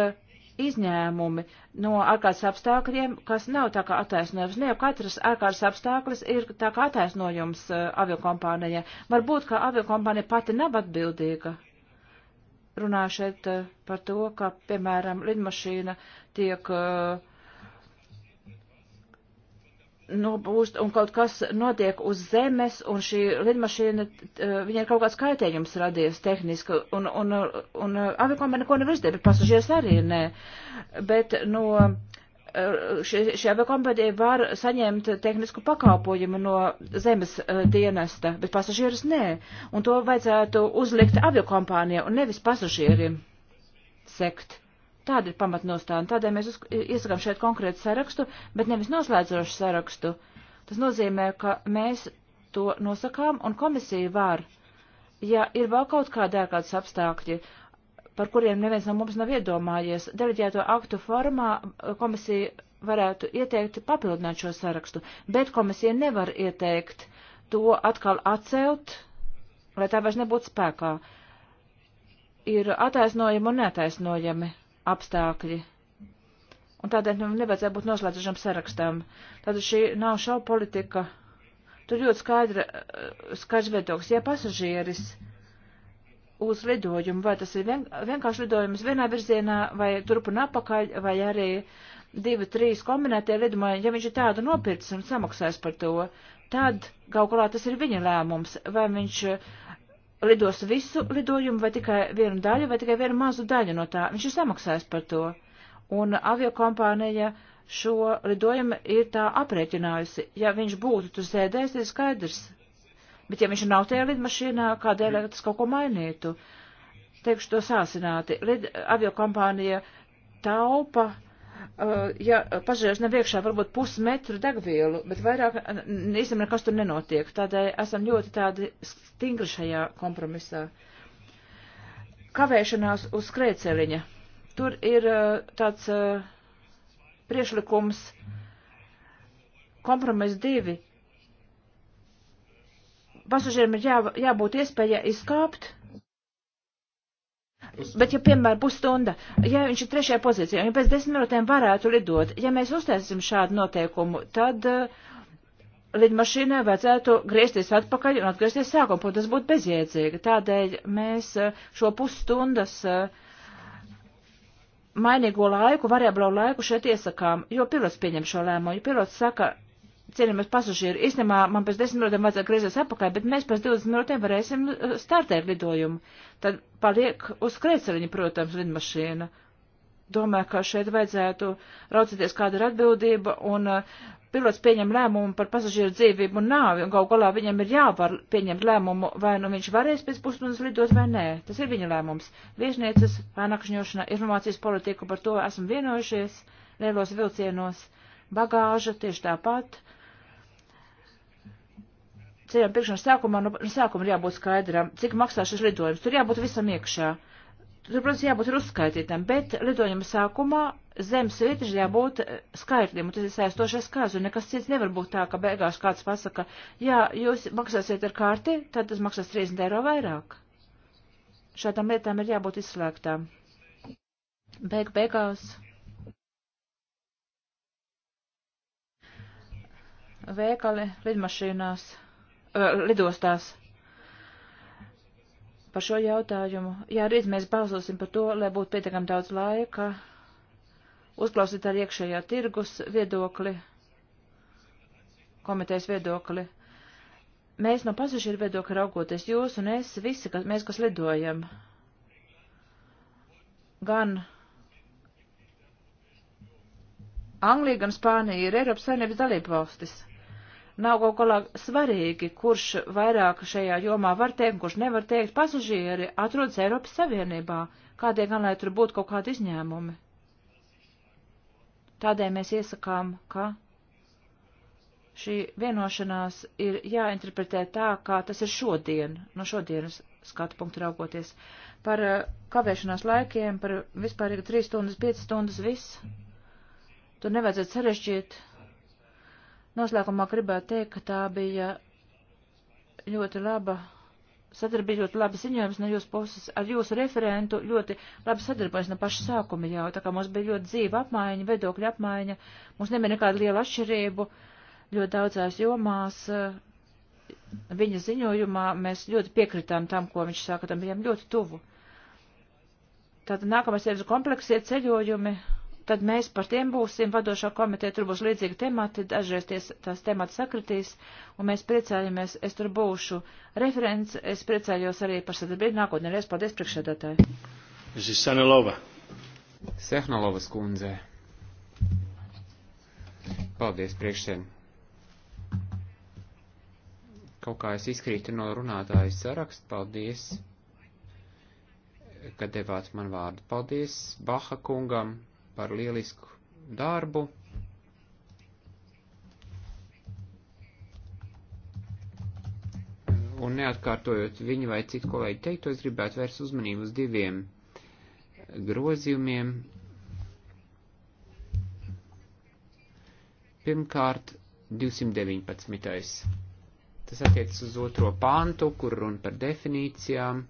izņēmumi no ārkārtas apstākļiem, kas nav tā kā attaisnojums. Ne jau katrs ārkārtas apstākļus ir tā kā attaisnojums uh, eh, aviokompānijai. Varbūt, ka aviokompānija pati nav atbildīga. Runā šeit uh, par to, ka, piemēram, lidmašīna tiek uh, nobūst nu, un kaut kas notiek uz zemes, un šī lidmašīna, eh, viņai kaut kāds kaitējums radies tehniski, un, un, un eh, aviokomēr neko nevar izdarīt, bet pasažieris arī nē. Bet no nu, eh, šī, šī aviokomēdija var saņemt tehnisku pakalpojumu no zemes uh, dienesta, bet pasažieris nē. Un to vajadzētu uzlikt aviokompānijai un nevis pasažierim sekt. Tāda ir pamatnostāna. Tādēļ mēs uz, iesakām šeit konkrētu sarakstu, bet nevis noslēdzošu sarakstu. Tas nozīmē, ka mēs to nosakām, un komisija var, ja ir vēl kaut kādā kāds apstākļi, par kuriem neviens no mums nav iedomājies, deleģēto aktu formā eh, komisija varētu ieteikt papildināt šo sarakstu, bet komisija nevar ieteikt to atkal atcelt, lai tā vairs nebūtu spēkā. Ir attaisnojami un neattaisnojami apstākļi. Un tādēļ nu, nevajadzētu būt noslēdzošam sarakstam. Tātad šī nav šauba politika. Tur ļoti skaidra, eh, skaidrs viedoklis. Ja pasažieris uz lidojumu, vai tas ir vien, vienkārši lidojums vienā virzienā, vai turp un apakaļ, vai arī divi, trīs kombinētie lidojumi, ja viņš ir tādu nopircis un samaksājis par to, tad galu galā tas ir viņa lēmums, vai viņš uh, lidos visu lidojumu, vai tikai vienu daļu, vai tikai vienu mazu daļu no tā. Viņš ir samaksājis par to. Un aviokompānija šo lidojumu ir tā aprēķinājusi. Ja viņš būtu tur sēdējis, ir skaidrs. Bet ja viņš nav tajā lidmašīnā, kādēļ tas kaut ko mainītu? Teikšu to sāsināti. Lid, aviokompānija taupa Eh, ja pasažieris nav iekšā varbūt pusmetru degvielu, bet vairāk īstenībā nekas tur nenotiek. Tādēļ esam ļoti tādi stingri šajā kompromisā. Kavēšanās uz skrējceļiņa. Tur ir eh, tāds eh, priešlikums kompromis divi. Pasažieriem ir jā, jābūt iespējai izkāpt Bet, ja piemēram pusstunda, ja viņš ir trešajā pozīcijā, ja pēc desmit minūtēm varētu lidot, ja mēs uztaisīsim šādu noteikumu, tad uh, lidmašīnai vajadzētu griezties atpakaļ un atgriezties sākumā, tas būtu bezjēdzīgi. Tādēļ mēs uh, šo pusstundas uh, mainīgo laiku, variablo laiku šeit iesakām, jo pilots pieņem šo lēmumu, jo pilots saka, Cienījamies pasažieri, īstenībā man pēc desmit minūtēm vajadzētu griezties atpakaļ, bet mēs pēc 20 minūtēm varēsim uh, startēt lidojumu. Tad paliek uz skrēceliņa, protams, lidmašīna. Domāju, ka šeit vajadzētu raucīties, kāda ir atbildība, un uh, pilots pieņem lēmumu par pasažieru dzīvību un nāvi, un gal galā viņam ir jāvar pieņemt lēmumu, vai nu viņš varēs pēc pusstundas lidot vai nē. Tas ir viņa lēmums. Viesnieces, pēnakšņošana, informācijas politika, par to esam vienojušies lielos vilcienos. Bagāža tieši tāpat, ceļojuma pirkšanas sākumā, no nu, nu, sākuma ir jābūt skaidram, cik maksā šis lidojums. Tur jābūt visam iekšā. Tur, protams, jābūt ir uzskaitītam, bet lidojuma sākumā zem svītiņš jābūt skaitļiem, un tas ir saistošais skaits, un nekas cits nevar būt tā, ka beigās kāds pasaka, jā, jūs maksāsiet ar kārti, tad tas maksās 30 eiro vairāk. Šādām lietām ir jābūt izslēgtām. Beig beigās. Veikali lidmašīnās. Eh, lidostās par šo jautājumu. Jā, rīt mēs balsosim par to, lai būtu pietiekami daudz laika uzklausīt ar iekšējā tirgus viedokli, komitejas viedokli. Mēs no pasažieru viedokļa raugoties jūs un es visi, kas, mēs, kas lidojam, gan Anglija, gan Spānija ir Eiropas Savienības dalība valstis. Nav kaut kā svarīgi, kurš vairāk šajā jomā var teikt, kurš nevar teikt. Pasažieri atrodas Eiropas Savienībā. Kādēļ gan lai tur būtu kaut kādi izņēmumi? Tādēļ mēs iesakām, ka šī vienošanās ir jāinterpretē tā, kā tas ir šodien, no šodienas skatu punktu raugoties. Par eh, kavēšanās laikiem, par vispārīgi 3 stundas, 5 stundas, viss. Tur nevajadzētu sarežģīt Noslēgumā gribētu teikt, ka tā bija ļoti laba sadarbība, ļoti laba ziņojums no jūsu puses ar jūsu referentu, ļoti labi sadarbojas no paša sākuma jau, tā kā mums bija ļoti dzīva apmaiņa, vedokļa apmaiņa, mums nebija nekāda liela atšķirība, ļoti daudzās jomās, eh, viņa ziņojumā mēs ļoti piekritām tam, ko viņš saka, tam bijām ļoti tuvu. Tātad nākamais ir kompleksē ceļojumi, tad mēs par tiem būsim vadošo komiteju, tur būs līdzīgi temati, dažreiz ties, tās temati sakritīs, un mēs priecājamies, es tur būšu referents, es priecājos arī par sadarbību nākotnē, reiz paldies priekšsēdētāji. Zisanilova. Sehnalovas kundze. Paldies priekšsēdētājiem. Kaut kā es izkrītu no runātājas saraksta, paldies, ka devāt man vārdu. Paldies Baha kungam par lielisku darbu. Un neatkārtojot viņu vai citu kolēģi teikto, es gribētu vērst uzmanību uz diviem grozījumiem. Pirmkārt, 219. Tas attiecas uz otro pāntu, kur runa par definīcijām.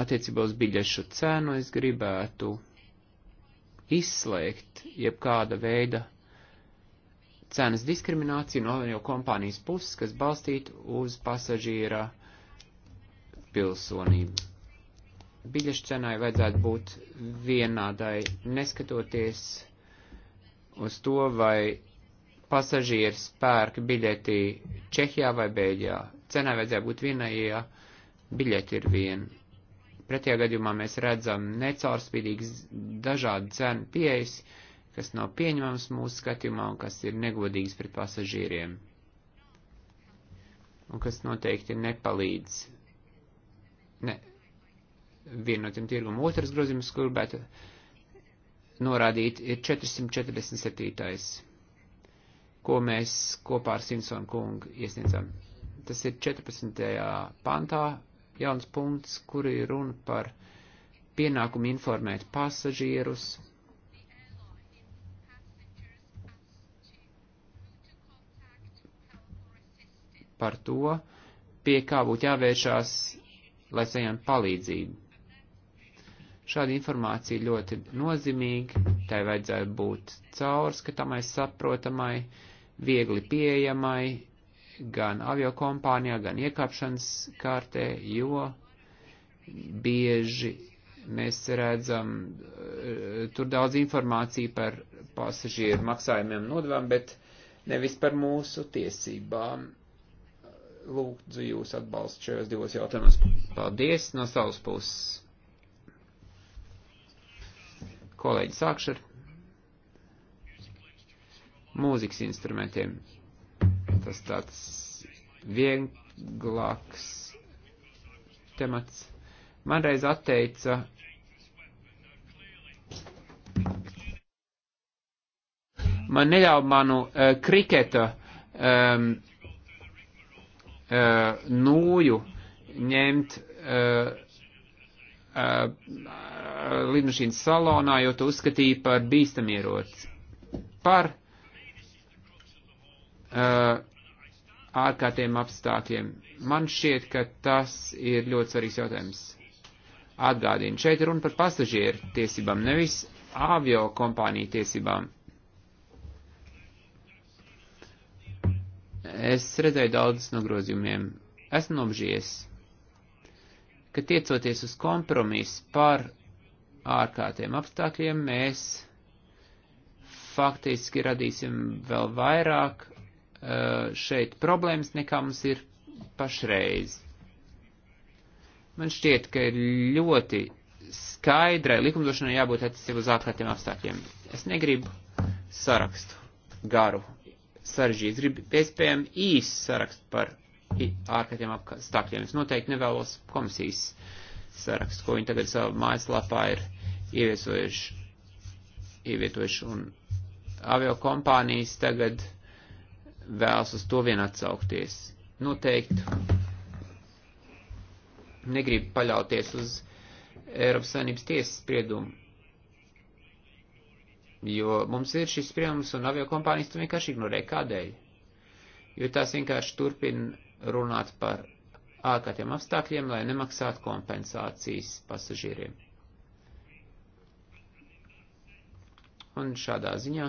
Attiecībā uz biļešu cenu es gribētu izslēgt jebkāda veida cenas diskrimināciju no jau kompānijas puses, kas balstītu uz pasažiera pilsonību. Biļešu cenai vajadzētu būt vienādai, neskatoties uz to, vai pasažieris pērk biļeti Čehijā vai Bēļģijā. Cenai vajadzētu būt vienai, ja biļeti ir viena Pretējā gadījumā mēs redzam necaurspīdīgas dažādu cenu pieejas, kas nav pieņemams mūsu skatījumā un kas ir negodīgs pret pasažīriem. Un kas noteikti nepalīdz ne, vienotiem tirgum. Otrs grozījums, kur gribētu norādīt, ir 447. ko mēs kopā ar Simpsonu kungu iesniedzam. Tas ir 14. pantā jauns punkts, kur ir runa par pienākumu informēt pasažierus. par to, pie kā būtu jāvēršās, lai saņemtu palīdzību. Šāda informācija ļoti nozīmīga, tai vajadzētu būt caurskatāmai, saprotamai, viegli pieejamai, gan aviokompānijā, gan iekāpšanas kārtē, jo bieži mēs redzam eh, tur daudz informāciju par pasažieru maksājumiem nodevām, bet nevis par mūsu tiesībām. Lūdzu jūs atbalstu šajos divos jautājumos. Paldies no savas puses. Kolēģi, sākšu ar mūzikas instrumentiem tas tāds vieglāks temats. Man reiz atteica man neļauj manu uh, kriketa um, uh, nūju ņemt uh, uh, lidmašīnas salonā, jo to uzskatīja par bīstamieroci. Par uh, ārkārtiem apstākļiem. Man šķiet, ka tas ir ļoti svarīgs jautājums. Atgādīju, šeit runa par pasažieru tiesībām, nevis avio kompāniju tiesībām. Es redzēju daudz nogrozījumiem. Esmu nomžījies, ka tiecoties uz kompromisu par ārkārtiem apstākļiem, mēs faktiski radīsim vēl vairāk Eh, šeit problēmas, nekā mums ir pašreiz. Man šķiet, ka ir ļoti skaidrai likumdošanai jābūt attiecībā uz ārkārtiem apstākļiem. Es negribu sarakstu garu sarežģīt, gribu iespējami īsu sarakstu par ārkārtiem apstākļiem. Es noteikti nevēlos komisijas sarakstu, ko viņi tagad savā mājaslapā ir ieviesojuši, ievietojuši, un avio kompānijas tagad vēlas uz to vien atsaukties. Noteikti negrib paļauties uz Eiropas Savienības tiesas spriedumu, jo mums ir šis spriedums un aviokompānijas to vienkārši ignorē. Kādēļ? Jo tās vienkārši turpina runāt par ārkārtiem apstākļiem, lai nemaksātu kompensācijas pasažieriem. Un šādā ziņā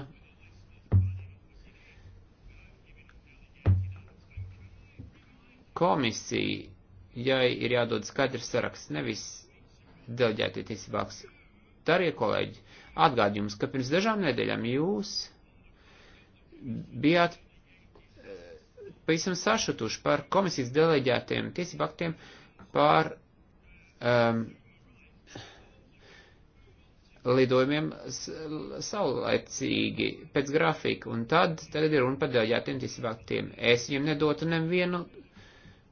komisijai ir jādod skaidrs saraksts, nevis deleģētie tiesībāks. Darie kolēģi, atgādījums, ka pirms dažām nedēļām jūs bijāt eh, pavisam sašutuši par komisijas deleģētiem tiesību aktiem par um, lidojumiem saulaicīgi pēc grafika, un tad tagad ir runa par deleģētiem tiesību aktiem. Es viņiem nedotu nevienu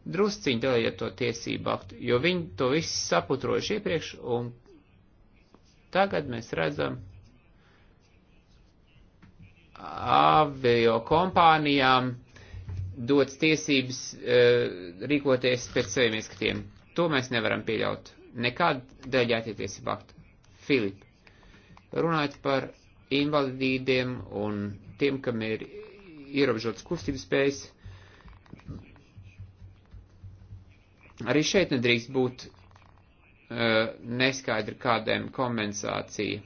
drusciņu delieto tiesību aktu, jo viņi to visu saputrojuši iepriekš, un tagad mēs redzam avio kompānijām dots tiesības e, rīkoties pēc saviem ieskatiem. To mēs nevaram pieļaut. Nekāda dēļētie tiesību aktu. Filip, runājot par invalidīdiem un tiem, kam ir ierobežotas kustības spējas, Arī šeit nedrīkst būt uh, e, neskaidri kādēm kompensācija.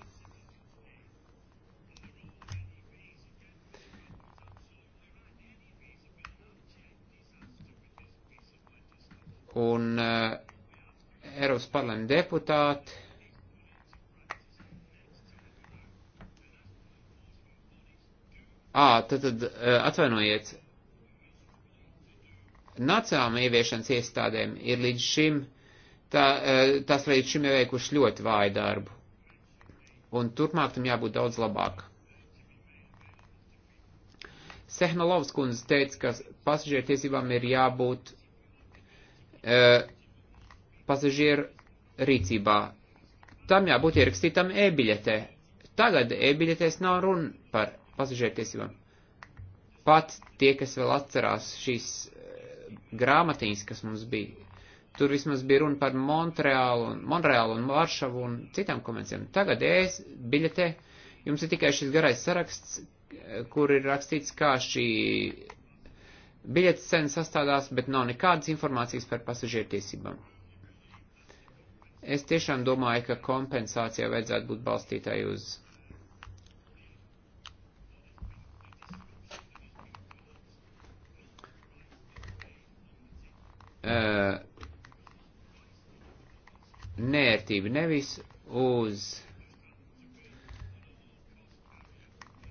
Un uh, Eiropas parlamenta deputāti Ā, tad, tad e, atvainojiet, nacionālām ieviešanas iestādēm ir līdz šim, tā, e, tas līdz šim ir veikuši ļoti vāju darbu. Un turpmāk tam jābūt daudz labāk. Sehnalovs kundze teica, ka pasažieru tiesībām ir jābūt e, pasažieru rīcībā. Tam jābūt ierakstītam e-biļetē. Tagad e-biļetēs nav runa par pasažieru tiesībām. Pat tie, kas vēl atcerās šīs grāmatiņas, kas mums bija. Tur vismaz bija runa par Montreālu un, Montreālu un Varšavu un citām konvencijām. Tagad es biļetē, jums ir tikai šis garais saraksts, kur ir rakstīts, kā šī biļetes cena sastādās, bet nav nekādas informācijas par pasažieru tiesībām. Es tiešām domāju, ka kompensācija vajadzētu būt balstītāji uz Eh, nērtību nevis uz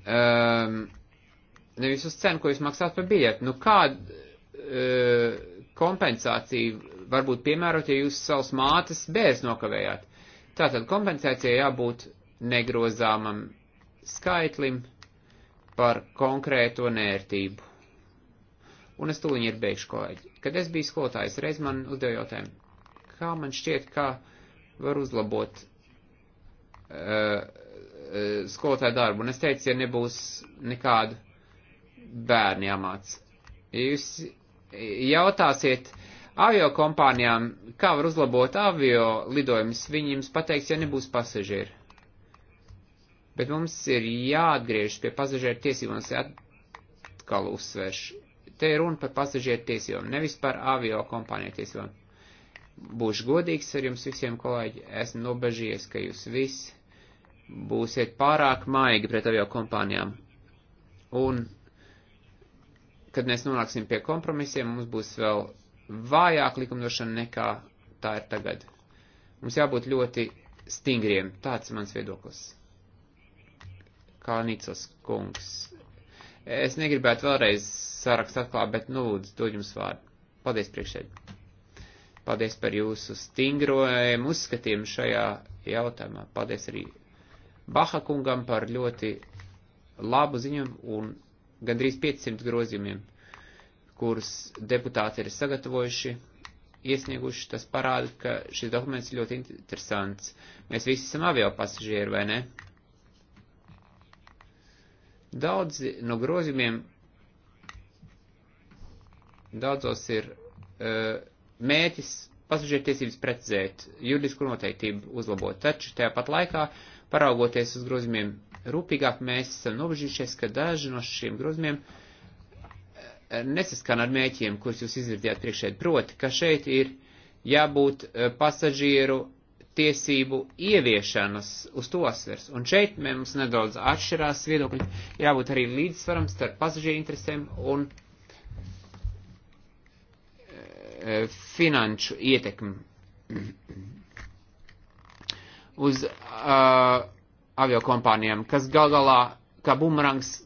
um, nevis uz cenu, ko jūs maksāt par biļeti. Nu, kāda uh, eh, kompensācija var būt piemērot, ja jūs savus mātes bērns nokavējāt? Tātad kompensācijai jābūt negrozāmam skaitlim par konkrēto nērtību. Un es tūlīt ir beigšu, kolēģi. Kad es biju skolotājs, reiz man uzdeva jautājumu, kā man šķiet, kā var uzlabot uh, uh, skolotāju darbu. Un es teicu, ja nebūs nekādu bērnu jāmāc. Ja jūs jautāsiet avio kompānijām, kā var uzlabot avio lidojumus, viņi jums pateiks, ja nebūs pasažieru. Bet mums ir jāatgriežas pie pasažieru tiesībām, es atkal uzsveršu Te ir runa par pasažieru tiesībām, nevis par avio kompāniju tiesībām. Būšu godīgs ar jums visiem, kolēģi, esmu nobežies, ka jūs visi būsiet pārāk maigi pret avio kompānijām. Un, kad mēs nonāksim pie kompromisiem, mums būs vēl vājāk likumdošana nekā tā ir tagad. Mums jābūt ļoti stingriem. Tāds ir mans viedoklis. Kā Nicos kungs Es negribētu vēlreiz sarakstu atklāt, bet nu lūdzu, dod jums vārdu. Paldies priekšēji. Paldies par jūsu stingrojumu uzskatījumu šajā jautājumā. Paldies arī Baha kungam par ļoti labu ziņojumu un gandrīz 500 grozījumiem, kurus deputāti ir sagatavojuši, iesnieguši. Tas parāda, ka šis dokuments ir ļoti interesants. Mēs visi esam avio pasažieri, vai ne? Daudzi no grozījumiem daudzos ir uh, e, mēķis pasažieru tiesības precizēt, juridisku noteiktību uzlabot. Taču tajā pat laikā, paraugoties uz grozījumiem rūpīgāk, mēs esam nobežījušies, ka daži no šiem grozījumiem e, nesaskana ar mēķiem, kurus jūs izvirdījāt priekšēji. Proti, ka šeit ir jābūt e, pasažieru tiesību ieviešanas uz to svers. Un šeit mums nedaudz atšķirās viedokļi, jābūt arī līdzsvaram starp pasažieru interesēm un e, finanšu ietekmi uz uh, aviokompānijām, kas gal galā kā bumerangs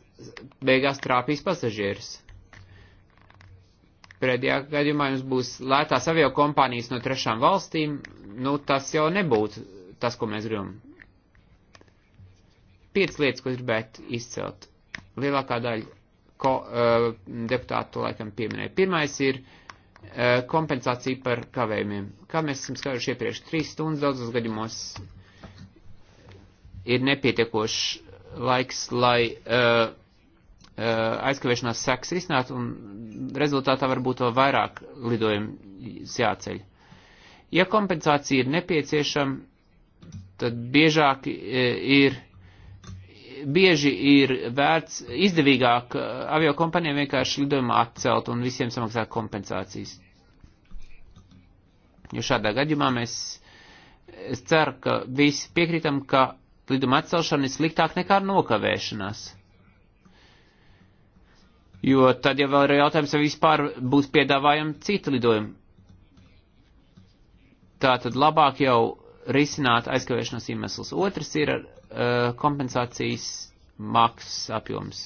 beigās trāpīs pasažierus. Pretējā gadījumā jums būs lētās avio kompānijas no trešām valstīm, nu tas jau nebūtu tas, ko mēs gribam. Piec lietas, ko gribētu izcelt. Lielākā daļa ko, uh, deputātu laikam pieminēja. Pirmais ir uh, kompensācija par kavējumiem. Kā mēs esam skatījuši iepriekš, trīs stundas daudzos gadījumos ir nepietiekošs laiks, lai uh, Eh, aizkavēšanās sekas risināt, un rezultātā varbūt vēl vairāk lidojumu jāceļ. Ja kompensācija ir nepieciešama, tad biežāk eh, ir, bieži ir vērts izdevīgāk eh, avio kompanijām vienkārši lidojumu atcelt un visiem samaksāt kompensācijas. Jo šādā gadījumā mēs, es ceru, ka visi piekrītam, ka liduma atcelšana ir sliktāk nekā nokavēšanās Jo tad jau vēl ir jautājums, vai vispār būs piedāvājami citi lidojumi. Tā tad labāk jau risināt aizkavēšanās iemesls. Otrs ir uh, kompensācijas maksas apjoms.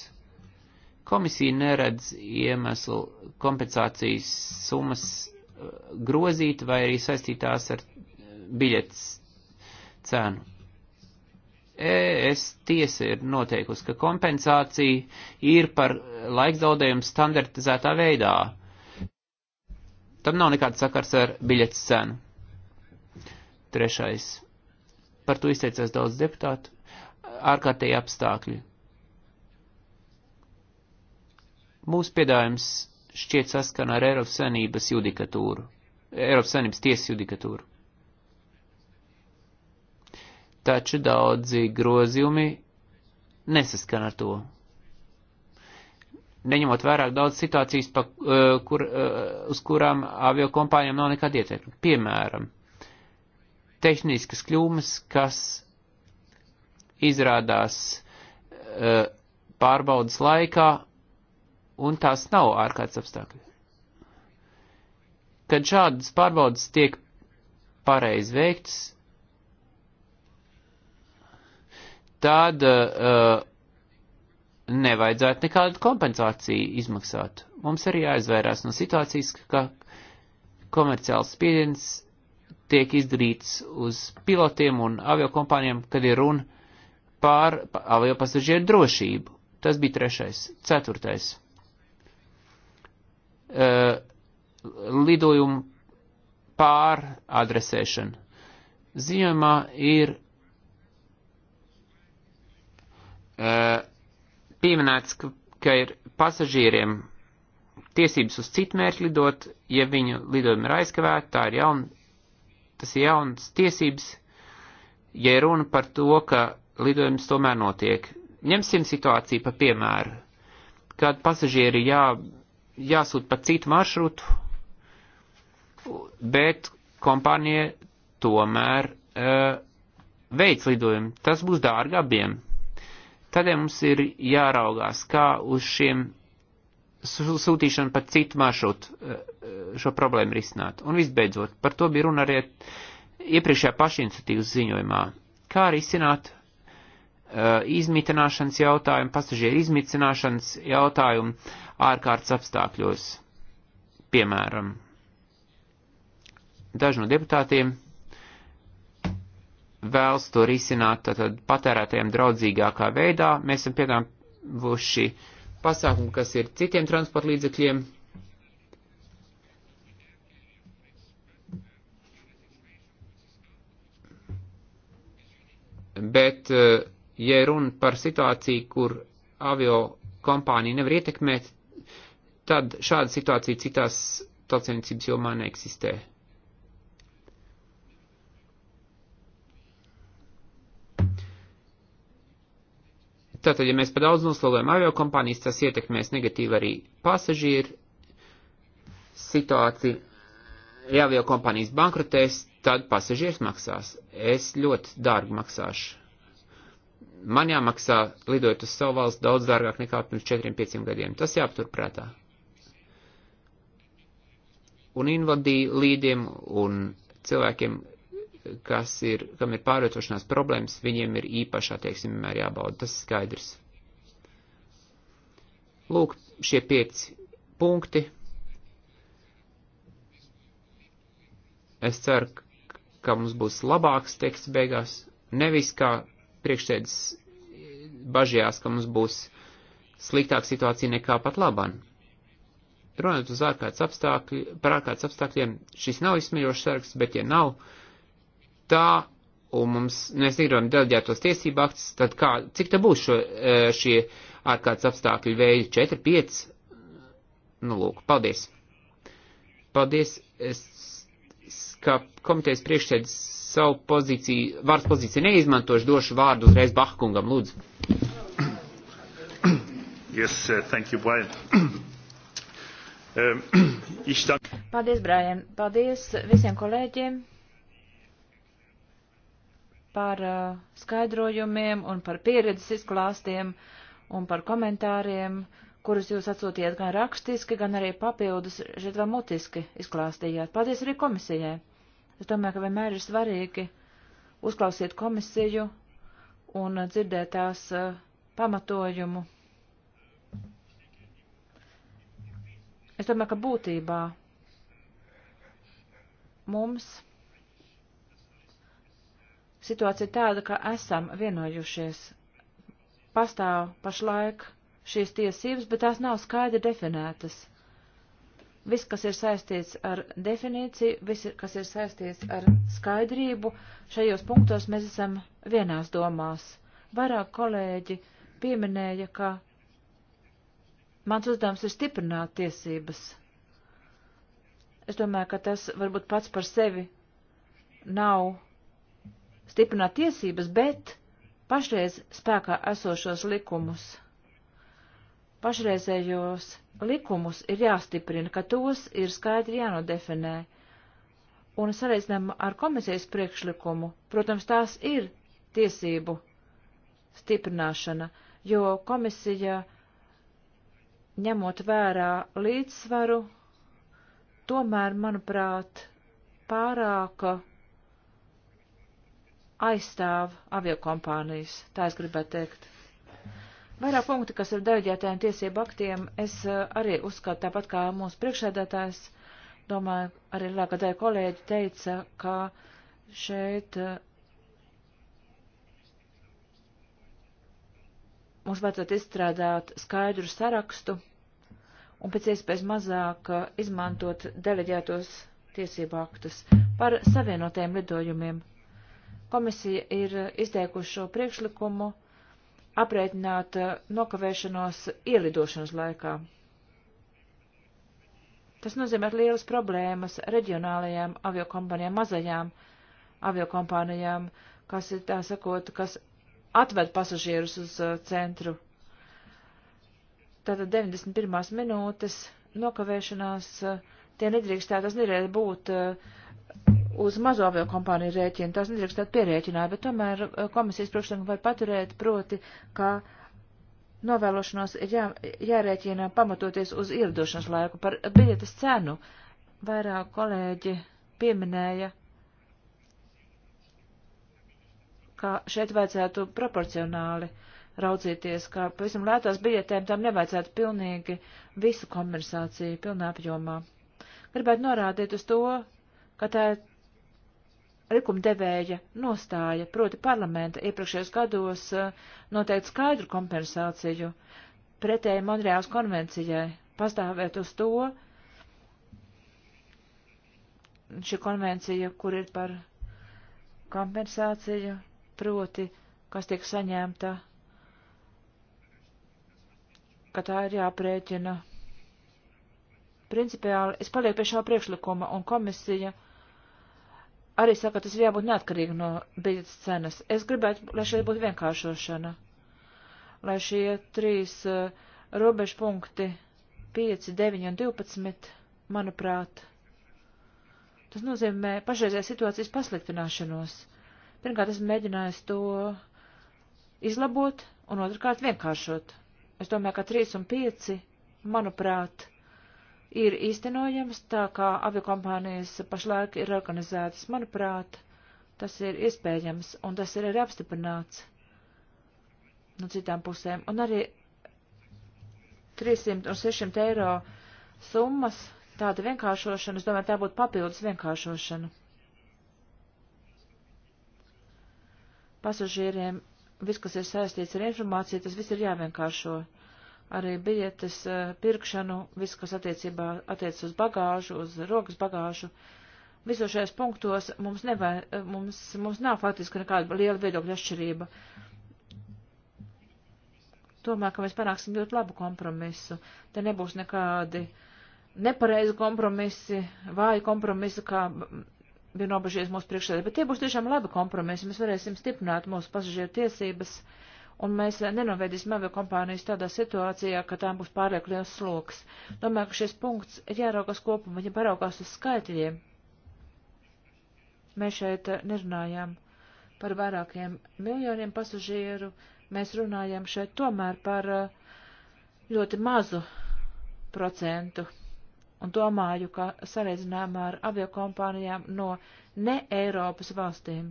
Komisija neredz iemeslu kompensācijas summas uh, grozīt vai arī saistītās ar uh, biļetes cēnu. ES tiesa ir noteikusi, ka kompensācija ir par laikzaudējumu standartizētā veidā. Tam nav nekāds sakars ar biļetes cenu. Trešais. Par to izteicās daudz deputātu. Ārkārtēji apstākļi. Mūsu piedājums šķiet saskana ar Eiropas Sanības judikatūru. Eiropas Sanības tiesas judikatūru taču daudzi grozījumi nesaskan ar to. Neņemot vērā daudz situācijas, pa, eh, kur, eh, uz kurām avio kompānijām nav nekāda ietekme. Piemēram, tehniskas kļūmes, kas izrādās eh, pārbaudas laikā, un tās nav ārkārtas apstākļi. Kad šādas pārbaudas tiek pareizi veikts, tad uh, nevajadzētu nekādu kompensāciju izmaksāt. Mums arī jāizvairās no situācijas, ka komerciāls spiediens tiek izdarīts uz pilotiem un aviokompānijām, kad ir runa pār avio pasažieru drošību. Tas bija trešais. Ceturtais. Uh, lidojumu pāradresēšana. Ziņojumā ir Eh, pieminēts, ka, ka ir pasažieriem tiesības uz citu mērķi lidot, ja viņu lidojumi ir aizkavēti, tā ir jauna, tas ir jaunas tiesības, ja runa par to, ka lidojums tomēr notiek. Ņemsim situāciju pa piemēru, kad pasažieri jā, jāsūt pa citu maršrutu, bet kompānija tomēr uh, eh, veids lidojumu. Tas būs dārgi abiem Tādēļ mums ir jāraugās, kā uz šiem sūtīšanu pa citu maršrutu eh, šo problēmu risināt. Un visbeidzot, par to bija runa arī iepriekšējā pašiniciatīvas ziņojumā. Kā risināt uh, izmitināšanas jautājumu, pasažieru izmitināšanas jautājumu ārkārtas apstākļos, piemēram. Daži no deputātiem vēlas to risināt tātad patērētājiem draudzīgākā veidā. Mēs esam piedāvuši pasākumu, kas ir citiem transporta līdzekļiem. Bet, eh, ja runa par situāciju, kur avio kompānija nevar ietekmēt, tad šāda situācija citās tautsēmniecības jomā neeksistē. Tātad, ja mēs pa daudz noslēlojam aviokompānijas, tas ietekmēs negatīvi arī pasažieru situāciju. Ja aviokompānijas bankrotēs, tad pasažieris maksās. Es ļoti dārgi maksāšu. Man jāmaksā lidot uz savu valsts daudz dārgāk nekā pirms 4-5 gadiem. Tas jāpaturprātā. Un invalīdiem un cilvēkiem, kas ir, kam ir pārvietošanās problēmas, viņiem ir īpaši attieksme vienmēr jābauda. Tas skaidrs. Lūk, šie pieci punkti. Es ceru, ka mums būs labāks teksts beigās, nevis kā priekšsēdis bažījās, ka mums būs sliktāka situācija nekā pat laban. Runājot uz ārkārtas apstākļi, par ārkārtas apstākļiem, šis nav izsmeļošs sargs, bet ja nav, uh, tā, un mums, mēs negribam deleģētos tiesību aktus, tad kā, cik te būs šo, e, šie ārkārtas apstākļu veidi? 4, 5? Nu, lūk, paldies. Paldies, es, kā komitejas priekšsēdis savu pozīciju, vārds pozīciju neizmantošu, došu vārdu uzreiz Bahkungam, lūdzu. Yes, uh, thank you, Brian. [COUGHS] um, [COUGHS] ich danke. Paldies, Brian. Paldies visiem kolēģiem par uh, skaidrojumiem un par pieredzes izklāstiem un par komentāriem, kurus jūs atsūtījāt gan rakstiski, gan arī papildus šeit vēl mutiski izklāstījāt. Paldies arī komisijai. Es domāju, ka vienmēr ir svarīgi uzklausīt komisiju un dzirdēt tās uh, pamatojumu. Es domāju, ka būtībā mums situācija ir tāda, ka esam vienojušies. Pastāv pašlaik šīs tiesības, bet tās nav skaidri definētas. Viss, kas ir saistīts ar definīciju, viss, kas ir saistīts ar skaidrību, šajos punktos mēs esam vienās domās. Vairāk kolēģi pieminēja, ka mans uzdevums ir stiprināt tiesības. Es domāju, ka tas varbūt pats par sevi nav stiprināt tiesības, bet pašreiz spēkā esošos likumus. Pašreizējos likumus ir jāstiprina, ka tos ir skaidri jānodefinē. Un sareizinām ar komisijas priekšlikumu, protams, tās ir tiesību stiprināšana, jo komisija, ņemot vērā līdzsvaru, tomēr, manuprāt, pārāka aizstāv aviokompānijas, tā es gribētu teikt. Vairāk punkti, kas ir deleģētajiem tiesību aktiem, es eh, arī uzskatu tāpat kā mūsu priekšēdētājs, domāju, arī lielākā daļa kolēģi teica, ka šeit eh, mums vajadzētu izstrādāt skaidru sarakstu un pēc iespējas mazāk eh, izmantot deleģētos tiesību aktus par savienotajiem lidojumiem. Komisija ir izteikuši šo priekšlikumu aprēķināt eh, nokavēšanos ielidošanas laikā. Tas nozīmē lielas problēmas reģionālajām aviokompānijām, mazajām aviokompānijām, kas ir tā sakot, kas atved pasažierus uz eh, centru. Tātad 91. minūtes nokavēšanās, eh, tie nedrīkstētu, tas nedrīkst būt uz mazo avio kompāniju rēķinu. Tās nedrīkst tādu pierēķināt, bet tomēr eh, komisijas priekšlikumu var paturēt proti, ka novēlošanos ir jā, jārēķina pamatoties uz ieradošanas laiku par biļetes cenu. Vairāk kolēģi pieminēja, ka šeit vajadzētu proporcionāli raudzīties, ka pavisam lētās biļetēm tam nevajadzētu pilnīgi visu kompensāciju pilnā apjomā. Gribētu norādīt uz to, ka tā ir likumdevēja nostāja, proti parlamenta iepriekšējos gados eh, noteikti skaidru kompensāciju pretēji Monreāls konvencijai, pastāvēt uz to, šī konvencija, kur ir par kompensāciju, proti, kas tiek saņemta, ka tā ir jāprēķina. Principiāli es palieku pie šā priekšlikuma, un komisija uh, arī saka, ka tas ir jābūt neatkarīgi no biļetes cenas. Es gribētu, lai šeit būtu vienkāršošana, lai šie trīs uh, robežpunkti 5, 9 un 12, manuprāt, tas nozīmē pašreizējā situācijas pasliktināšanos. Pirmkārt, es mēģināju to izlabot, un otrkārt vienkāršot. Es domāju, ka 3 un 5, manuprāt, ir īstenojamas tā, kā aviokompānijas pašlaik ir organizētas. Manuprāt, tas ir iespējams, un tas ir arī apstiprināts no citām pusēm. Un arī 300 un 600 eiro summas, tāda vienkāršošana, es domāju, tā būtu papildus vienkāršošana. Pasažieriem viss, kas ir saistīts ar informāciju, tas viss ir jāvienkāršo arī biļetes eh, pirkšanu, viss, kas attiecībā attiec uz bagāžu, uz rokas bagāžu. Visos šajos punktos mums, nevai, eh, mums, mums nav faktiski nekāda liela viedokļa atšķirība. Tomēr, ka mēs panāksim ļoti labu kompromisu. Te nebūs nekādi nepareizi kompromisi, vāji kompromisi, kā bija nobežies mūsu priekšsēdē, bet tie būs tiešām labi kompromisi. Mēs varēsim stiprināt mūsu pasažieru tiesības. Uh, un mēs nenovedīsim avio kompānijas tādā situācijā, ka tām būs pārlieku liels sloks. Domāju, ka šis punkts ir jāraugas kopumā, ja paraugās uz skaitļiem. Mēs šeit nerunājām par vairākiem miljoniem pasažieru, mēs runājam šeit tomēr par uh, ļoti mazu procentu. Un domāju, ka sareizinājumā ar avio kompānijām no ne Eiropas valstīm.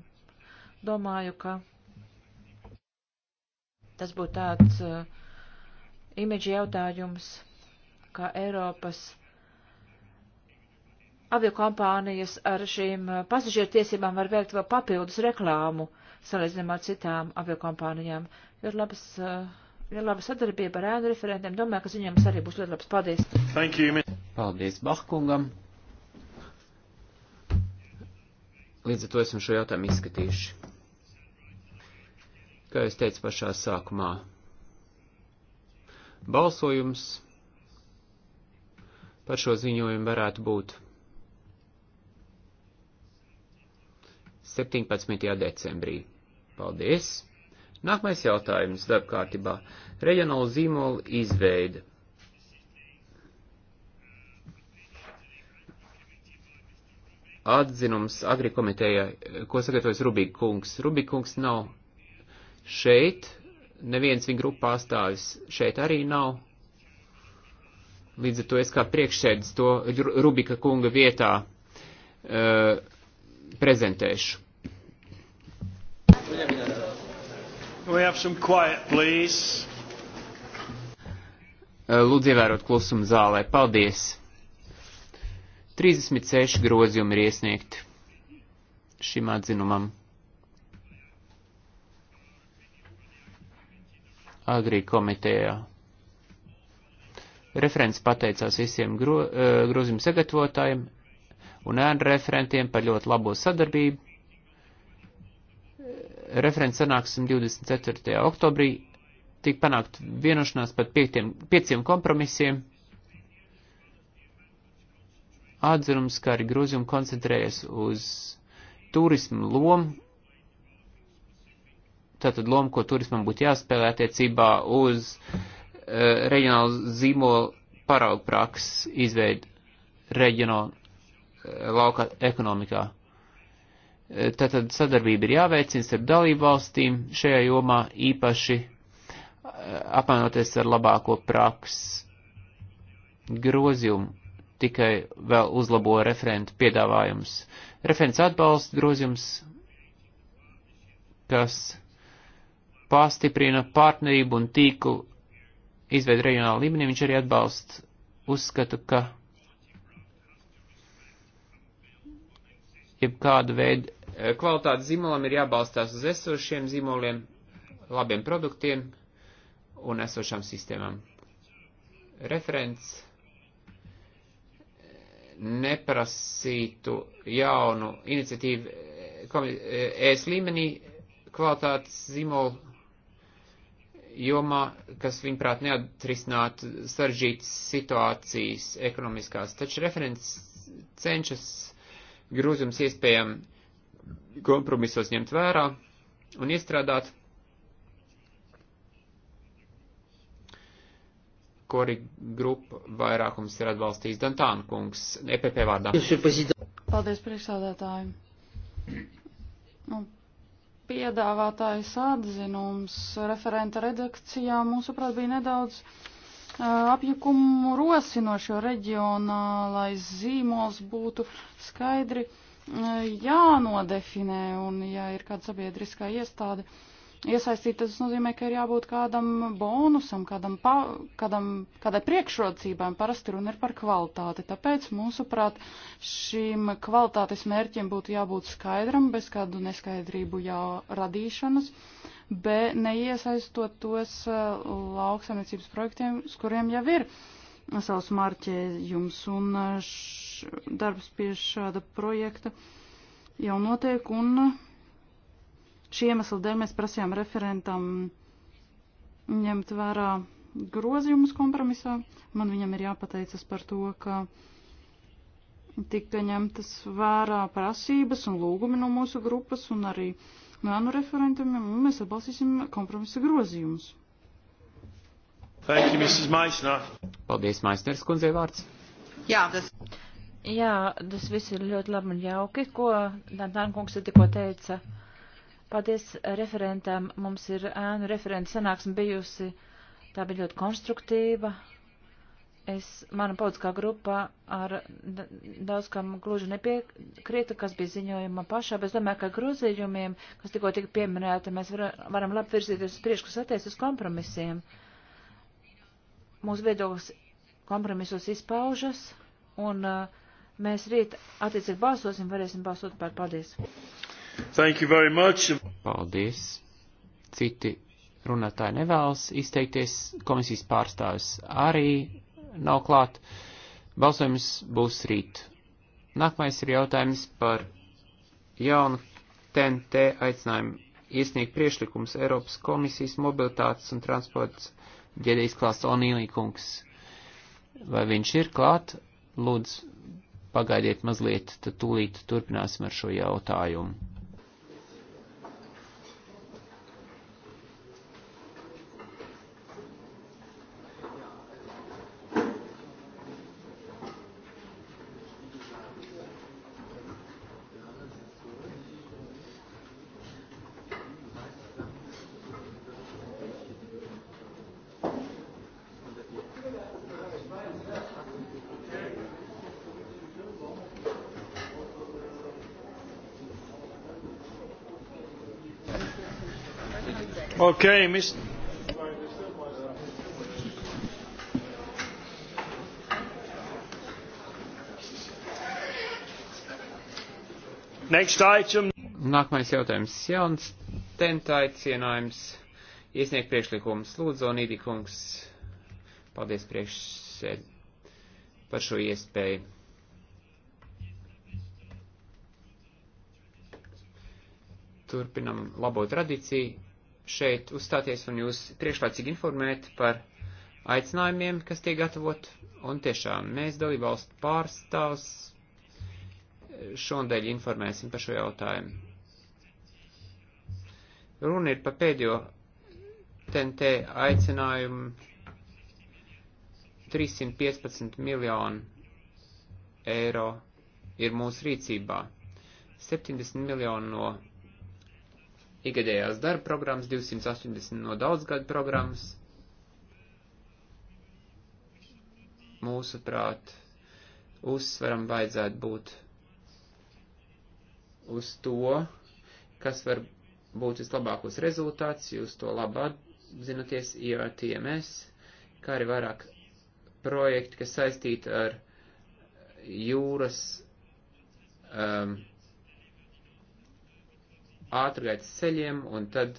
Domāju, ka Tas būtu tāds uh, imidža jautājums, kā Eiropas aviokompānijas ar šīm uh, pasažieru tiesībām var veikt vēl papildus reklāmu, salīdzinām ar citām aviokompānijām. Ir labas, uh, ir laba sadarbība ar ēnu referentiem. Domāju, ka ziņojums arī būs ļoti labs. Paldies! Thank you, Paldies Bahkungam! Līdz ar to esam šo jautājumu izskatījuši kā es teicu pašā sākumā. Balsojums par šo ziņojumu varētu būt 17. decembrī. Paldies! Nākamais jautājums darbkārtībā. Reģionāla zīmola izveida. Atzinums agrikomitejai, ko sagatavojas Rubīkungs. Rubīkungs nav Šeit neviens viņa grupu pārstāvis šeit arī nav. Līdz ar to es kā priekšsēdis to Rubika kunga vietā uh, prezentēšu. Quiet, eh, Lūdzu, ievērot klusumu zālē. Paldies! 36 grozījumi ir iesniegti šim atzinumam. agrī komitejā. Referents pateicās visiem gro, e, grozījumu sagatavotājiem un ēnu referentiem par ļoti labo sadarbību. Referents sanāksim 24. oktobrī, tik panākt vienošanās par piektiem, pieciem kompromisiem. Atzirums, kā arī grozījumi koncentrējas uz turismu lomu tātad loma, ko turismam būtu jāspēlē attiecībā uz uh, reģionālu zīmolu paraugu prakses izveidu reģionālu uh, e, lauka ekonomikā. Uh, tātad sadarbība ir jāveicina starp dalību valstīm šajā jomā īpaši apmainoties ar labāko prakses grozījumu, tikai vēl uzlabo referentu piedāvājums. Referents atbalsta grozījums, kas pastiprina partnerību un tīklu izveidu reģionāla līmenī. Viņš arī atbalsta uzskatu, ka jebkādu veidu e, kvalitātes zīmolam ir jābalstās uz esošiem zīmoliem, labiem produktiem un esošām sistēmām. Referents e, neprasītu jaunu iniciatīvu ES e, līmenī kvalitātes zīmolu jomā, kas, viņprāt, neatrisinātu saržģītas situācijas ekonomiskās. Taču referents cenšas grūzums iespējam kompromisos ņemt vērā un iestrādāt, ko arī grupa vairākums ir atbalstījis Dantāna kungs, EPP vārdā. Paldies priekšsādātājiem. Nu, piedāvātājs atzinums referenta redakcijā mūsuprāt bija nedaudz uh, apjukumu rosinošo reģionālais zīmols būtu skaidri uh, jānodefinē un ja ir kāda sabiedriskā iestāde. Uh, iesaistītas, tas nozīmē, ka ir jābūt kādam bonusam, kādam, pa, kādam kādai priekšrocībām. Parasti runa ir par kvalitāti. Tāpēc, mūsuprāt, šīm kvalitātes mērķiem būtu jābūt skaidram, bez kādu neskaidrību jau radīšanas, bet neiesaistot tos uh, lauksamniecības projektiem, uz kuriem jau ir savs marķējums un uh, š, darbs pie šāda projekta jau notiek un Šī iemesla dēļ mēs prasījām referentam ņemt vērā grozījumus kompromisā. Man viņam ir jāpateicas par to, ka tika ņemtas vērā prasības un lūgumi no mūsu grupas un arī no ANU referentiem, un mēs atbalstīsim kompromisa grozījumus. Thank you, Mrs. Maisner. Paldies, Maisners kundze vārds. Jā, tas. Jā, tas viss ir ļoti labi un jauki, ko Dantāna kungs tikko teica. Uh, Paldies eh, referentam. Mums ir ēnu referenta sanāksme bijusi. Tā bija ļoti konstruktīva. Es, mana politiskā grupa ar daudz kam gluži nepiekrita, kas bija ziņojuma pašā, bet es domāju, ka grozījumiem, kas tikko tika pieminēta, mēs varam labi virzīties uz priekšu, kas attiec uz kompromisiem. Mūsu viedoklis kompromisos izpaužas, un uh, mēs rīt attiecīgi balsosim, varēsim balsot par. Paldies! Thank you very much. Paldies. Citi runātāji nevēlas izteikties, komisijas pārstāvis arī nav klāt. Balsojums būs rīt. Nākamais ir jautājums par jaunu TNT aicinājumu iesniegt priešlikums Eiropas komisijas mobilitātes un transports ģēdējas klāsts Onīlīkungs. Vai viņš ir klāt? Lūdzu, pagaidiet mazliet, tad tūlīt turpināsim ar šo jautājumu. Okay, Mr. Next item. Nākamais jautājums. Jauns tentaicinājums iesniegt priekšlikumus. Lūdzu, Onīdi kungs, paldies priekšsēd par šo iespēju. Turpinam labo tradīciju šeit uzstāties un jūs priekšlaicīgi informēt par aicinājumiem, kas tiek gatavot. Un tiešām mēs dalībvalstu pārstāvs šonadēļ informēsim par šo jautājumu. Runa ir par pēdējo TNT aicinājumu 315 miljonu eiro ir mūsu rīcībā. 70 miljonu no Igadējās darba programmas 280 no daudzgadu programmas. Mūsuprāt, uzsveram vajadzētu būt uz to, kas var būt vislabākos rezultāts, jūs to labi atzinoties, IRTMS, e kā arī vairāk projekti, kas saistīti ar jūras um, ātrgaitas ceļiem un tad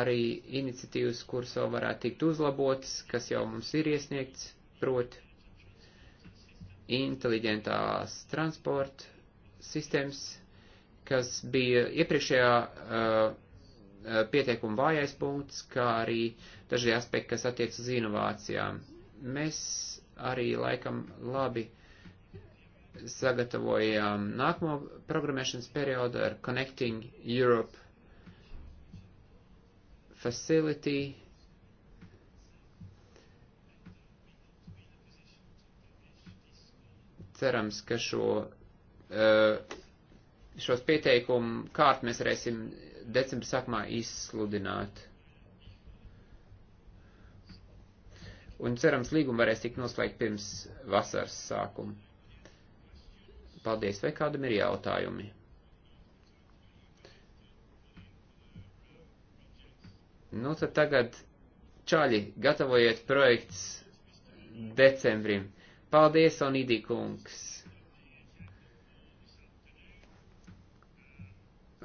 arī iniciatīvas, kuras vēl varētu tikt uzlabotas, kas jau mums ir iesniegts, proti inteliģentās transporta sistēmas, kas bija iepriekšējā uh, uh pieteikuma vājais punkts, kā arī daži aspekti, kas attiec uz inovācijām. Mēs arī laikam labi sagatavojām nākamo programmēšanas periodu ar Connecting Europe Facility. Cerams, ka šo, eh, šos pieteikumu kārt mēs varēsim decembra sākumā izsludināt. Un cerams, līgumu varēs tikt noslēgt pirms vasaras sākuma. Paldies, vai kādam ir jautājumi? Nu, tad tagad, čaļi, gatavojiet projekts decembrim. Paldies, Onidī kungs!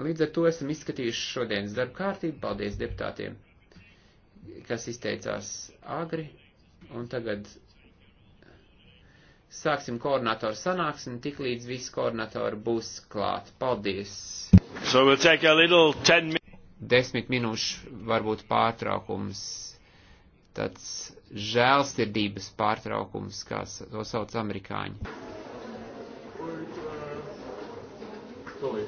Līdz ar to esam izskatījuši šodienas darba kārtību. Paldies deputātiem, kas izteicās agri. Un tagad Sāksim koordinatoru sanāksmi, tik līdz visi koordinatori būs klāt. Paldies! So we'll take a little ten Desmit minūšu varbūt pārtraukums, tāds žēlsirdības pārtraukums, kā to sauc amerikāņi. Or, uh,